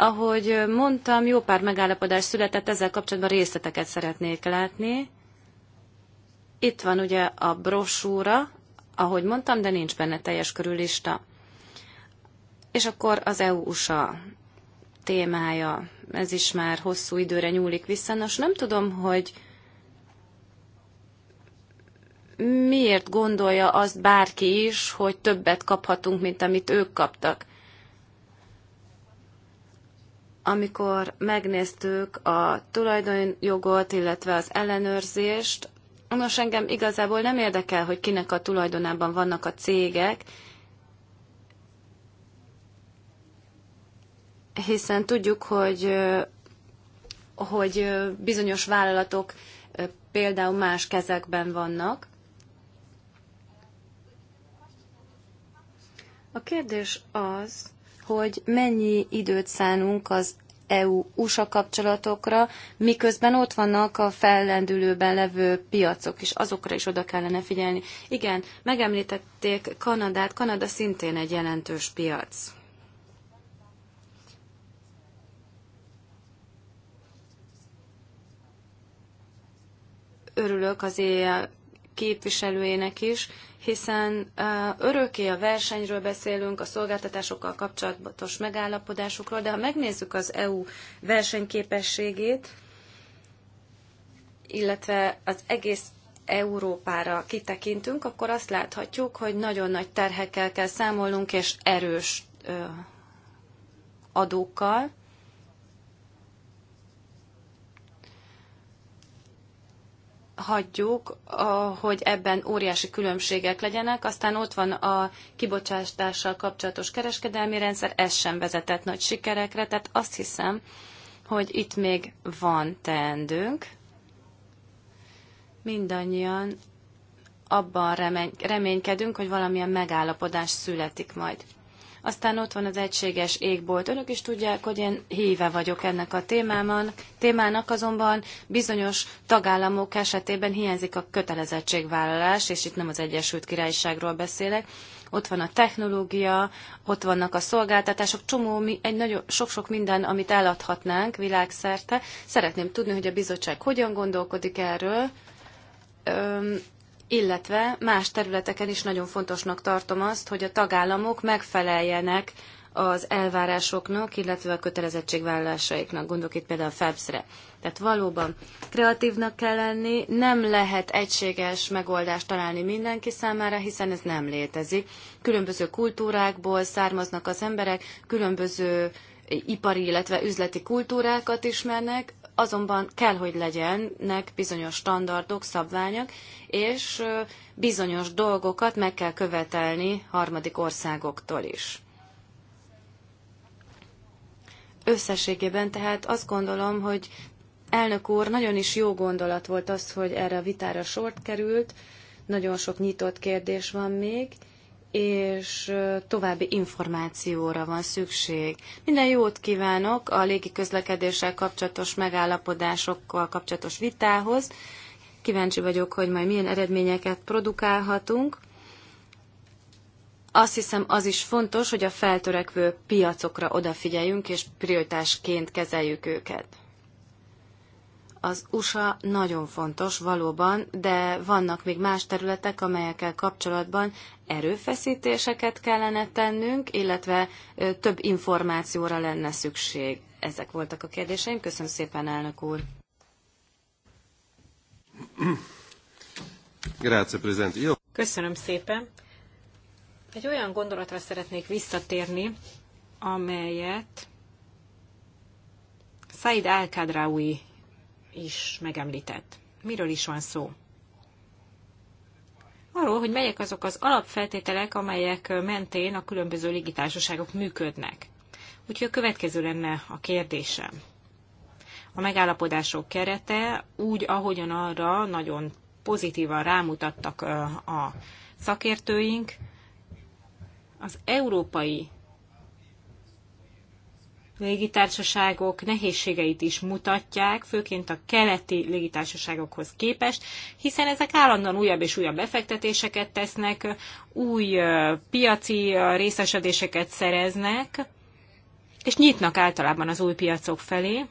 Ahogy mondtam, jó pár megállapodás született, ezzel kapcsolatban részleteket szeretnék látni. Itt van ugye a brosúra, ahogy mondtam, de nincs benne teljes körülista. És akkor az EU-USA témája, ez is már hosszú időre nyúlik vissza. Nos, nem tudom, hogy miért gondolja azt bárki is, hogy többet kaphatunk, mint amit ők kaptak amikor megnéztük a tulajdonjogot, illetve az ellenőrzést, nos engem igazából nem érdekel, hogy kinek a tulajdonában vannak a cégek, hiszen tudjuk, hogy, hogy bizonyos vállalatok például más kezekben vannak. A kérdés az, hogy mennyi időt szánunk az EU-USA kapcsolatokra, miközben ott vannak a fellendülőben levő piacok is, azokra is oda kellene figyelni. Igen, megemlítették Kanadát, Kanada szintén egy jelentős piac. Örülök az képviselőjének is, hiszen örökké a versenyről beszélünk, a szolgáltatásokkal kapcsolatos megállapodásokról, de ha megnézzük az EU versenyképességét, illetve az egész Európára kitekintünk, akkor azt láthatjuk, hogy nagyon nagy terhekkel kell számolnunk, és erős adókkal. hagyjuk, hogy ebben óriási különbségek legyenek, aztán ott van a kibocsátással kapcsolatos kereskedelmi rendszer, ez sem vezetett nagy sikerekre, tehát azt hiszem, hogy itt még van teendőnk. Mindannyian abban reménykedünk, hogy valamilyen megállapodás születik majd. Aztán ott van az egységes égbolt. Önök is tudják, hogy én híve vagyok ennek a témában. témának, azonban bizonyos tagállamok esetében hiányzik a kötelezettségvállalás, és itt nem az Egyesült Királyságról beszélek. Ott van a technológia, ott vannak a szolgáltatások, csomó, egy nagyon, sok-sok minden, amit eladhatnánk világszerte. Szeretném tudni, hogy a bizottság hogyan gondolkodik erről, illetve más területeken is nagyon fontosnak tartom azt, hogy a tagállamok megfeleljenek az elvárásoknak, illetve a kötelezettségvállalásaiknak, gondolok itt például a FEBS-re. Tehát valóban kreatívnak kell lenni, nem lehet egységes megoldást találni mindenki számára, hiszen ez nem létezik. Különböző kultúrákból származnak az emberek, különböző ipari, illetve üzleti kultúrákat ismernek, azonban kell, hogy legyenek bizonyos standardok, szabványok, és bizonyos dolgokat meg kell követelni harmadik országoktól is. Összességében tehát azt gondolom, hogy elnök úr, nagyon is jó gondolat volt az, hogy erre a vitára sort került, nagyon sok nyitott kérdés van még, és további információra van szükség. Minden jót kívánok a légi közlekedéssel kapcsolatos megállapodásokkal kapcsolatos vitához. Kíváncsi vagyok, hogy majd milyen eredményeket produkálhatunk. Azt hiszem, az is fontos, hogy a feltörekvő piacokra odafigyeljünk, és prioritásként kezeljük őket. Az USA nagyon fontos valóban, de vannak még más területek, amelyekkel kapcsolatban erőfeszítéseket kellene tennünk, illetve több információra lenne szükség. Ezek voltak a kérdéseim. Köszönöm szépen, elnök úr. Grazie, Presidente. Jó. Köszönöm szépen. Egy olyan gondolatra szeretnék visszatérni, amelyet Said al-Kadraoui is megemlített. Miről is van szó? Arról, hogy melyek azok az alapfeltételek, amelyek mentén a különböző légitársaságok működnek. Úgyhogy a következő lenne a kérdésem. A megállapodások kerete úgy, ahogyan arra nagyon pozitívan rámutattak a szakértőink, az európai légitársaságok nehézségeit is mutatják, főként a keleti légitársaságokhoz képest, hiszen ezek állandóan újabb és újabb befektetéseket tesznek, új piaci részesedéseket szereznek, és nyitnak általában az új piacok felé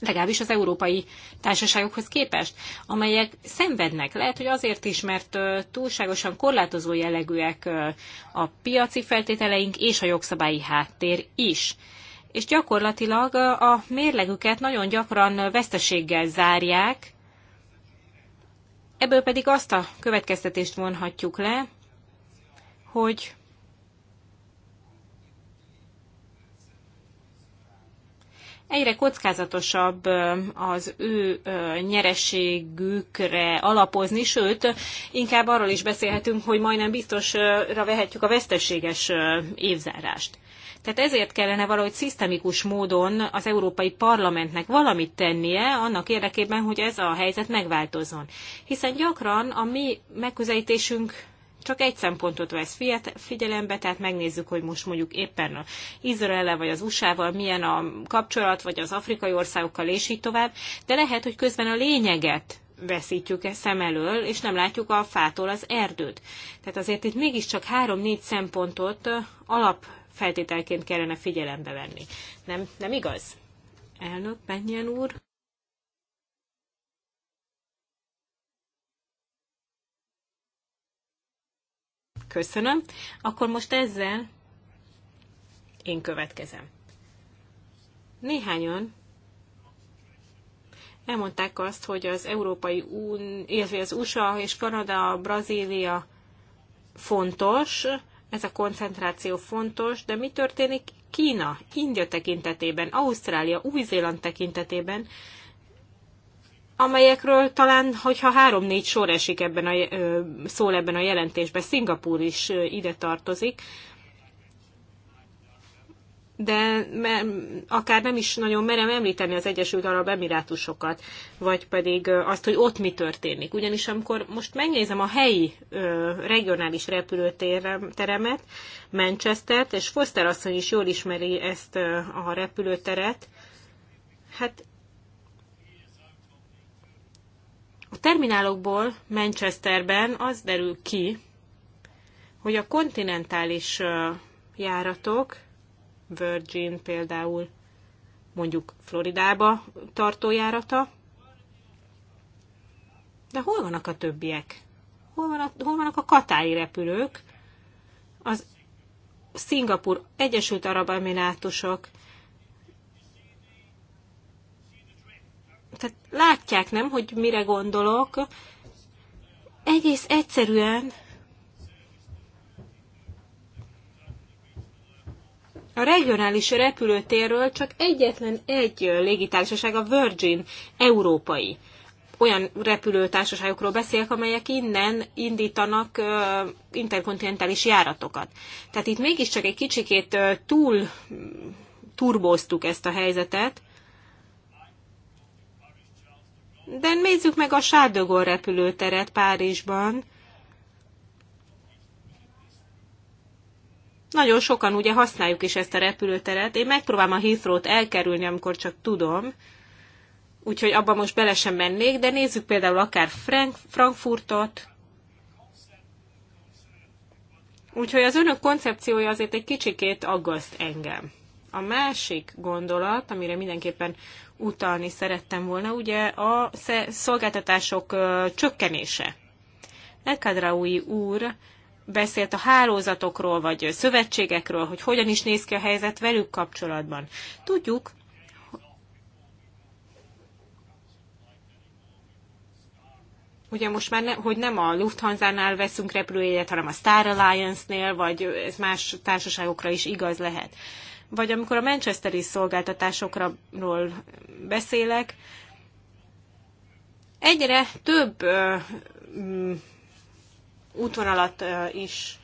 legalábbis az európai társaságokhoz képest, amelyek szenvednek. Lehet, hogy azért is, mert túlságosan korlátozó jellegűek a piaci feltételeink és a jogszabályi háttér is. És gyakorlatilag a mérlegüket nagyon gyakran veszteséggel zárják, ebből pedig azt a következtetést vonhatjuk le, hogy egyre kockázatosabb az ő nyereségükre alapozni, sőt, inkább arról is beszélhetünk, hogy majdnem biztosra vehetjük a veszteséges évzárást. Tehát ezért kellene valahogy szisztemikus módon az Európai Parlamentnek valamit tennie annak érdekében, hogy ez a helyzet megváltozzon. Hiszen gyakran a mi megközelítésünk csak egy szempontot vesz figyelembe, tehát megnézzük, hogy most mondjuk éppen az izrael vagy az USA-val milyen a kapcsolat, vagy az afrikai országokkal, és így tovább, de lehet, hogy közben a lényeget veszítjük e szem elől, és nem látjuk a fától az erdőt. Tehát azért itt mégiscsak három-négy szempontot alapfeltételként kellene figyelembe venni. Nem, nem igaz? Elnök mennyien úr. Köszönöm. Akkor most ezzel én következem. Néhányan elmondták azt, hogy az Európai Un, illetve az USA és Kanada, Brazília fontos, ez a koncentráció fontos, de mi történik Kína, India tekintetében, Ausztrália, Új-Zéland tekintetében, amelyekről talán, hogyha három-négy sor esik ebben a, szól ebben a jelentésben, Szingapúr is ide tartozik, de akár nem is nagyon merem említeni az Egyesült Arab Emirátusokat, vagy pedig azt, hogy ott mi történik. Ugyanis amikor most megnézem a helyi regionális repülőteremet, Manchester-t, és Foster asszony is jól ismeri ezt a repülőteret, hát A terminálokból Manchesterben az derül ki, hogy a kontinentális járatok, Virgin például mondjuk Floridába tartó járata, de hol vannak a többiek? Hol, van a, hol vannak a katái repülők? Az Szingapur, Egyesült Arab Emirátusok, tehát látják nem, hogy mire gondolok, egész egyszerűen a regionális repülőtérről csak egyetlen egy légitársaság, a Virgin európai. Olyan repülőtársaságokról beszélek, amelyek innen indítanak interkontinentális járatokat. Tehát itt mégiscsak egy kicsikét túl turboztuk ezt a helyzetet, de nézzük meg a Sárdögol repülőteret Párizsban. Nagyon sokan ugye használjuk is ezt a repülőteret. Én megpróbálom a Heathrow-t elkerülni, amikor csak tudom. Úgyhogy abban most bele sem mennék, de nézzük például akár Frank- Frankfurtot. Úgyhogy az önök koncepciója azért egy kicsikét aggaszt engem. A másik gondolat, amire mindenképpen utalni szerettem volna, ugye a szolgáltatások csökkenése. Elkadraui úr beszélt a hálózatokról, vagy szövetségekről, hogy hogyan is néz ki a helyzet velük kapcsolatban. Tudjuk, Ugye most már, ne, hogy nem a Lufthansa-nál veszünk repülőjegyet, hanem a Star Alliance-nél, vagy ez más társaságokra is igaz lehet vagy amikor a manchesteri szolgáltatásokról beszélek, egyre több ö, mm, útvonalat is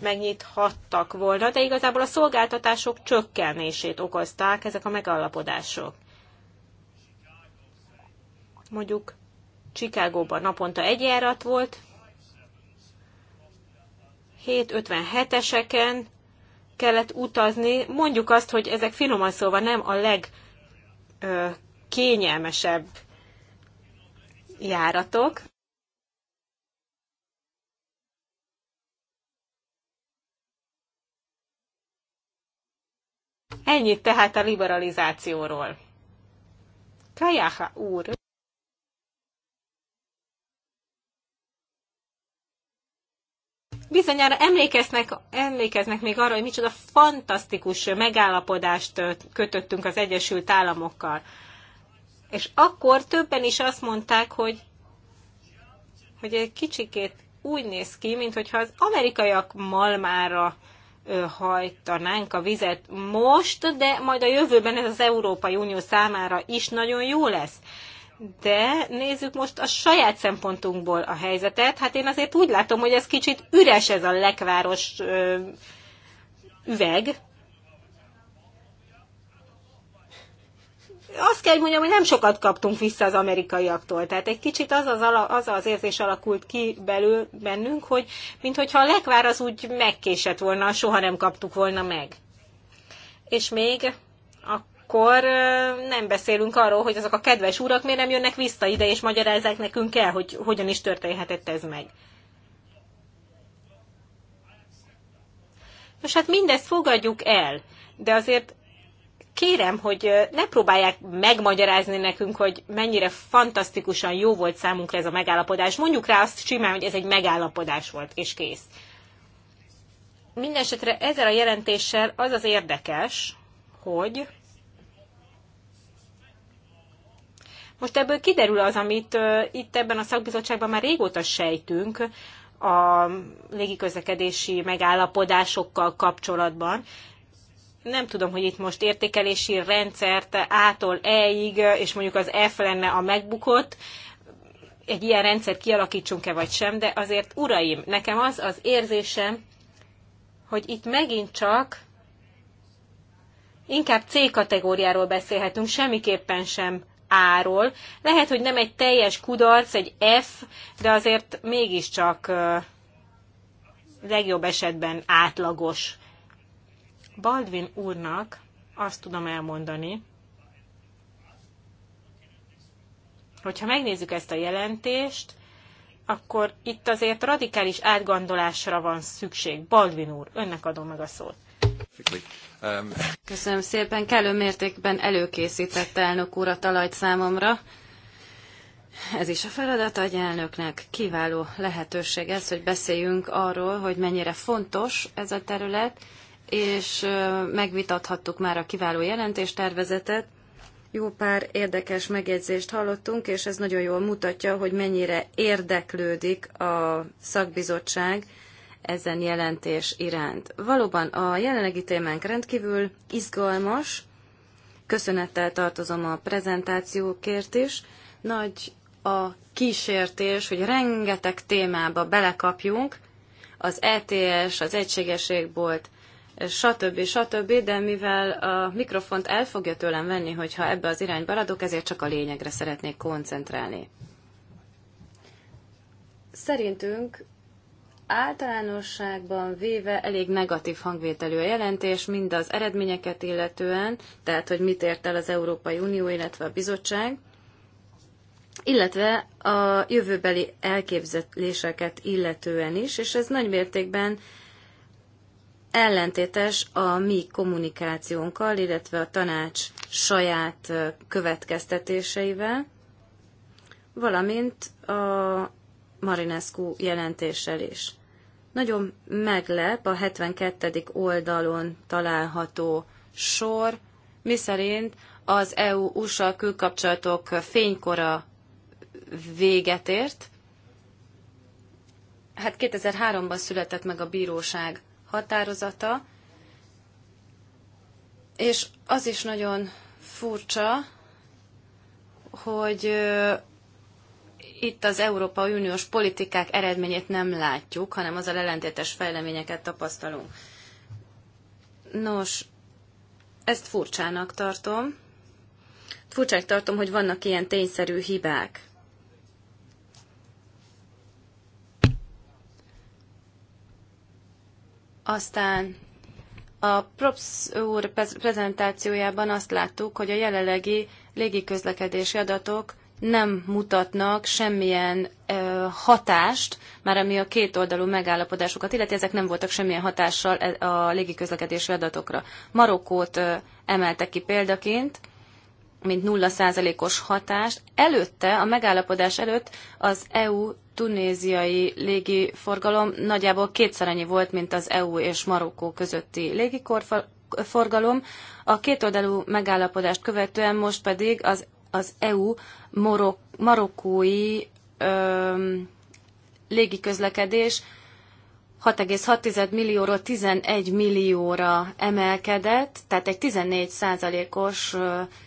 megnyithattak volna, de igazából a szolgáltatások csökkenését okozták ezek a megállapodások. Mondjuk Csikágóban naponta egy járat volt, 7.57-eseken kellett utazni. Mondjuk azt, hogy ezek finoman szólva nem a legkényelmesebb járatok. Ennyit tehát a liberalizációról. Kajáha úr! bizonyára emlékeznek, emlékeznek még arra, hogy micsoda fantasztikus megállapodást kötöttünk az Egyesült Államokkal. És akkor többen is azt mondták, hogy, hogy egy kicsikét úgy néz ki, mintha az amerikaiak malmára hajtanánk a vizet most, de majd a jövőben ez az Európai Unió számára is nagyon jó lesz de nézzük most a saját szempontunkból a helyzetet. Hát én azért úgy látom, hogy ez kicsit üres ez a lekváros ö, üveg. Azt kell, mondjam, hogy nem sokat kaptunk vissza az amerikaiaktól. Tehát egy kicsit az az, ala, az, az érzés alakult ki belül bennünk, hogy mintha a lekvár az úgy megkésett volna, soha nem kaptuk volna meg. És még a akkor nem beszélünk arról, hogy azok a kedves urak miért nem jönnek vissza ide, és magyarázzák nekünk el, hogy hogyan is történhetett ez meg. Nos, hát mindezt fogadjuk el, de azért kérem, hogy ne próbálják megmagyarázni nekünk, hogy mennyire fantasztikusan jó volt számunkra ez a megállapodás. Mondjuk rá azt simán, hogy ez egy megállapodás volt, és kész. Mindenesetre ezzel a jelentéssel az az érdekes, hogy Most ebből kiderül az, amit itt ebben a szakbizottságban már régóta sejtünk, a légiközlekedési megállapodásokkal kapcsolatban. Nem tudom, hogy itt most értékelési rendszert A-tól E-ig, és mondjuk az F lenne a megbukott, egy ilyen rendszer kialakítsunk-e vagy sem, de azért, uraim, nekem az az érzésem, hogy itt megint csak inkább C kategóriáról beszélhetünk, semmiképpen sem a-ról. Lehet, hogy nem egy teljes kudarc, egy F, de azért mégiscsak legjobb esetben átlagos. Baldwin úrnak azt tudom elmondani, hogyha megnézzük ezt a jelentést, akkor itt azért radikális átgondolásra van szükség. Baldwin úr, önnek adom meg a szót. Um, Köszönöm szépen. Kellő mértékben előkészített elnök úr a talajt számomra. Ez is a feladat a elnöknek. Kiváló lehetőség ez, hogy beszéljünk arról, hogy mennyire fontos ez a terület, és megvitathattuk már a kiváló jelentéstervezetet. Jó pár érdekes megjegyzést hallottunk, és ez nagyon jól mutatja, hogy mennyire érdeklődik a szakbizottság ezen jelentés iránt. Valóban a jelenlegi témánk rendkívül izgalmas, köszönettel tartozom a prezentációkért is. Nagy a kísértés, hogy rengeteg témába belekapjunk, az ETS, az egységeségbolt, stb. stb., de mivel a mikrofont el fogja tőlem venni, hogyha ebbe az irányba adok, ezért csak a lényegre szeretnék koncentrálni. Szerintünk általánosságban véve elég negatív hangvételű a jelentés, mind az eredményeket illetően, tehát hogy mit ért el az Európai Unió, illetve a bizottság, illetve a jövőbeli elképzeléseket illetően is, és ez nagy mértékben ellentétes a mi kommunikációnkkal, illetve a tanács saját következtetéseivel, valamint a Marinescu jelentéssel is. Nagyon meglep a 72. oldalon található sor, miszerint az EU-USA külkapcsolatok fénykora véget ért. Hát 2003-ban született meg a bíróság határozata, és az is nagyon furcsa, hogy itt az Európa Uniós politikák eredményét nem látjuk, hanem az a ellentétes fejleményeket tapasztalunk. Nos, ezt furcsának tartom. Furcsának tartom, hogy vannak ilyen tényszerű hibák. Aztán a Props úr prezentációjában azt láttuk, hogy a jelenlegi légiközlekedési adatok nem mutatnak semmilyen ö, hatást, már ami a két oldalú megállapodásokat illeti, ezek nem voltak semmilyen hatással e, a légiközlekedési adatokra. Marokkót ö, emeltek ki példaként, mint 0%-os hatást. Előtte, a megállapodás előtt az EU tunéziai légiforgalom nagyjából kétszer annyi volt, mint az EU és Marokkó közötti légikorforgalom. A kétoldalú megállapodást követően most pedig az az EU morok, marokkói öm, légiközlekedés 6,6 millióról 11 millióra emelkedett, tehát egy 14 százalékos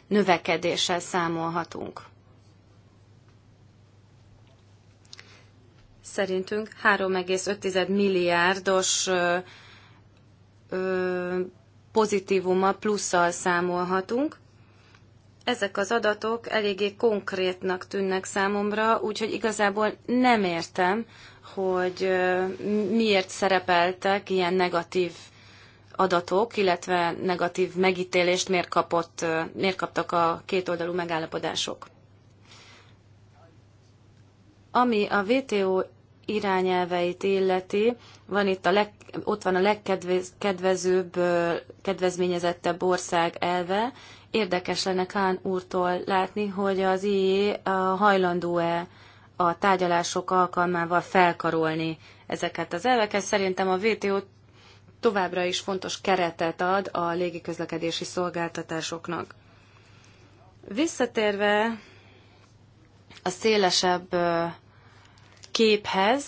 növekedéssel számolhatunk. Szerintünk 3,5 milliárdos ö, pozitívuma plusszal számolhatunk ezek az adatok eléggé konkrétnak tűnnek számomra, úgyhogy igazából nem értem, hogy miért szerepeltek ilyen negatív adatok, illetve negatív megítélést miért, kapott, miért kaptak a kétoldalú megállapodások. Ami a WTO irányelveit illeti, van itt a leg, ott van a legkedvezőbb, kedvezményezettebb ország elve, Érdekes lenne Kán úrtól látni, hogy az IE hajlandó-e a tárgyalások alkalmával felkarolni ezeket az elveket. Szerintem a WTO továbbra is fontos keretet ad a légiközlekedési szolgáltatásoknak. Visszatérve a szélesebb képhez,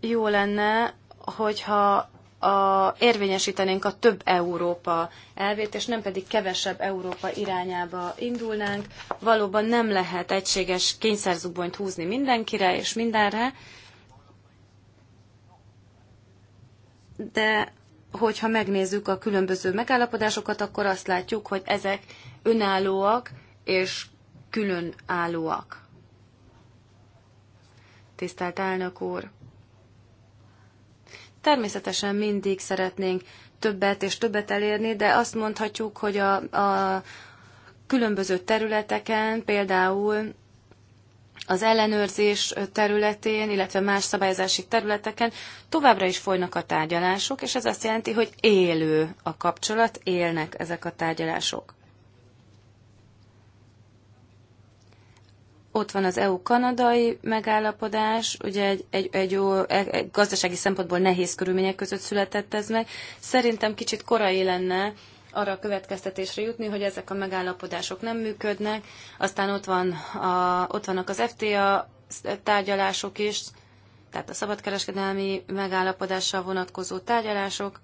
jó lenne, hogyha a, érvényesítenénk a több Európa elvét, és nem pedig kevesebb Európa irányába indulnánk. Valóban nem lehet egységes kényszerzubonyt húzni mindenkire és mindenre, de hogyha megnézzük a különböző megállapodásokat, akkor azt látjuk, hogy ezek önállóak és különállóak. Tisztelt elnök úr! Természetesen mindig szeretnénk többet és többet elérni, de azt mondhatjuk, hogy a, a különböző területeken, például az ellenőrzés területén, illetve más szabályozási területeken továbbra is folynak a tárgyalások, és ez azt jelenti, hogy élő a kapcsolat, élnek ezek a tárgyalások. Ott van az EU-kanadai megállapodás, ugye egy, egy, egy, jó, egy e, gazdasági szempontból nehéz körülmények között született ez meg. Szerintem kicsit korai lenne arra a következtetésre jutni, hogy ezek a megállapodások nem működnek. Aztán ott, van a, ott vannak az FTA tárgyalások is, tehát a szabadkereskedelmi megállapodással vonatkozó tárgyalások.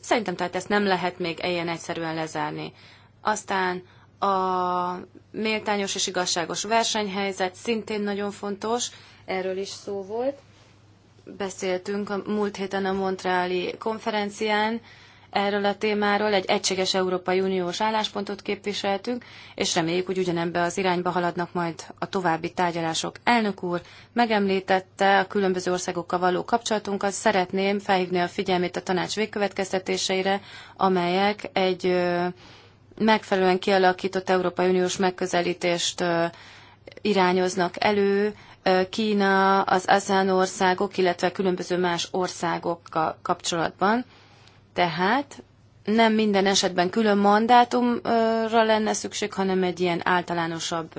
Szerintem tehát ezt nem lehet még ilyen egyszerűen lezárni. Aztán a méltányos és igazságos versenyhelyzet szintén nagyon fontos, erről is szó volt. Beszéltünk a múlt héten a Montreali konferencián erről a témáról, egy egységes Európai Uniós álláspontot képviseltünk, és reméljük, hogy ugyanebbe az irányba haladnak majd a további tárgyalások. Elnök úr megemlítette a különböző országokkal való kapcsolatunkat, szeretném felhívni a figyelmét a tanács végkövetkeztetéseire, amelyek egy megfelelően kialakított Európai Uniós megközelítést irányoznak elő, Kína, az ASEAN országok, illetve különböző más országokkal kapcsolatban. Tehát nem minden esetben külön mandátumra lenne szükség, hanem egy ilyen általánosabb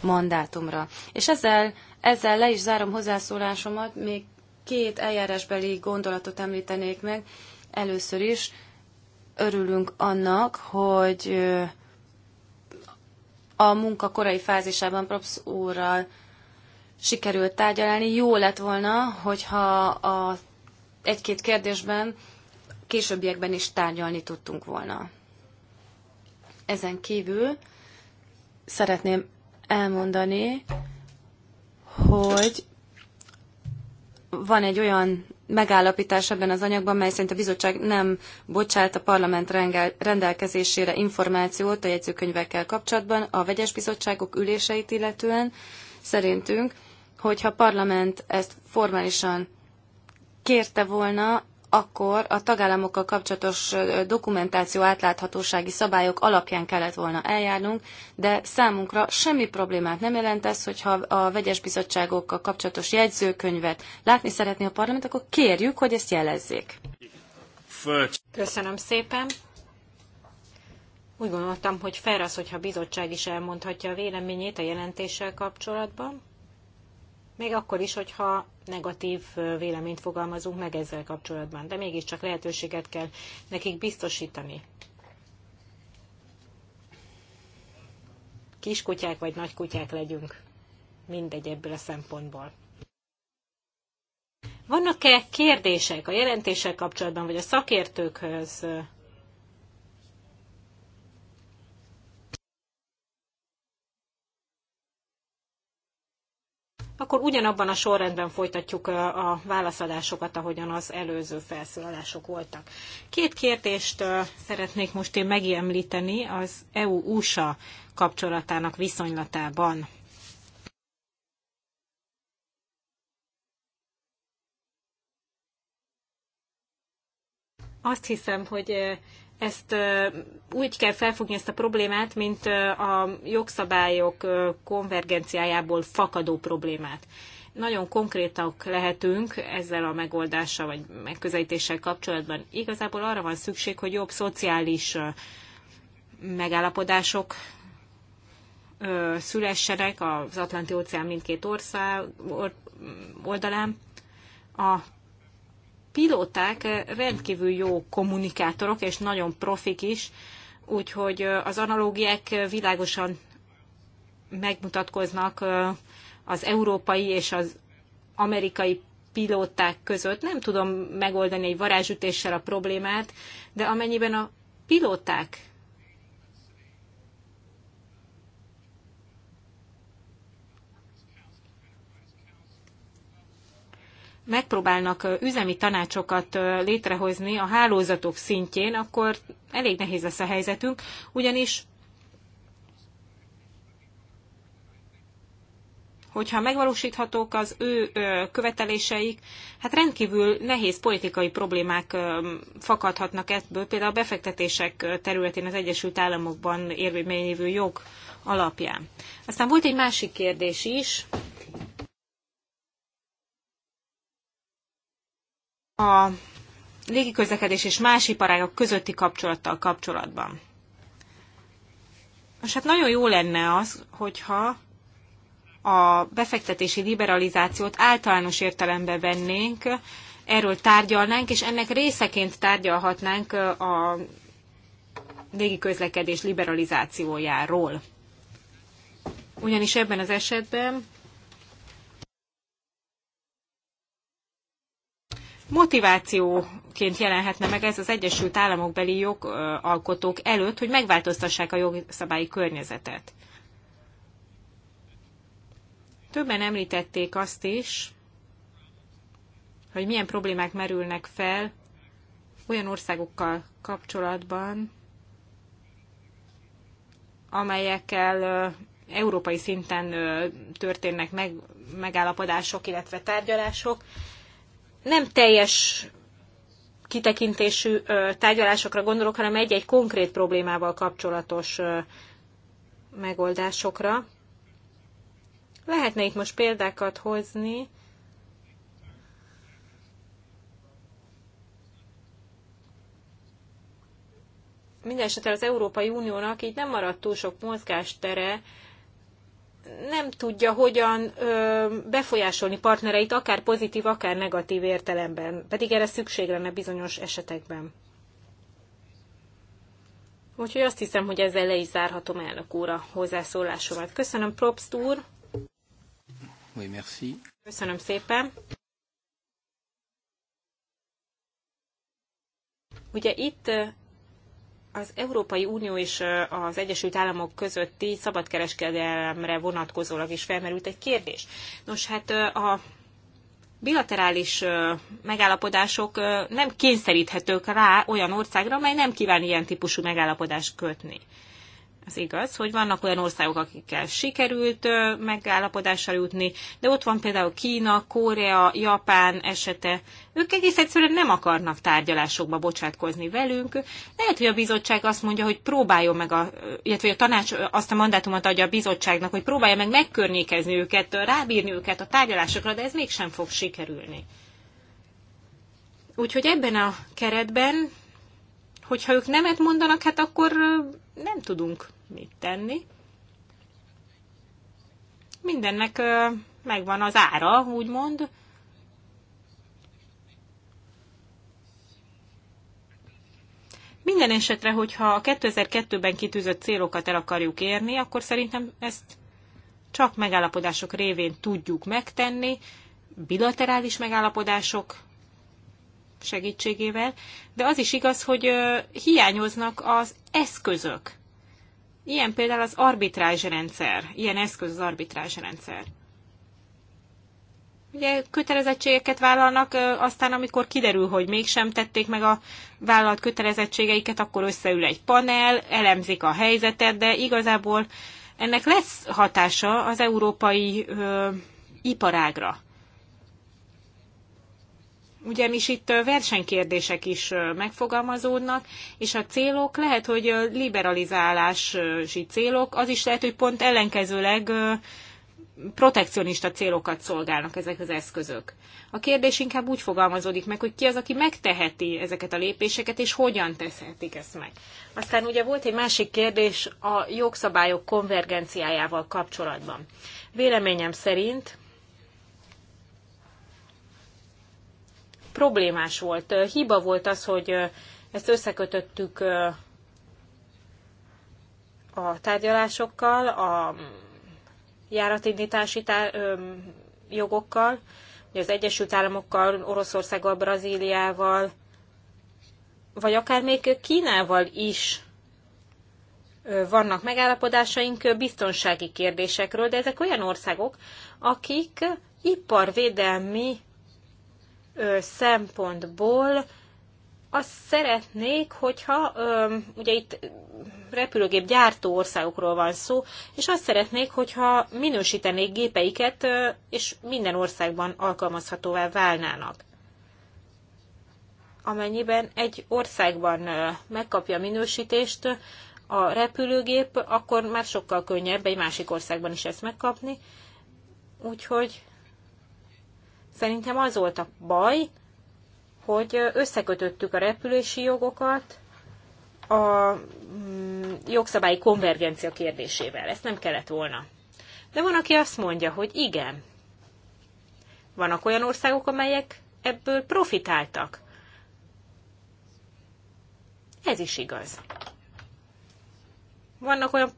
mandátumra. És ezzel, ezzel le is zárom hozzászólásomat, még két eljárásbeli gondolatot említenék meg. Először is örülünk annak, hogy a munka korai fázisában Props úrral sikerült tárgyalni. Jó lett volna, hogyha a egy-két kérdésben későbbiekben is tárgyalni tudtunk volna. Ezen kívül szeretném elmondani, hogy van egy olyan megállapítás ebben az anyagban, mely szerint a bizottság nem bocsát a parlament rendelkezésére információt a jegyzőkönyvekkel kapcsolatban, a vegyes bizottságok üléseit illetően. Szerintünk, hogyha a parlament ezt formálisan kérte volna, akkor a tagállamokkal kapcsolatos dokumentáció átláthatósági szabályok alapján kellett volna eljárnunk, de számunkra semmi problémát nem jelent ez, hogyha a vegyes bizottságokkal kapcsolatos jegyzőkönyvet látni szeretné a parlament, akkor kérjük, hogy ezt jelezzék. Köszönöm szépen. Úgy gondoltam, hogy fel az, hogyha a bizottság is elmondhatja a véleményét a jelentéssel kapcsolatban még akkor is, hogyha negatív véleményt fogalmazunk meg ezzel kapcsolatban. De mégiscsak lehetőséget kell nekik biztosítani. Kiskutyák vagy nagykutyák legyünk, mindegy ebből a szempontból. Vannak-e kérdések a jelentéssel kapcsolatban, vagy a szakértőkhöz akkor ugyanabban a sorrendben folytatjuk a válaszadásokat, ahogyan az előző felszólalások voltak. Két kérdést szeretnék most én megemlíteni az EU-USA kapcsolatának viszonylatában. Azt hiszem, hogy ezt úgy kell felfogni ezt a problémát, mint a jogszabályok konvergenciájából fakadó problémát. Nagyon konkrétak lehetünk ezzel a megoldással vagy megközelítéssel kapcsolatban. Igazából arra van szükség, hogy jobb szociális megállapodások szülessenek az Atlanti-óceán mindkét ország oldalán. A pilóták eh, rendkívül jó kommunikátorok, és nagyon profik is, úgyhogy eh, az analógiák eh, világosan megmutatkoznak az európai és az amerikai pilóták között. Nem tudom megoldani egy varázsütéssel a problémát, de amennyiben a pilóták megpróbálnak üzemi tanácsokat létrehozni a hálózatok szintjén, akkor elég nehéz lesz a helyzetünk, ugyanis hogyha megvalósíthatók az ő követeléseik, hát rendkívül nehéz politikai problémák fakadhatnak ebből, például a befektetések területén az Egyesült Államokban érvényévő jog alapján. Aztán volt egy másik kérdés is, a légiközlekedés és más iparágok közötti kapcsolattal kapcsolatban. Most hát nagyon jó lenne az, hogyha a befektetési liberalizációt általános értelembe vennénk, erről tárgyalnánk, és ennek részeként tárgyalhatnánk a légiközlekedés liberalizációjáról. Ugyanis ebben az esetben motivációként jelenhetne meg ez az Egyesült államok beli jogalkotók előtt, hogy megváltoztassák a jogszabályi környezetet. Többen említették azt is, hogy milyen problémák merülnek fel olyan országokkal kapcsolatban, amelyekkel európai szinten történnek meg, megállapodások, illetve tárgyalások, nem teljes kitekintésű tárgyalásokra gondolok, hanem egy-egy konkrét problémával kapcsolatos megoldásokra. Lehetne itt most példákat hozni. Mindenesetre az Európai Uniónak így nem maradt túl sok mozgástere nem tudja hogyan befolyásolni partnereit, akár pozitív, akár negatív értelemben, pedig erre szükség lenne bizonyos esetekben. Úgyhogy azt hiszem, hogy ezzel le is zárhatom elnök úr a hozzászólásomat. Köszönöm, Probst úr! Oui, merci. Köszönöm szépen! Ugye itt az Európai Unió és az Egyesült Államok közötti szabadkereskedelemre vonatkozólag is felmerült egy kérdés. Nos, hát a bilaterális megállapodások nem kényszeríthetők rá olyan országra, mely nem kíván ilyen típusú megállapodást kötni az igaz, hogy vannak olyan országok, akikkel sikerült megállapodásra jutni, de ott van például Kína, Korea, Japán esete. Ők egész egyszerűen nem akarnak tárgyalásokba bocsátkozni velünk. Lehet, hogy a bizottság azt mondja, hogy próbáljon meg, a, illetve a tanács azt a mandátumot adja a bizottságnak, hogy próbálja meg megkörnyékezni őket, rábírni őket a tárgyalásokra, de ez mégsem fog sikerülni. Úgyhogy ebben a keretben hogyha ők nemet mondanak, hát akkor nem tudunk mit tenni. Mindennek megvan az ára, úgymond. Minden esetre, hogyha a 2002-ben kitűzött célokat el akarjuk érni, akkor szerintem ezt csak megállapodások révén tudjuk megtenni, bilaterális megállapodások segítségével, de az is igaz, hogy hiányoznak az eszközök. Ilyen például az rendszer, ilyen eszköz az rendszer. Ugye kötelezettségeket vállalnak, aztán amikor kiderül, hogy mégsem tették meg a vállalt kötelezettségeiket, akkor összeül egy panel, elemzik a helyzetet, de igazából ennek lesz hatása az európai ö, iparágra ugye is itt versenykérdések is megfogalmazódnak, és a célok lehet, hogy liberalizálási célok, az is lehet, hogy pont ellenkezőleg protekcionista célokat szolgálnak ezek az eszközök. A kérdés inkább úgy fogalmazódik meg, hogy ki az, aki megteheti ezeket a lépéseket, és hogyan teszhetik ezt meg. Aztán ugye volt egy másik kérdés a jogszabályok konvergenciájával kapcsolatban. Véleményem szerint problémás volt. Hiba volt az, hogy ezt összekötöttük a tárgyalásokkal, a járatindítási tár- jogokkal, az Egyesült Államokkal, Oroszországgal, Brazíliával, vagy akár még Kínával is vannak megállapodásaink biztonsági kérdésekről, de ezek olyan országok, akik iparvédelmi szempontból azt szeretnék, hogyha ugye itt repülőgép gyártó országokról van szó, és azt szeretnék, hogyha minősítenék gépeiket, és minden országban alkalmazhatóvá válnának. Amennyiben egy országban megkapja a minősítést a repülőgép, akkor már sokkal könnyebb egy másik országban is ezt megkapni. Úgyhogy Szerintem az volt a baj, hogy összekötöttük a repülési jogokat a mm, jogszabályi konvergencia kérdésével. Ezt nem kellett volna. De van, aki azt mondja, hogy igen. Vannak olyan országok, amelyek ebből profitáltak. Ez is igaz vannak olyan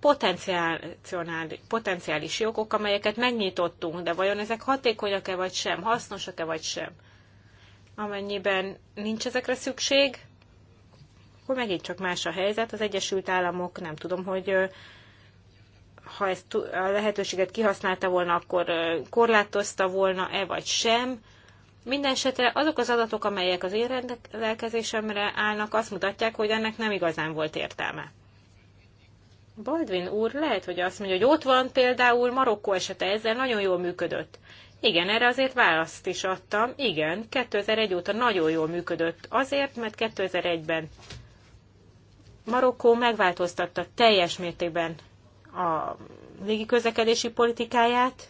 potenciális jogok, amelyeket megnyitottunk, de vajon ezek hatékonyak-e vagy sem, hasznosak-e vagy sem? Amennyiben nincs ezekre szükség, akkor megint csak más a helyzet. Az Egyesült Államok nem tudom, hogy ha ezt a lehetőséget kihasználta volna, akkor korlátozta volna-e vagy sem. Mindenesetre azok az adatok, amelyek az én rendelkezésemre állnak, azt mutatják, hogy ennek nem igazán volt értelme. Baldwin úr lehet, hogy azt mondja, hogy ott van például Marokkó esete, ezzel nagyon jól működött. Igen, erre azért választ is adtam. Igen, 2001 óta nagyon jól működött. Azért, mert 2001-ben Marokkó megváltoztatta teljes mértékben a légiközlekedési politikáját,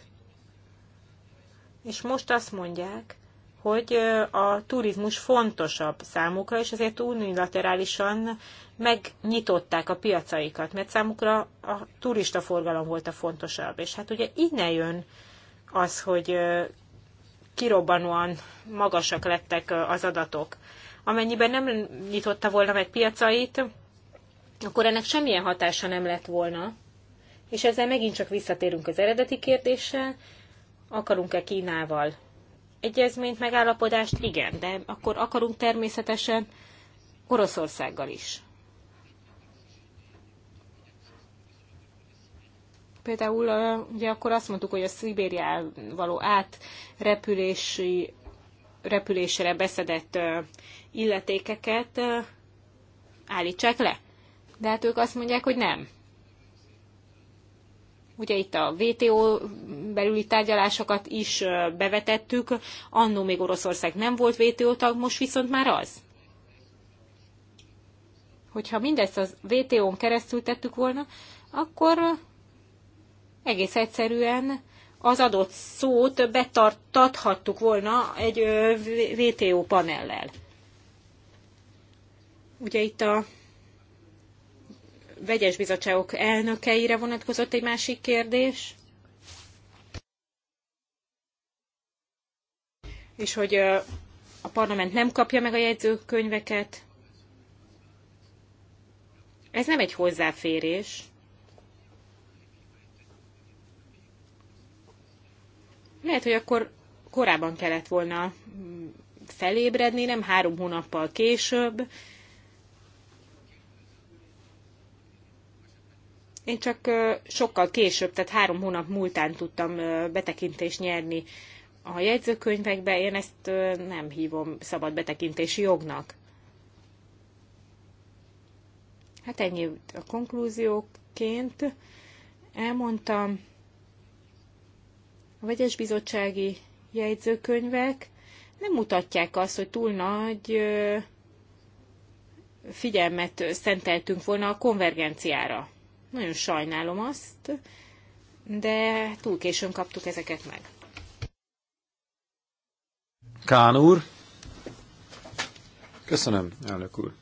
és most azt mondják, hogy a turizmus fontosabb számukra, és ezért unilaterálisan megnyitották a piacaikat, mert számukra a turistaforgalom volt a fontosabb. És hát ugye innen jön az, hogy kirobbanóan magasak lettek az adatok. Amennyiben nem nyitotta volna meg piacait, akkor ennek semmilyen hatása nem lett volna. És ezzel megint csak visszatérünk az eredeti kérdéssel, akarunk-e Kínával egyezményt, megállapodást, igen, de akkor akarunk természetesen Oroszországgal is. Például ugye akkor azt mondtuk, hogy a Szibérián való átrepülési, repülésre beszedett illetékeket állítsák le. De hát ők azt mondják, hogy nem. Ugye itt a WTO belüli tárgyalásokat is bevetettük, annó még Oroszország nem volt WTO tag, most viszont már az. Hogyha mindezt a WTO-n keresztül tettük volna, akkor egész egyszerűen az adott szót betartathattuk volna egy WTO panellel. Ugye itt a vegyes bizottságok elnökeire vonatkozott egy másik kérdés. És hogy a parlament nem kapja meg a jegyzőkönyveket. Ez nem egy hozzáférés. Lehet, hogy akkor korábban kellett volna mm, felébredni, nem három hónappal később, Én csak sokkal később, tehát három hónap múltán tudtam betekintést nyerni a jegyzőkönyvekbe, én ezt nem hívom szabad betekintési jognak. Hát ennyi a konklúzióként. Elmondtam a vegyes bizottsági jegyzőkönyvek nem mutatják azt, hogy túl nagy figyelmet szenteltünk volna a konvergenciára. Nagyon sajnálom azt, de túl későn kaptuk ezeket meg. Kán úr. Köszönöm, elnök úr.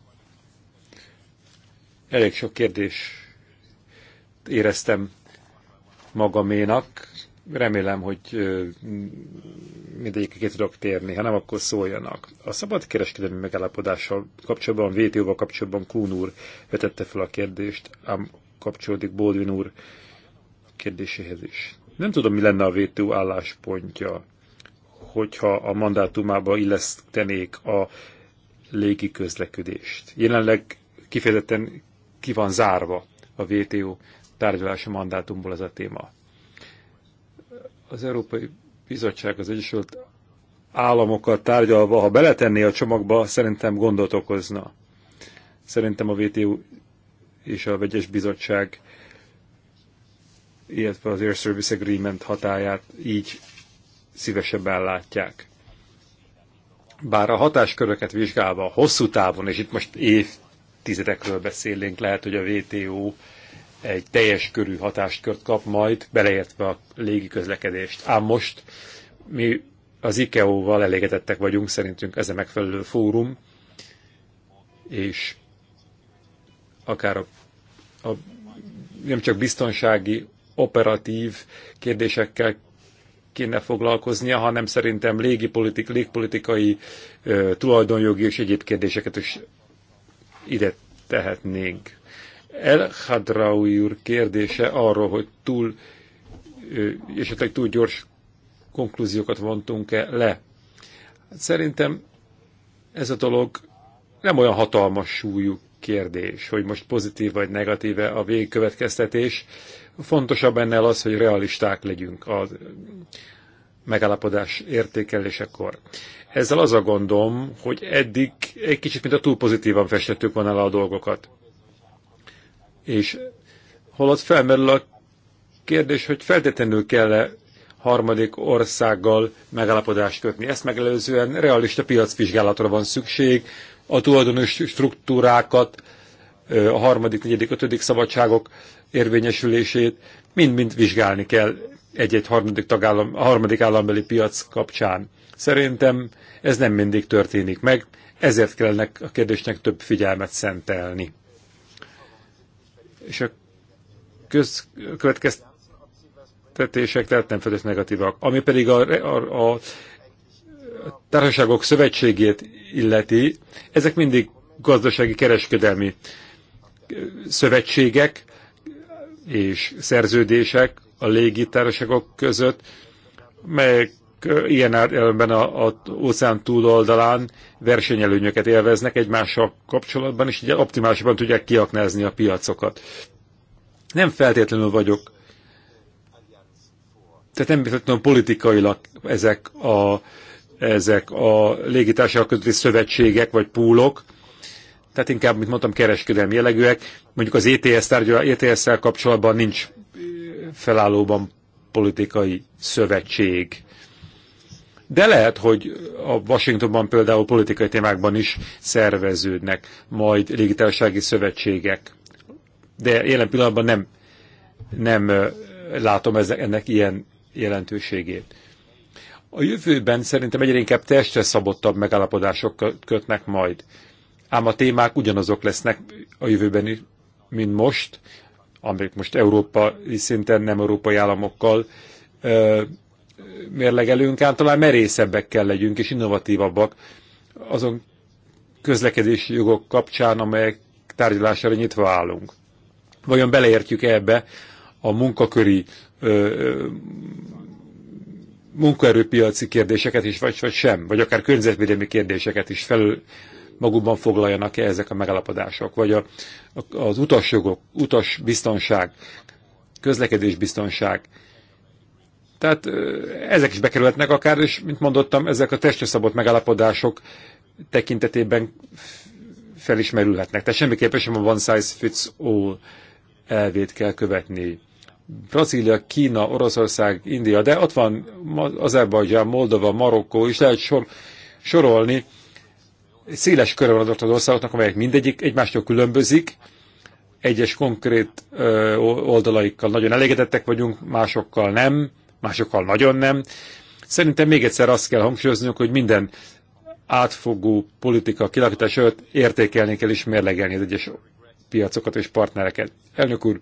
Elég sok kérdés éreztem magaménak. Remélem, hogy mindegyikre ki tudok térni, ha nem, akkor szóljanak. A szabad kereskedelmi megállapodással kapcsolatban, VTO-val kapcsolatban Kún úr vetette fel a kérdést, ám kapcsolódik Baldwin úr kérdéséhez is. Nem tudom, mi lenne a VTU álláspontja, hogyha a mandátumába illesztenék a légi közlekedést. Jelenleg kifejezetten ki van zárva a VTO tárgyalási mandátumból ez a téma. Az Európai Bizottság az Egyesült Államokkal tárgyalva, ha beletenné a csomagba, szerintem gondot okozna. Szerintem a VTO és a vegyes bizottság, illetve az Air Service Agreement hatáját így szívesebben látják. Bár a hatásköröket vizsgálva hosszú távon, és itt most évtizedekről beszélünk, lehet, hogy a WTO egy teljes körű hatáskört kap majd, beleértve a légi közlekedést. Ám most mi az ICAO-val elégedettek vagyunk, szerintünk ez a megfelelő fórum, és akár a, a nem csak biztonsági, operatív kérdésekkel kéne foglalkoznia, hanem szerintem légipolitik, légpolitikai, ö, tulajdonjogi és egyéb kérdéseket is ide tehetnénk. El Hadraui úr kérdése arról, hogy túl, ö, esetleg túl gyors konklúziókat vontunk-e le. szerintem ez a dolog nem olyan hatalmas súlyú kérdés, hogy most pozitív vagy negatíve a végkövetkeztetés. Fontosabb ennél az, hogy realisták legyünk a megállapodás értékelésekor. Ezzel az a gondom, hogy eddig egy kicsit, mint a túl pozitívan festettük volna le a dolgokat. És holott felmerül a kérdés, hogy feltétlenül kell-e harmadik országgal megállapodást kötni. Ezt megelőzően realista piacvizsgálatra van szükség, a tulajdonos struktúrákat, a harmadik, negyedik, ötödik szabadságok érvényesülését, mind-mind vizsgálni kell egy-egy harmadik, tagállam, a harmadik állambeli piac kapcsán. Szerintem ez nem mindig történik meg, ezért ennek a kérdésnek több figyelmet szentelni. És a köz, következtetések tehát nem feltétlenül negatívak. Ami pedig a, a, a társaságok szövetségét illeti, ezek mindig gazdasági kereskedelmi szövetségek és szerződések a légitársaságok között, melyek ilyen elben az óceán túloldalán versenyelőnyöket élveznek egymással kapcsolatban, és ugye optimálisan tudják kiaknázni a piacokat. Nem feltétlenül vagyok, tehát nem feltétlenül politikailag ezek a ezek a légitársaság közötti szövetségek vagy púlok, tehát inkább, mint mondtam, kereskedelmi jellegűek. Mondjuk az ETS tárgyal, ETS-szel kapcsolatban nincs felállóban politikai szövetség. De lehet, hogy a Washingtonban például politikai témákban is szerveződnek majd légitársági szövetségek. De jelen pillanatban nem, nem látom ezek, ennek ilyen jelentőségét. A jövőben szerintem egyre inkább testre szabottabb megállapodások kötnek majd. Ám a témák ugyanazok lesznek a jövőben, mint most, amik most európai szinten, nem európai államokkal ö, mérlegelünk, ám talán merészebbek kell legyünk és innovatívabbak azon közlekedési jogok kapcsán, amelyek tárgyalására nyitva állunk. Vajon beleértjük -e ebbe a munkaköri ö, ö, munkaerőpiaci kérdéseket is, vagy, vagy sem, vagy akár környezetvédelmi kérdéseket is felül magukban foglaljanak-e ezek a megállapodások, vagy a, a, az utasjogok, utasbiztonság, közlekedésbiztonság. Tehát ezek is bekerülhetnek akár, és mint mondottam, ezek a testre szabott megállapodások tekintetében felismerülhetnek. Tehát semmiképpen sem a one size fits all elvét kell követni. Brazília, Kína, Oroszország, India, de ott van Azerbajdzsán, Moldova, Marokkó, és lehet sor, sorolni széles körön adott az országoknak, amelyek mindegyik egymástól különbözik, egyes konkrét ö, oldalaikkal nagyon elégedettek vagyunk, másokkal nem, másokkal nagyon nem. Szerintem még egyszer azt kell hangsúlyoznunk, hogy minden átfogó politika kilakítás előtt értékelni kell és mérlegelni az egyes piacokat és partnereket. Elnök úr,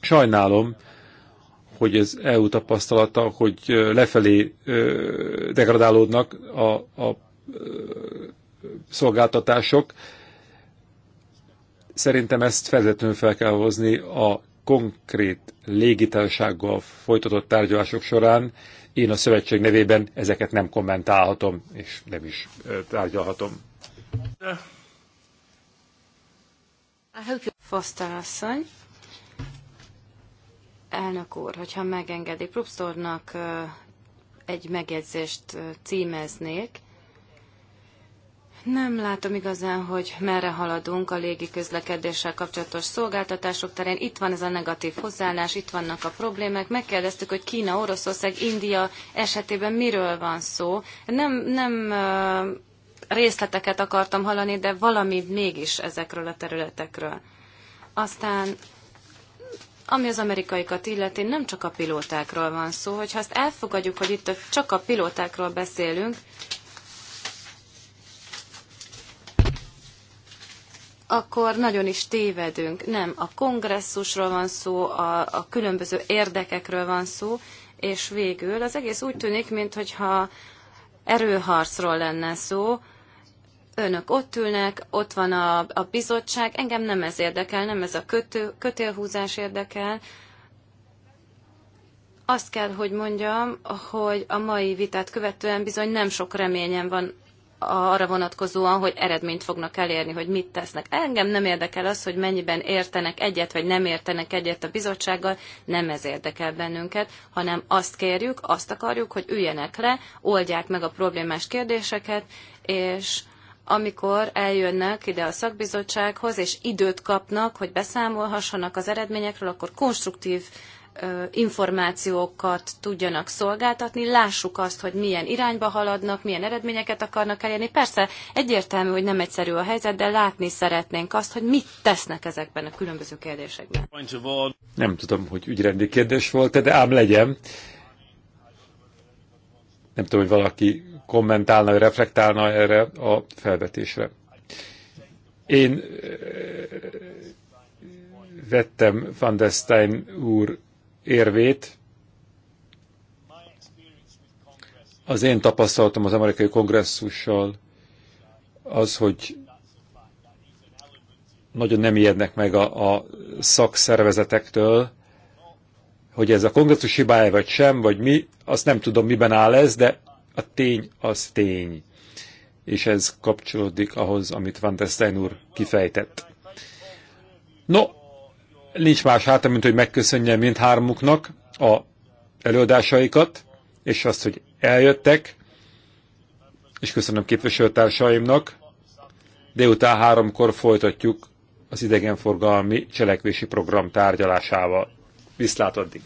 sajnálom, hogy az EU tapasztalata, hogy lefelé degradálódnak a, a szolgáltatások. Szerintem ezt felzetően fel kell hozni a konkrét légitársággal folytatott tárgyalások során. Én a szövetség nevében ezeket nem kommentálhatom, és nem is tárgyalhatom. Foster asszony. Elnök úr, hogyha megengedi, Prupsztornak egy megjegyzést címeznék. Nem látom igazán, hogy merre haladunk a légi közlekedéssel kapcsolatos szolgáltatások terén. Itt van ez a negatív hozzáállás, itt vannak a problémák. Megkérdeztük, hogy Kína, Oroszország, India esetében miről van szó. Nem, nem részleteket akartam hallani, de valami mégis ezekről a területekről. Aztán ami az amerikaikat illeti, nem csak a pilótákról van szó, hogyha azt elfogadjuk, hogy itt csak a pilótákról beszélünk, akkor nagyon is tévedünk. Nem, a kongresszusról van szó, a, a különböző érdekekről van szó, és végül az egész úgy tűnik, mintha erőharcról lenne szó, önök ott ülnek, ott van a, a bizottság, engem nem ez érdekel, nem ez a kötő, kötélhúzás érdekel. Azt kell, hogy mondjam, hogy a mai vitát követően bizony nem sok reményem van arra vonatkozóan, hogy eredményt fognak elérni, hogy mit tesznek. Engem nem érdekel az, hogy mennyiben értenek egyet, vagy nem értenek egyet a bizottsággal, nem ez érdekel bennünket, hanem azt kérjük, azt akarjuk, hogy üljenek le, oldják meg a problémás kérdéseket, és amikor eljönnek ide a szakbizottsághoz, és időt kapnak, hogy beszámolhassanak az eredményekről, akkor konstruktív információkat tudjanak szolgáltatni, lássuk azt, hogy milyen irányba haladnak, milyen eredményeket akarnak elérni. Persze egyértelmű, hogy nem egyszerű a helyzet, de látni szeretnénk azt, hogy mit tesznek ezekben a különböző kérdésekben. Nem tudom, hogy ügyrendi kérdés volt, de ám legyen. Nem tudom, hogy valaki kommentálna, vagy reflektálna erre a felvetésre. Én eh, vettem Van der Stein úr érvét. Az én tapasztalatom az amerikai kongresszussal az, hogy nagyon nem ijednek meg a, a szakszervezetektől, hogy ez a kongresszus hibája vagy sem, vagy mi, azt nem tudom, miben áll ez, de a tény az tény, és ez kapcsolódik ahhoz, amit Van der Stein úr kifejtett. No, nincs más hátra, mint hogy megköszönjem mindhármuknak a előadásaikat, és azt, hogy eljöttek, és köszönöm képviselőtársaimnak. de utána háromkor folytatjuk az idegenforgalmi cselekvési program tárgyalásával. Viszlát addig!